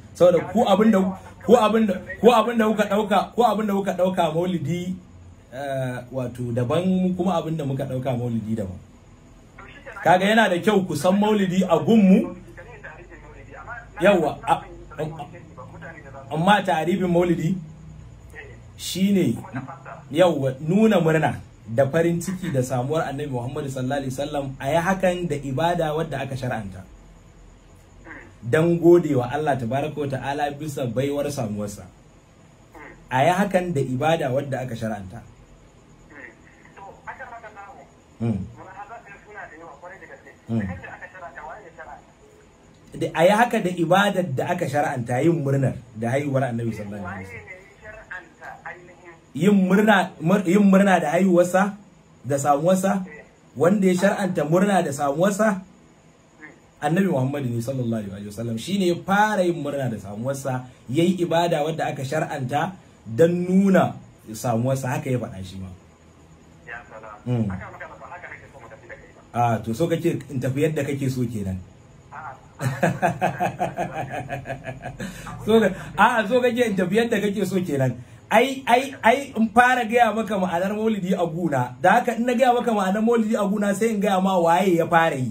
saboda ku abin da ko abin da ko abin da kuka dauka ko abin da kuka dauka maulidi eh, wato daban kuma abin da muka dauka maulidi daban kaga yana da kyau ku san maulidi a gunmu yawa amma taribin maulidi shine yawa nuna murna da farin ciki da samuwar annabi muhammadu sallallahu alaihi wasallam a yi hakan da ibada wadda aka shar'anta don gode wa Allah tabaraka ta'ala bisa baiwar samuwarsa a yi hakan da ibada wadda aka shara'anta hmm. hmm. a yi haka da ibadar da aka shara'anta yin murnar da haihuwar annabi sallallahu alaihi yin murna da haihuwarsa da samuwarsa wanda ya shara'anta murna da samuwarsa annabi muhammadu ne sallallahu alaihi wasallam shine ya fara yin murna da samuwarsa yayi ibada wadda aka shar'anta dan nuna samuwarsa haka ya faɗa shi ma a mm. ah, to so kake in tafi yadda kake so kenan so a so kake in tafi yadda kake so kenan ai ai ai in fara gaya maka ma'anar maulidi a guna da haka in na gaya maka ma'anar maulidi a guna sai in gaya ma waye ya fara yi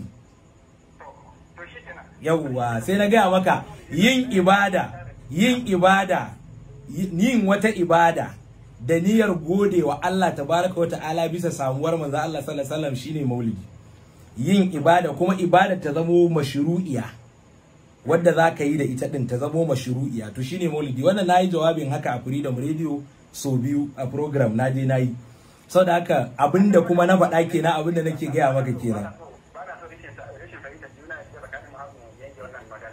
yawwa sai na gaya maka yin ibada yin ibada yin wata ibada da niyyar gode wa Allah tabaraka wa ta'ala bisa samuwar manzo Allah sallallahu alaihi wasallam shine maulidi yin ibada kuma ibada ta zamo mashru'iya wadda za ka yi da ita din ta zamo mashru'iya to shine maulidi wannan nayi jawabin haka a Freedom Radio so biyu a program na je nayi saboda haka abinda kuma na faɗa kenan abinda nake gaya maka kenan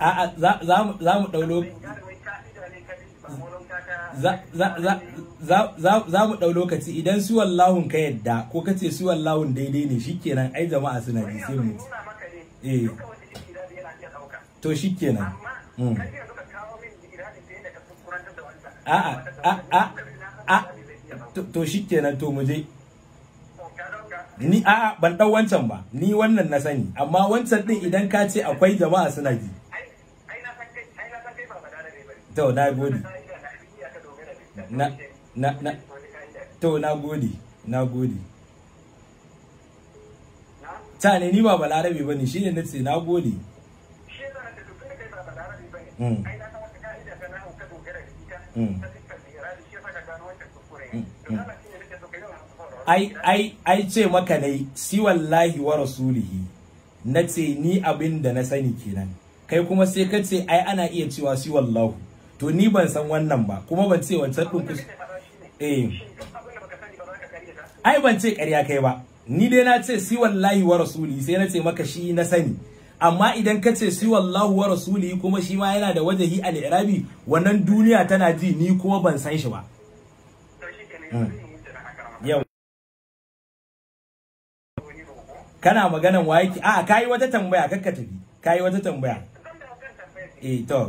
a'a za mu ɗau za mu ɗau lokaci idan su wallahun ka yadda ko ka ce su wallahun daidai ne shikenan ai jama'a suna ji sai mu eh to shikenan a'a hmm. a'a a to shikenan to mu je ni a ban ɗau wancan ba ni wannan na sani amma wancan ɗin idan ka ce akwai jama'a suna ji to na gode na na na to na gode na gode ta ne ni ba ba ne shi ne na ce na gode mm. Mm. Mm. ai ai ai ce maka nai si wallahi wa rasulihi na ce ni abin da na sani kenan kai kuma sai ka ce ai ana iya cewa si wallahu to ni ban san wannan ba kuma ban ce wancan ɗin kus eh ai ban ce ƙarya kai ba ni dai na ce si wallahi wa rasuli sai na ce maka shi na sani amma idan ka ce si wallahi wa rasuli kuma shi ma yana da wajahi al-irabi wannan duniya tana ji ni kuma ban san shi ba hmm. yau kana maganan waye a kai wata tambaya kakka tafi kai wata tambaya eh to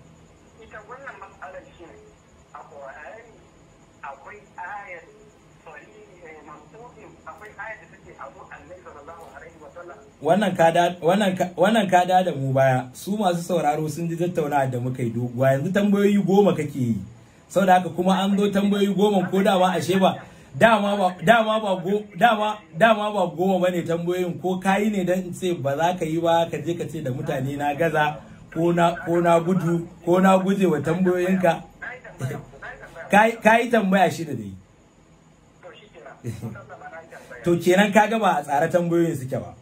wannan ka da da mu baya su masu sauraro sun ji tattauna da muka yi doguwa yanzu tambayoyi goma kake yi sau da haka kuma an zo tambayoyi goma ko dama ashe ba dama ba goma ba goma bane tambayoyin ko kayi ne don ce ba za ka yi ba ka je ka ce da mutane na gaza ko na gudu ko na guje wa tambayoyinka kayi tambaya shida da dai to kenan ka gaba a tsare tambayoyin suke ba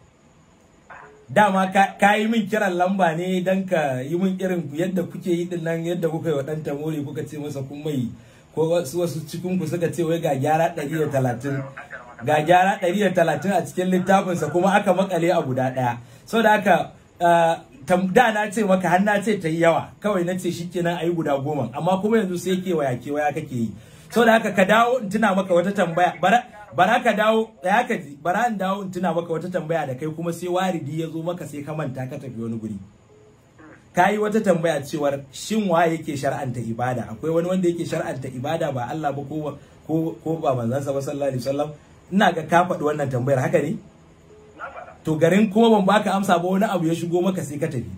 dama ka yi min kiran lamba ne don ka yi min irin yadda kuke yi din nan yadda kuka yi wa ɗanta more kuka ce masa kun mai ko wasu wasu cikin ku suka ce wai ga gyara 130 ga gyara 130 a cikin littafinsa kuma aka makale a guda ɗaya so da haka eh, da na ce maka har na ce ta yi yawa kawai na ce shi a yi guda goma amma kuma yanzu sai kewaya kewaya kake yi so da haka ka dawo in tuna maka wata tambaya bara bara dawo ya ka ji bara in dawo in tuna maka wata tambaya da kai kuma sai waridi ya zo maka sai ka manta ka tafi wani guri ka yi wata tambaya cewar shin wa yake shar'anta ibada akwai wani wanda yake shar'anta ibada ba Allah ba ko ko ko ba manzansa ba sallallahu alaihi wasallam ina ga ka faɗi wannan tambayar haka ne to garin kuma ban baka amsa ba wani abu ya shigo maka sai ka tafi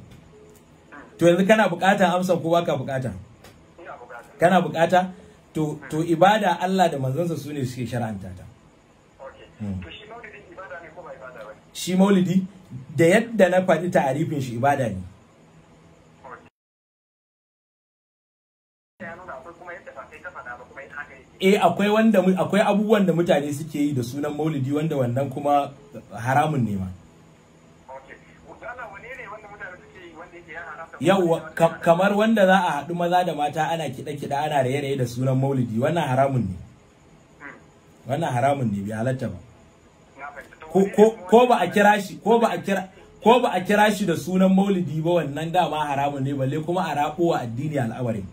to yanzu kana bukata amsa ko baka buƙata kana bukata to to ibada Allah da manzansa su ne suke shar'anta ta Hmm. to shi maulidi ibada ne ko ba ibada ba shi da yadda na faɗi tarifin shi ibada ne e akwai wanda akwai abubuwan da mutane suke yi da sunan maulidi wanda wannan kuma haramun ne ma yau kamar wanda za a haɗu maza da mata ana kiɗa-kiɗa ana raye-raye da sunan maulidi wannan haramun ne hmm. wannan haramun ne bai halatta ba ko ba a kira shi ko ba a kira ko ba a kira shi da sunan maulidi ba wannan dama haramun ne balle kuma a rabo wa addini al'awarin?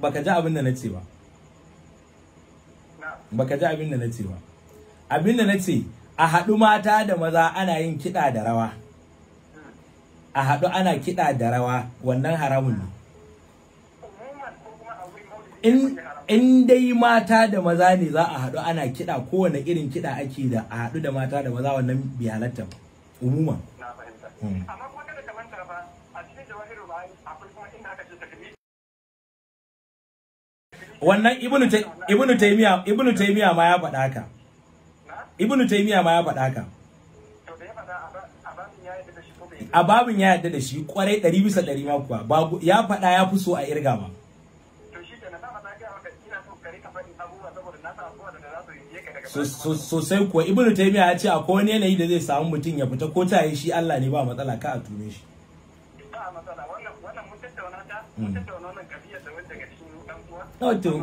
baka ji abin da na ce ba baka ji abin da na ce ba abin da na ce a haɗu mata da maza ana yin kiɗa da rawa a haɗu ana kiɗa da rawa wannan haramun ne in dai mata da maza ne za a haɗu ana kiɗa kowane irin kiɗa ake da a haɗu da mata da maza wannan bi halatta hmm. wannan ibnu taimiya ibnu taimiya ma ya faɗa haka ibnu taimiya ma ya faɗa haka a babin ya yadda da shi kwarai ɗari bisa ɗari ma kuwa ya faɗa ya fi so a irga ba sosai kuwa ibnu taymiya ya ce akwai wani yanayi da zai samu mutum ya fita ko ta yi shi Allah ne ba matsala ka a tume shi ba matsala wannan wannan mun tattauna ta mun hmm. tattauna wannan kabiyar da wanda ga cikin dan uwa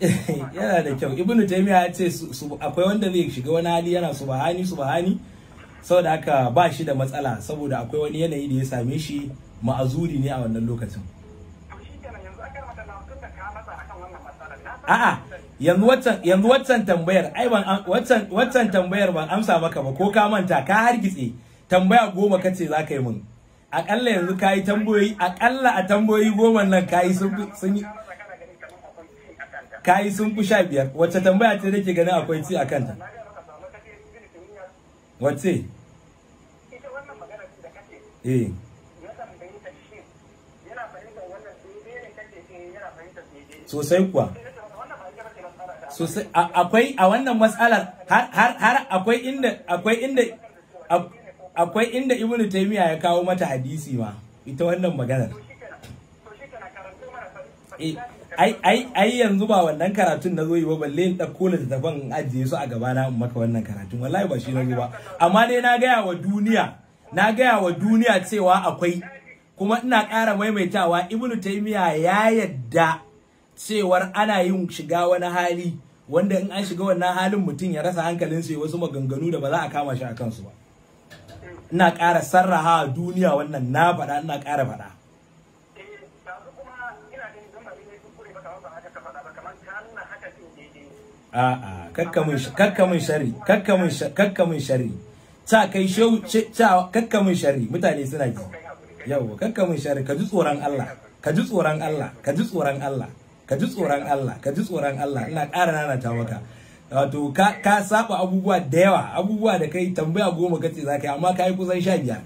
oh, yana da kyau ibnu taymiya ya ce akwai wanda zai shiga wani hali yana subhani subhani saboda haka ba shi da matsala saboda akwai wani yanayi da ya same shi ma'azuri ne a wannan lokacin a'a yanzu waccan yanzu waccan tambayar ai ban waccan waccan tambayar ban amsa maka ba ko ka manta ka hargitse tambaya goma kace zaka yi mun akalla yanzu kai yi tambayoyi akalla a tambayoyi goma nan kai sun sun ka yi sun ku sha biyar wacce tambaya ce nake ganin akwai ci akan ta wacce eh sosai kuwa akwai a wannan matsalar har akwai inda akwai inda akwai inda ibnu taymiya ya kawo mata hadisi ma ita wannan maganar e, ai yanzu ba wannan karatun na zo yi ba balle in ɗauko littattafan in ajiye su a gaba na maka wannan karatun wallahi ba shi na zo ba amma dai na gaya wa duniya na gaya wa duniya cewa akwai kuma ina ƙara maimaitawa ibnu taymiya ya yadda cewar ana yin shiga wani hali wanda in an shiga wannan halin mutum ya rasa hankalin su wasu maganganu da ba za a kama shi a kansu ba ina ƙara sarraha duniya wannan na faɗa ina ƙara faɗa a'a kakkamin shari kakkamin shari ta kai shau ta kakkamin shari mutane suna ji yau kakkamin shari ka ji tsoron Allah ka ji tsoron Allah ka ji tsoron Allah ka ji tsoron Allah ka ji tsoron Allah ina ƙara nanata maka wato ka ka saba abubuwa da yawa abubuwa da kai tambaya goma kace zaka yi amma ka yi kusan sha biyar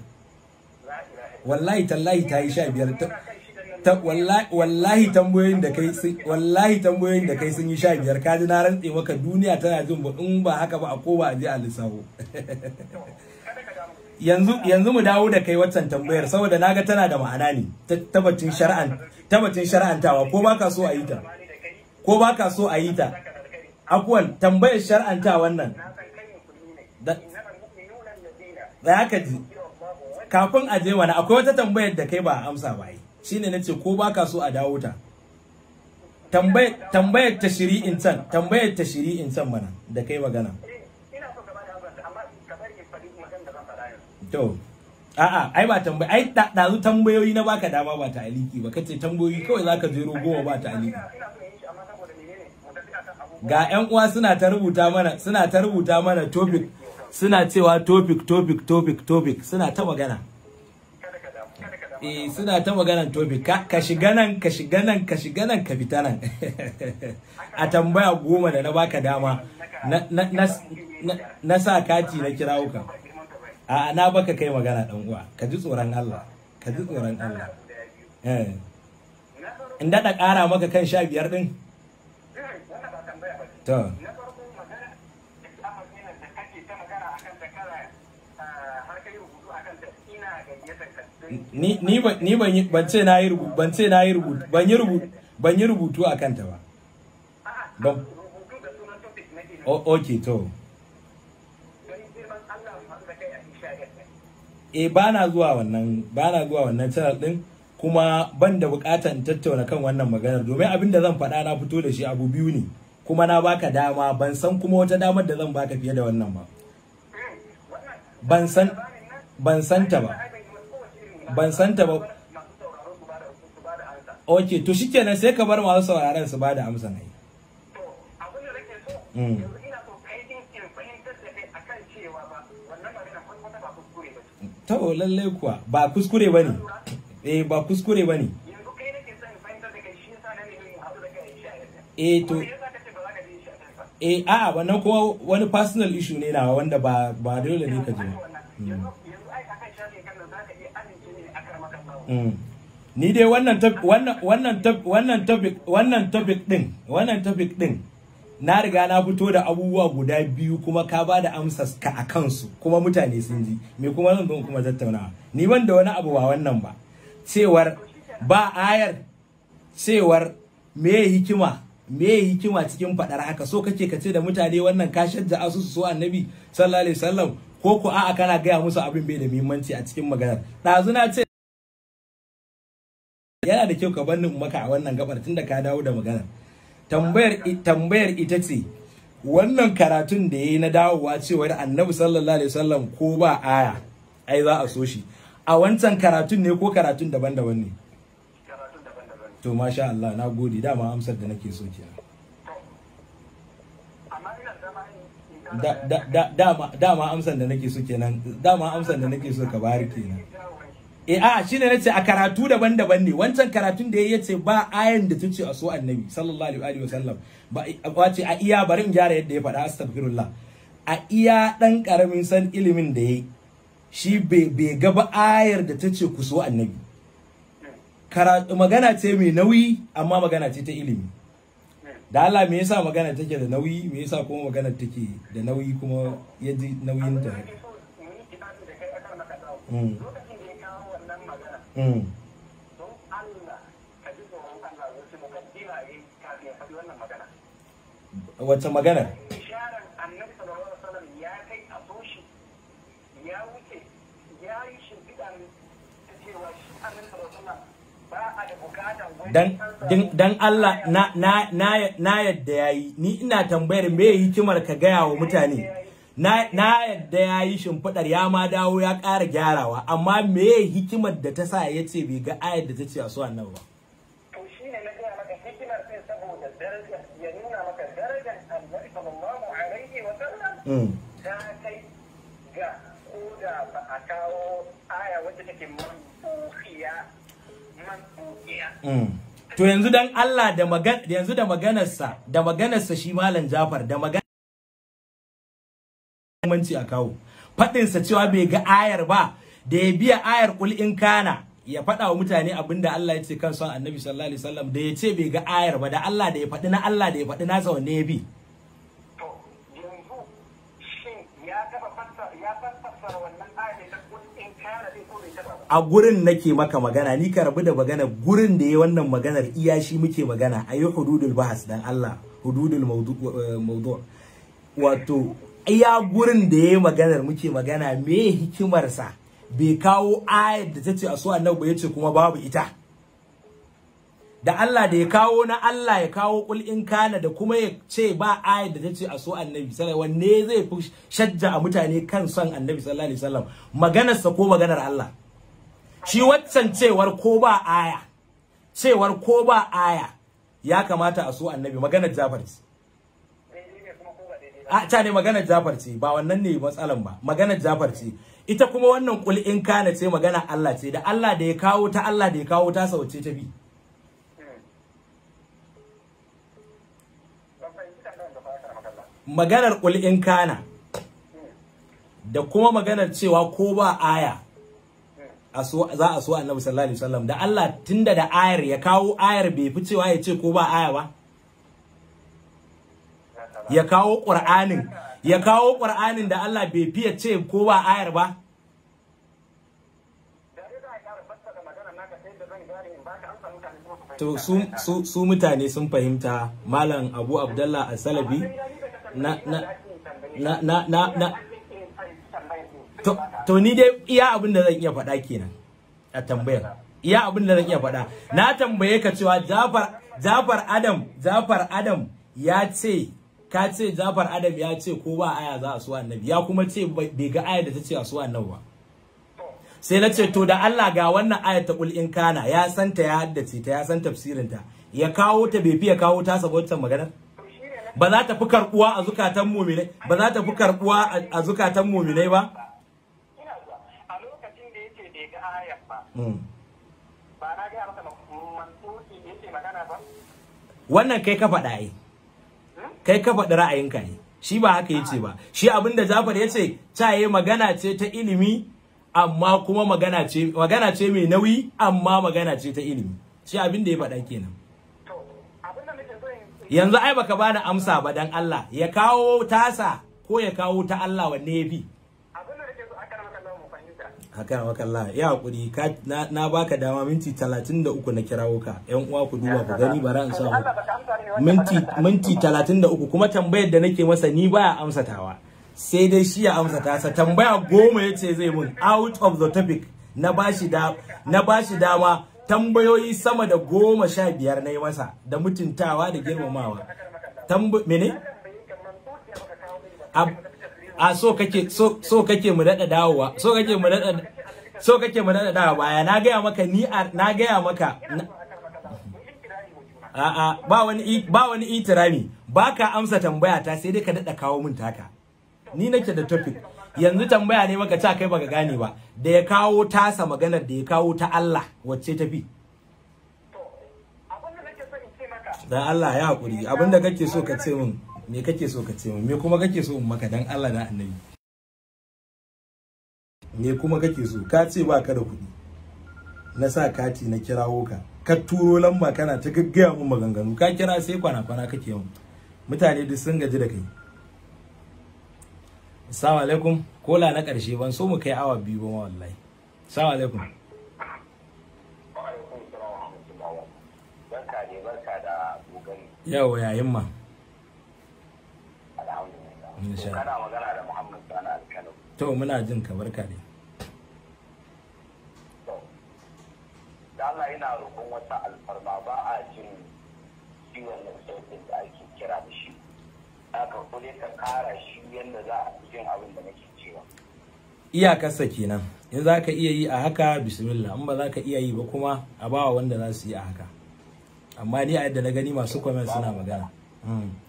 wallahi tallahi ta yi 15 biyar wallahi tambayoyin da kai wallahi tambayoyin da kai sun yi sha biyar ka ji na rantse maka duniya tana jin ba in ba haka ba a ko ba a je a lissafo yanzu yanzu mu dawo da kai waccan tambayar saboda naga tana da ma'ana ne ta tabbacin shar'an ta batun shar'antawa ko baka so a yi ta ko baka so a yi ta akwai tambayar shar'antawan nan da haka ji kafin a je wani akwai wata tambayar da kai ba a amsa ba yi shine ce ko baka so a dawo ta tambayar ta ta in can tambayar ta in can mana da kai magana eh, to a'a ai ba tambayi. ai ɗazu tambayoyi na baka dama ba ta aliki ba kace tambayoyi kawai ka jero goma ba ta aliki ga yan uwa suna ta rubuta mana suna ta rubuta mana topic suna cewa topic topic topic topic suna ta magana eh suna ta maganan topic ka ka shiga nan ka shiga nan ka shiga nan ka fita nan a tambaya goma da na baka dama na na, na, na sa kati na kirawo ka a na baka kai magana dan uwa ka ji tsoron Allah ka ji tsoron Allah eh in da kara maka kan 15 din to ni ni ban ce na yi rubutu ban ce na yi rubutu ban yi rubutu ban yi rubutu akan ta ba. Ban. okay to. e eh, ba na zuwa wannan ba na zuwa wannan channel din kuma ban da bukatan tattauna kan wannan maganar domin abin da zan faɗa na fito da shi abu biyu ne kuma na baka dama ban san kuma wata damar da zan baka fiye da wannan ba ban san ban santa ba ban santa ba ok to shikenan sai ka bar masu sauraron su ba da amsa na yi so mm. to lallai kuwa ba kuskure ba ne eh ba kuskure ba ne eh to eh a wannan kuma wani personal issue ne na wanda ba ba dole ne ka ji hmm. hmm. ni dai wannan wannan wannan wannan topic wannan topic din wannan topic din na riga na fito da abubuwa guda biyu kuma ka ba da amsas ka a kansu kuma mutane sun ji me kuma zan don kuma tattaunawa ni ban da wani abu ba wannan ba cewar ba ayar cewar me hikima me hikima cikin fadar haka so kake ka ce da mutane wannan ka shajja asu su annabi sallallahu alaihi wasallam ko ko a'a kana gaya musu abin bai da muhimmanci a cikin maganar ɗazu na ce yana da kyau ka bannin maka a wannan gabar tunda ka dawo da maganar tambayar tambayar ita ce wannan karatun da yayi na dawowa cewar annabi sallallahu alaihi wasallam ko ba aya ai za a so shi a wancan karatun ne ko karatun daban-daban ne to masha Allah na gode dama amsar da nake so kenan dama amsan da nake so kenan dama amsan da nake so ka bari kenan eh a shi ne nace a karatu daban-daban ne wancan karatun da yayi yace ba ayan da tace a so annabi sallallahu alaihi wa sallam ba wace a iya barin gyara yadda ya faɗa astaghfirullah a iya dan karamin san ilimin da yayi shi bai ga ba ayar da tace ku so annabi magana ce mai nauyi amma magana ce ta ilimi da Allah me yasa magana take da nauyi me yasa kuma magana take da nauyi kuma yaji nauyin ta don mm. Allah magana Dan, Allah na, yadda ya yi, ni ina tambayar me hikimar ka gaya wa mutane. na yadda ya yi shimfiɗar ya ma dawo ya ƙara gyarawa amma me hikimar da ta sa ya ce bai ga ayar da ta ce a su annabi ba to shi ne na gaya maka hikimar sai saboda darajar ya nuna maka darajar annabi sallallahu alaihi wa sallam mm. ta kai ga ko ba a kawo aya wacce take mantukiya mantukiya mm. to yanzu dan Allah da yanzu da maganarsa da maganarsa shi malam Jafar da magana muhimmanci a kawo faɗinsa cewa bai ga ayar ba da ya biya ayar kul in kana ya faɗa wa mutane abinda Allah ya ce kan son annabi sallallahu alaihi wasallam da ya ce bai ga ayar ba da Allah da ya faɗi na Allah da ya faɗi na wanne ya bi a gurin nake maka magana ni ka rabu da magana gurin da ya wannan maganar iya shi muke magana ayi hududul bahas dan Allah hududul mawdu' eh, wato iya gurin da yi maganar muke magana me hikimarsa bai kawo ayar da tace a so annabi ya ce kuma babu ita da Allah da ya kawo na Allah ya kawo kul in kana da kuma ya ce ba ayar da tace a so annabi sai wanne zai fi shajja a mutane kan son annabi sallallahu alaihi wasallam maganar sa ko maganar Allah shi waccan cewar ko ba aya cewar ko ba aya ya kamata a so annabi maganar Jafaris. a ta ne magana Jafar ce ba wannan ne matsalan ba magana Jafar ce ita kuma wannan kul in kana ce magana Allah ce da Allah da ya kawo ta Allah da ya kawo ta sauce ta bi maganar kul in kana da kuma maganar cewa ko ba aya za a so annabi sallallahu alaihi wasallam da Allah tunda da ayar ya kawo ayar bai fi cewa ya ce ko ba aya ba ya kawo ƙur'anin ya kawo ƙur'anin da Allah bai fiye ce ko ba ayar ba to su mutane sun fahimta malam abu abdallah asalabi na na na na na, na. To, to ni dai iya abin da zan iya faɗa kenan a tambayar iya abin da zan iya faɗa na tambaye ka cewa jafar jafar adam jafar adam ya ce ka ce Jafar Adam ya ce ko ba aya za a so annabi ya kuma ce bai ga aya da ta ce a so annabi ba sai na ce to da Allah ga wannan aya ta kul in kana ya san ta ya haddace ta ya san tafsirin ta ya kawo ta bai fi ya kawo ta saboda magana ba za ta fi karbuwa a zukatan mu'minai ba za ta fi karbuwa a zukatan mu'minai ba hmm. ba na ba wannan kai ka faɗa ai kai ka faɗi ra'ayinka ne shi ba haka yace ba shi abin da Jafar yace ta yi magana ce ta ilimi amma kuma magana ce magana ce mai nauyi amma magana ce ta ilimi shi abin da ya faɗa kenan yanzu ai baka bani amsa ba dan Allah ya kawo tasa ko ya kawo ta Allah wanne ya bi hakan wakalla ya hakuri na baka dama minti 33 na kirawo ka yan uwa ku duba ku gani bara in samu minti minti 33 kuma tambayar da nake masa ni baya amsatawa sai dai shi ya amsa ta sa tambaya goma yace zai mun out of the topic na ba shi dama tambayoyi sama da goma sha biyar na yi masa da mutuntawa da girmamawa mene a so kake so kake mu dada dawowa so kake mu dada so kake mu dada dawowa baya na gaya maka ni na gaya maka a a ba wani ba wani itirami baka amsa tambaya ta sai dai ka dada kawo mun taka ni nake da topic yanzu tambaya ne maka ta kai baka gane ba da ya kawo tasa maganar da ya kawo ta Allah wacce ta fi da Allah ya hakuri abinda kake so ka ce min me kake so ka ce mu me kuma kake so in maka dan Allah da annabi me kuma kake so ka ce ba ka da kuɗi na sa kati na kirawo ka ka turo lamba kana ta gaggaya mun maganganu ka kira sai kwana kwana kake mu mutane duk sun gaji da kai assalamu alaikum kola na karshe ban so mu kai awa biyu ba wallahi assalamu alaikum yawa yayin ma insha Allah kana magana da Muhammad Sani Alkano to muna jin ka barka ne da Allah yana roƙon wata alfarma ba a jin ciwon sauƙin da ake kira da shi haka kule ka kara shi yadda za a jin abin da nake cewa iyakarsa kenan in za ka iya yi a haka bismillah in ba za ka iya yi ba kuma a bawa wanda za su yi a haka amma ni a yadda na gani masu comment suna magana hmm.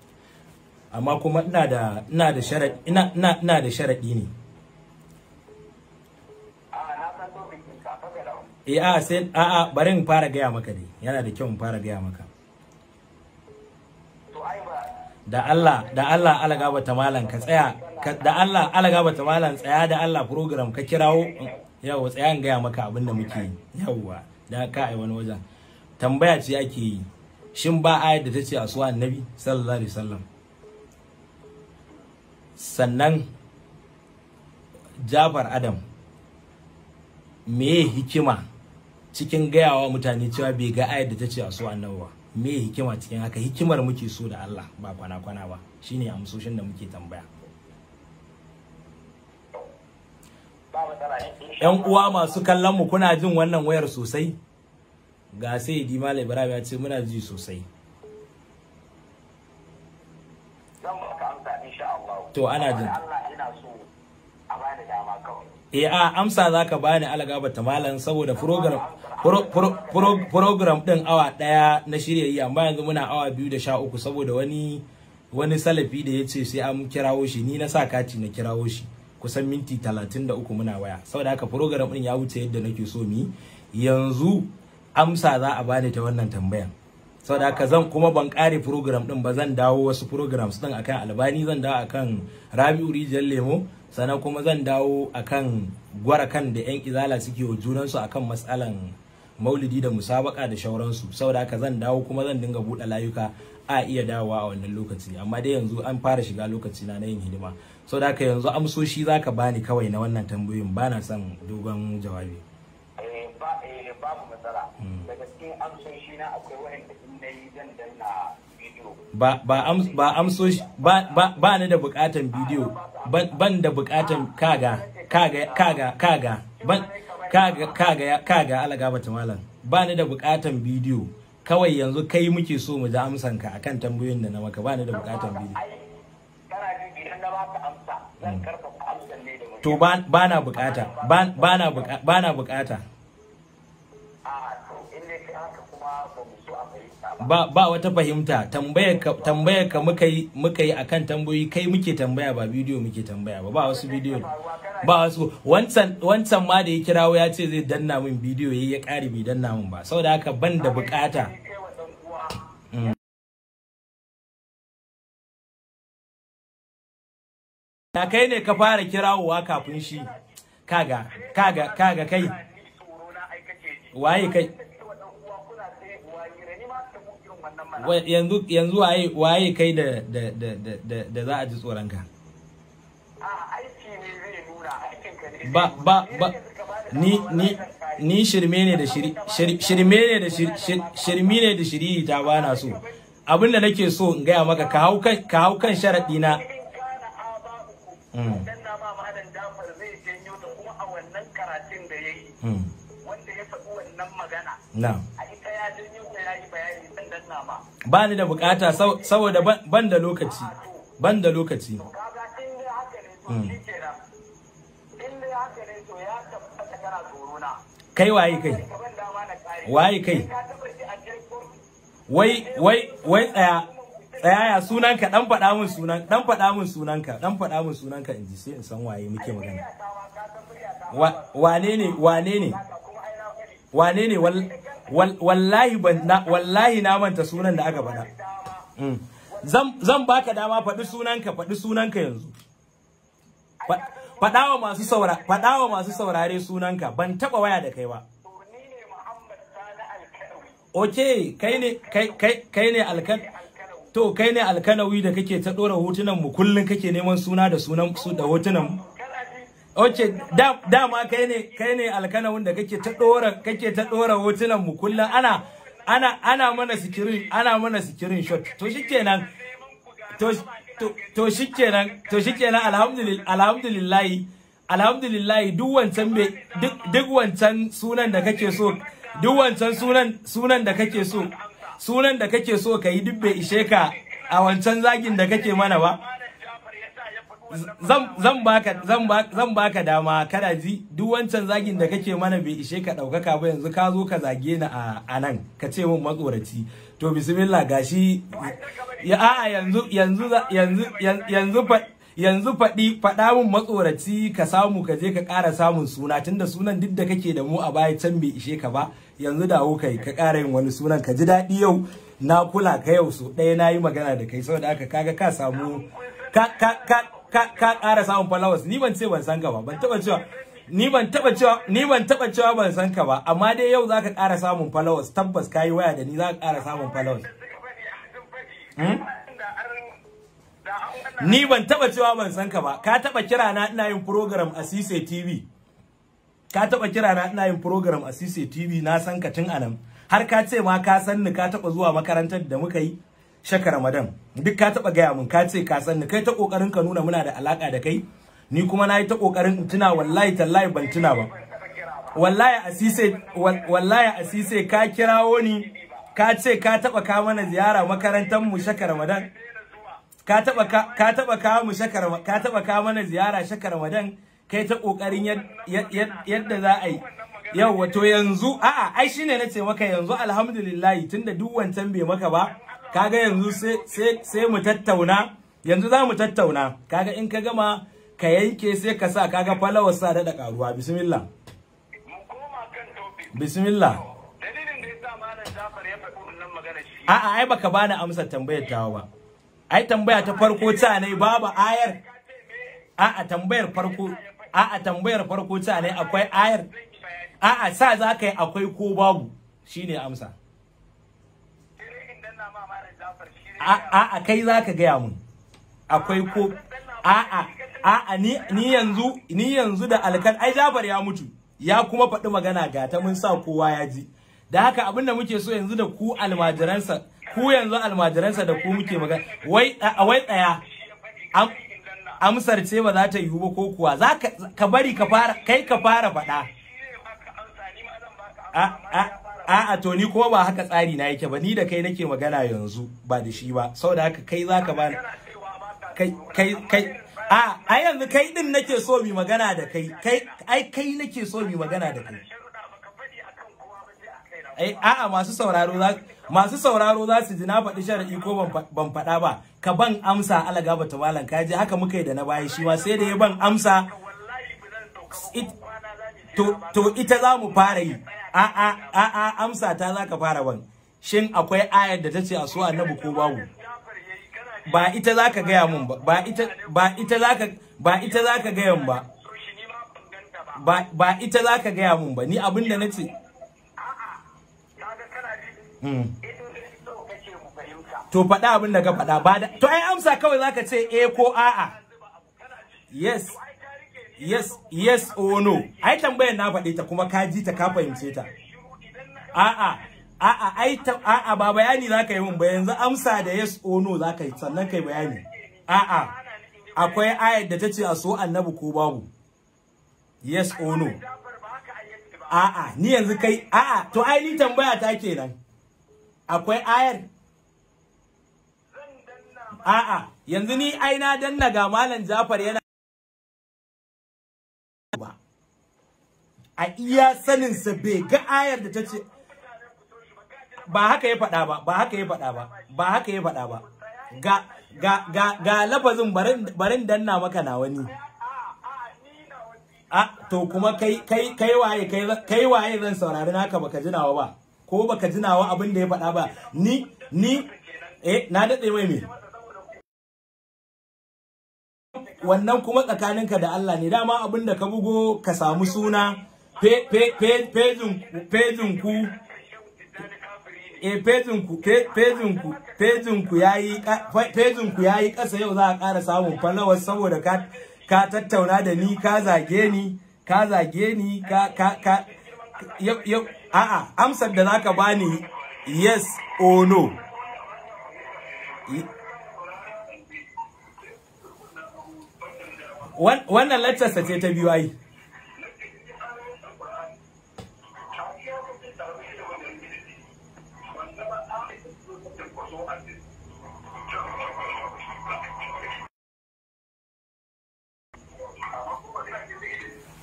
amma kuma ina da ina da sharadi ina ina da sharadi ne eh a sai a a bari in fara gaya maka dai yana da kyau in fara gaya maka da Allah da Allah alaga bata malan ka tsaya da Allah alaga bata malan tsaya da Allah program ka kirawo yawa tsaya in gaya maka abin da muke yawa da ka ai wani wajen tambaya ce ake yi shin ba ayat da ta ce a annabi sallallahu alaihi wasallam sannan Jafar Adam meye hikima cikin gayawa mutane cewa bai ga ayar da ta ce a so annabi ba me hikima cikin haka hikimar muke so da Allah ba kwana kwana ba shine amsoshin da muke tambaya yan uwa masu kallon mu kuna jin wannan wayar sosai ga sai di malam ibrahim ya ce muna ji sosai to ana jin e a amsa za bani algaba ta malam saboda program program din awa daya na shirya yi amma yanzu muna awa biyu da sha uku saboda wani wani salafi da ya ce sai an kirawo shi ni na sa kati na kirawo shi kusan minti talatin da uku muna waya saboda haka program din ya wuce yadda nake so mi yanzu amsa za a bani ta wannan tambayan saboda haka zan kuma ban kare program din ba zan dawo wasu programs din akan albani zan dawo akan rabi'u rijiyar lemo sannan kuma zan dawo akan gwara kan da yan izala suke wa junansu akan matsalan maulidi da musabaka da shauransu saboda haka zan dawo kuma zan dinga buɗe layuka a iya dawowa a wannan lokaci amma dai yanzu an fara shiga lokaci na na yin hidima saboda haka yanzu amsoshi zaka bani kawai na wannan tambayoyin na son dogon jawabi eh, eh, babu matsala hmm. daga cikin amsoshi na akwai ba amso ba ni da bukatan bidiyo ban da bukatan kaga kaga kaga kaga ban kaga kaga kaga alaga bata malam ba ni da bukatan bidiyo kawai yanzu kai muke so mu ji amsan ka akan tambayoyin da na maka ba ni da bukatan bidiyo to ba na bukata ba na bukata ba ba wata fahimta tambayar ka ka muka yi muka yi akan tambayoyi kai muke tambaya ba bidiyo muke tambaya ba ba wasu bidiyo ba wasu wancan wancan ma da ya kirawo ya ce zai danna min bidiyo yayi ya kare bai danna min ba saboda haka ban da bukata ta mm. kai ne ka fara kirawowa kafin shi kaga kaga kaga kai waye kai yanzu yanzu waye waye kai da da da da da za a ji tsoron ka ba ba ba ni ni ni shirme ne da shiri shirme ne da shirme ne da shiri ta bana so abin da nake so in gaya maka ka hau kan ka hau kan sharadi mm. na mm. na ba ni da bukata saboda ban da lokaci ban da lokaci mm. kai waye kai waye kai wai wai wai tsaya tsaya ya sunanka dan faɗa min sunan dan faɗa min sunanka dan faɗa min sunanka in ji sai in san waye muke magana wane ne wane ne wane ne wallahi wallahi na manta sunan da aka faɗa hmm. zan baka dama faɗi sunanka faɗi sunanka yanzu faɗawa masu saurare masu saurare sunanka ban taɓa waya da kai ba ok kai ne kai ne alkan to kai ne alkanawi da kake ta ɗora hotunan mu kullum kake neman suna da sunan da hotunan mu Oke, dama kai ne kai ne alkana wanda kake ta dora kake ta dora hotunan mu kullum ana ana ana mana screen ana mana screen shot. To shikenan. To to shikenan to shikenan alhamdulillah alhamdulillah alhamdulillah duk wancan be duk wancan sunan da kake so duk wancan sunan sunan da kake so sunan da kake so kai duk bai ishe ka a wancan zagin da kake mana ba. zan baka dama kana ji duk wancan zagin da kake mana bai ishe ka ɗaukaka ba yanzu ka zo ka zage ni a nan ka ce min matsoraci to bismillah gashi ya yanzu yanzu yanzu yanzu faɗi faɗa min matsoraci ka samu ka je ka ƙara samun suna tunda sunan duk da kake da mu a baya can bai ishe ka ba yanzu dawo kai ka ƙara yin wani sunan ka ji daɗi yau na kula ka yau so ɗaya na yi magana da kai saboda haka kaga ka samu ka ka ka ƙara samun followers ni ban ce ban san ka ba ban taba cewa ni ban taba cewa ni ban taba cewa ban san ka ba amma dai yau zaka ƙara samun followers tabbas kai waya da ni zaka ƙara samun followers hmm? ni ban taba cewa ban san ka ba ka taba kira na ina yin program a CC TV ka taba kira na ina yin program a CC TV na san ka tun anan har ka ce ma ka san ni ka taba zuwa makarantar da muka yi shaka ramadan duk ka taba gaya mun ka ce ka san ni kai ta kokarin ka nuna muna da alaka da kai ni kuma na yi ta kokarin in tuna wallahi tallahi ban tuna ba wallahi asise wallahi asise ka kirawo ni ka ce ka taba ka mana ziyara makarantar mu shaka ramadan ka taba ka taba ka mu shaka ka taba ka mana ziyara shaka ramadan kai ta kokarin yadda za a yi yau wato yanzu a'a ai shine nace maka yanzu alhamdulillah tunda duk wancan bai maka ba kaga yanzu sai mu tattauna yanzu za mu tattauna kaga in ka gama ka yanke sai ka sa kaga falawar sa da karuwa bismillah bismillah a'a ai baka bani amsa tambayar tawa ba ai tambaya ta farko ta ne babu ayar a'a tambayar farko a tambayar farko ta ne akwai ayar a'a sa za ka yi akwai ko babu shine amsa a a kai zaka gaya mun akwai ko a a a a ni ni yanzu ni yanzu da alkal ai Jafar ya mutu ya kuma faɗi magana ga ta mun sa kowa ya ji da haka abin da muke so yanzu da ku almajiransa ku yanzu almajiransa da ku muke magana wai wai tsaya amsar ce ba za ta yiwu ba ko kuwa za ka bari ka fara kai ka fara faɗa a a a'a to ni kuma ba haka tsari na yake ba ni da kai nake magana yanzu ba da shi ba saboda haka kai zaka ba kai kai kai a a yanzu kai din nake so mi magana da kai kai ai kai nake so mi magana da kai ai a'a masu sauraro za masu sauraro za su ji na faɗi shar'i ko ban faɗa ba ka ban amsa alaga ba ta malam kaji haka muka yi da na baya shi ma sai da ya ban amsa to ita za mu fara yi a'a a'a amsa ta zaka fara ban shin akwai ayar da tace a so annabi ko babu ba ita zaka gaya mun ba ba ita ba ita zaka ba ita zaka gaya ba ba ita ita zaka gaya mun ba ni abin da nace hmm. to faɗa abin da ka faɗa ba to ai amsa kawai zaka ce eh ko a'a yes yes yes or no ai tambayar na faɗe ta kuma ka ji ta ka fahimce ta a'a a'a ai a'a ba bayani zaka yi mun ba yanzu amsa da yes or no zaka yi sannan kai bayani a'a akwai ayar da tace a so annabi ko babu yes or no a'a ni yanzu kai a'a to ai ni tambaya ta kenan akwai ayar a'a yanzu ni ai na danna ga malam Jafar yana ba a iya sanin sa bai ga ayar da ta ce ba haka ya faɗa ba ba haka ya faɗa ba ba haka ya faɗa ba ga ga ga ga lafazin barin danna maka na wani a to kuma kai kai kai waye kai waye zan saurari naka baka jinawa ba ko baka jinawa abin da ya faɗa ba ni ni eh na dade mai me wannan kuma tsakaninka da Allah ne dama abin da ka bugo ka samu suna pejinku ku eh, e yi yayi kasa yau za a ƙara samun falawar saboda ka tattauna da ni ka zage ni ka zage ni ka ka ka yau a'a amsar da zaka bani yes or no wannan sa ce ta biyu ai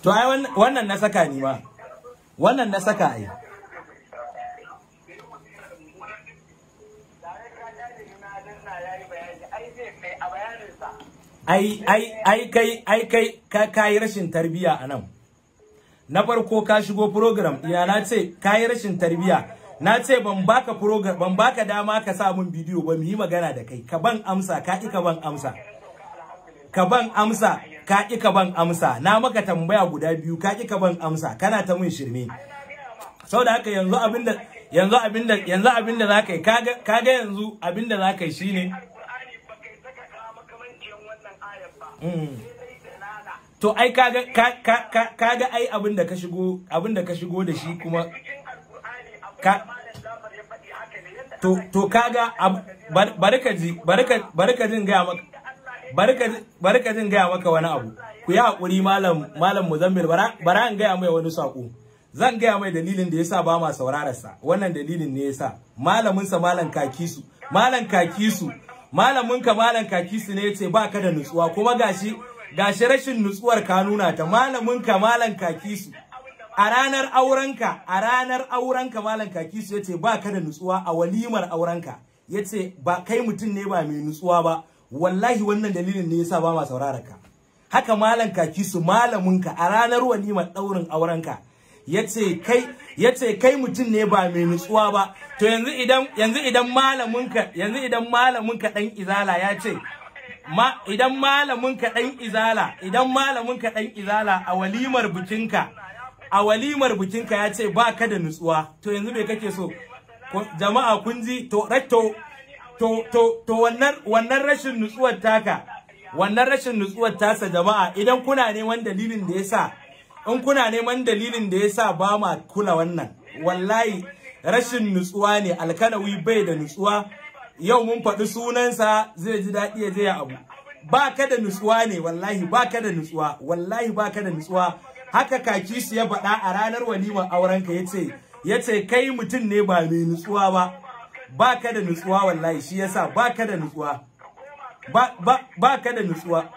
To ai wannan na saka ni ma. Wannan na saka ai. ai ai ai kai ai kai ka kai rashin tarbiya anan na farko ka shigo program ya na ce kai rashin tarbiya na ce ban baka program ban baka dama ka sa mun bidiyo ba mu yi magana da kai ka ban amsa ka ki ka ban amsa ka ban amsa ka ki ka ban amsa na maka tambaya guda biyu ka ki ka ban amsa kana ta mun shirme saboda haka yanzu abinda yanzu abinda yanzu abinda zakai kaga kaga yanzu abinda zakai yi shine to ai kaga kaga ai abin da ka shigo abin da ka shigo da shi kuma ka to to kaga barka ji barka barka jin ga maka barka barka jin ga maka wani abu ku yi hakuri malam malam muzammil bara bara an ga mai wani sako zan gaya mai dalilin da yasa ba ma sauraron sa wannan dalilin ne yasa malamin sa malam kakisu malam kakisu malamin ka malam kaki su ne yace baka da nutsuwa kuma gashi gashi rashin nutsuwar ka nuna ta malamin ka malam kaki a ranar aurenka a ranar aurenka malam kaki su yace baka da nutsuwa a walimar aurenka yace ba kai mutum ne ba mai nutsuwa ba wallahi wannan dalilin ne yasa ba ma saurara ka haka malam kakisu su malamin ka a ranar walimar daurin aurenka yace kai yace kai mutum ne ba mai nutsuwa ba to yanzu idan yanzu idan malamin ka yanzu idan malamin ka dan izala ya ce ma idan malamin ka dan izala idan malamin ka dan izala a walimar bikinka a walimar bikinka ya ce ba ka da nutsuwa to yanzu me kake so jama'a kun ji to to to to, to wannan wannan rashin nutsuwar taka wannan rashin nutsuwar tasa jama'a idan kuna neman dalilin da yasa in kuna neman dalilin da yasa ba ma kula wannan wallahi rashin nutsuwa ne alkanawi bai da nutsuwa yau mun faɗi sunansa zai ji daɗi ya je ya abu ba ka da nutsuwa ne wallahi ba ka da nutsuwa wallahi ba ka da nutsuwa haka kaki su ya faɗa a ranar walimar aurenka ya ce ya ce kai mutum ne ba mai nutsuwa ba ba ka da nutsuwa wallahi shi yasa ba ka da nutsuwa ba ba ba ka da nutsuwa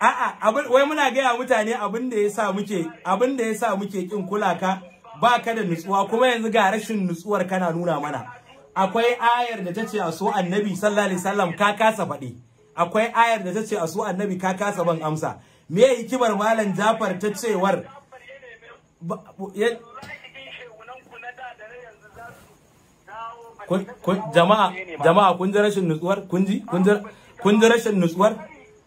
a'a wai muna gaya mutane abin da yasa muke abin da yasa muke kin kula ka ba ka da nutsuwa kuma yanzu ga rashin nutsuwar kana nuna mana akwai ayar da ta ce a so annabi sallallahu alaihi wasallam ka kasa faɗi akwai ayar da ta ce a so annabi ka kasa ban amsa me hikimar malam Jafar ta cewar jama'a jama'a kun ji rashin nutsuwar kun ji kun ji rashin nutsuwar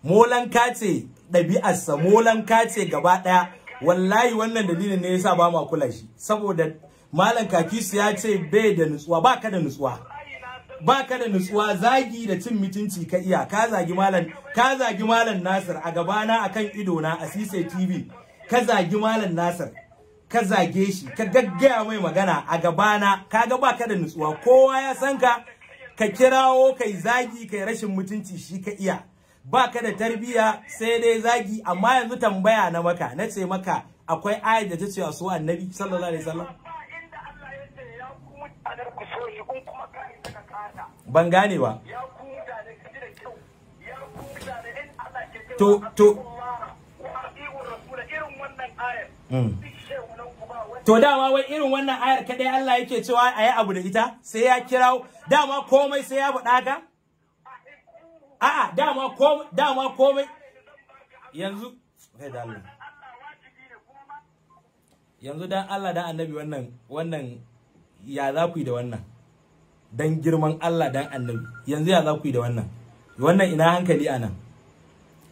molan kace ɗabi'arsa molan kace gaba ɗaya wallahi wannan dalilin ne yasa ba mu kula shi saboda malam kakisu ya ce bai da nutsuwa ba ka da nutsuwa ba ka da nutsuwa zagi da cin mutunci ka iya ka zagi malam ka zagi malam nasir a gabana akan ido na a cctv tv ka zagi malam nasir ka zage shi ka gaggaya mai magana a gabana kaga ba ka da nutsuwa kowa ya san ka ka kirawo kai zagi kai rashin mutunci shi ka iya baka da tarbiya sai dai zagi amma yanzu tambaya na maka na ce maka akwai ayar da ta ce a suwa annabi sallallahu alaihi wasallam ban gane ba to to mm. To dama wai irin wannan ayar kadai Allah yake cewa a yi abu da ita sai ya kirawo dama komai sai ya buɗa ka? a'a dama komai dama komai yanzu kai da Allah yanzu dan Allah dan annabi wannan wannan ya za ku yi da wannan dan girman Allah dan annabi yanzu ya za ku yi da wannan wannan ina hankali anan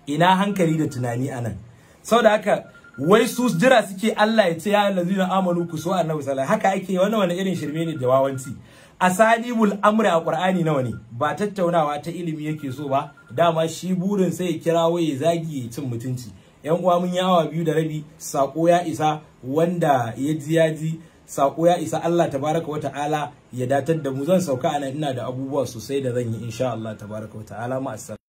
ina hankali da tunani anan saboda haka wai su jira suke Allah ya ce ya lazina amanu ku so annabi sallallahu haka ake wannan wani irin shirme ne da wawanci asalibul amri a qur'ani nawa ne ba tattaunawa ta ilimi yake so ba dama shi burin sai ya kira waye zagi ya cin mutunci yan uwa mun yawa biyu da rabi sako ya isa wanda ya ji ya ji sako ya isa Allah tabaraka wa ta'ala ya datar da mu zan sauka ana ina da abubuwa sosai da zan yi insha Allah tabaraka wa ta'ala ma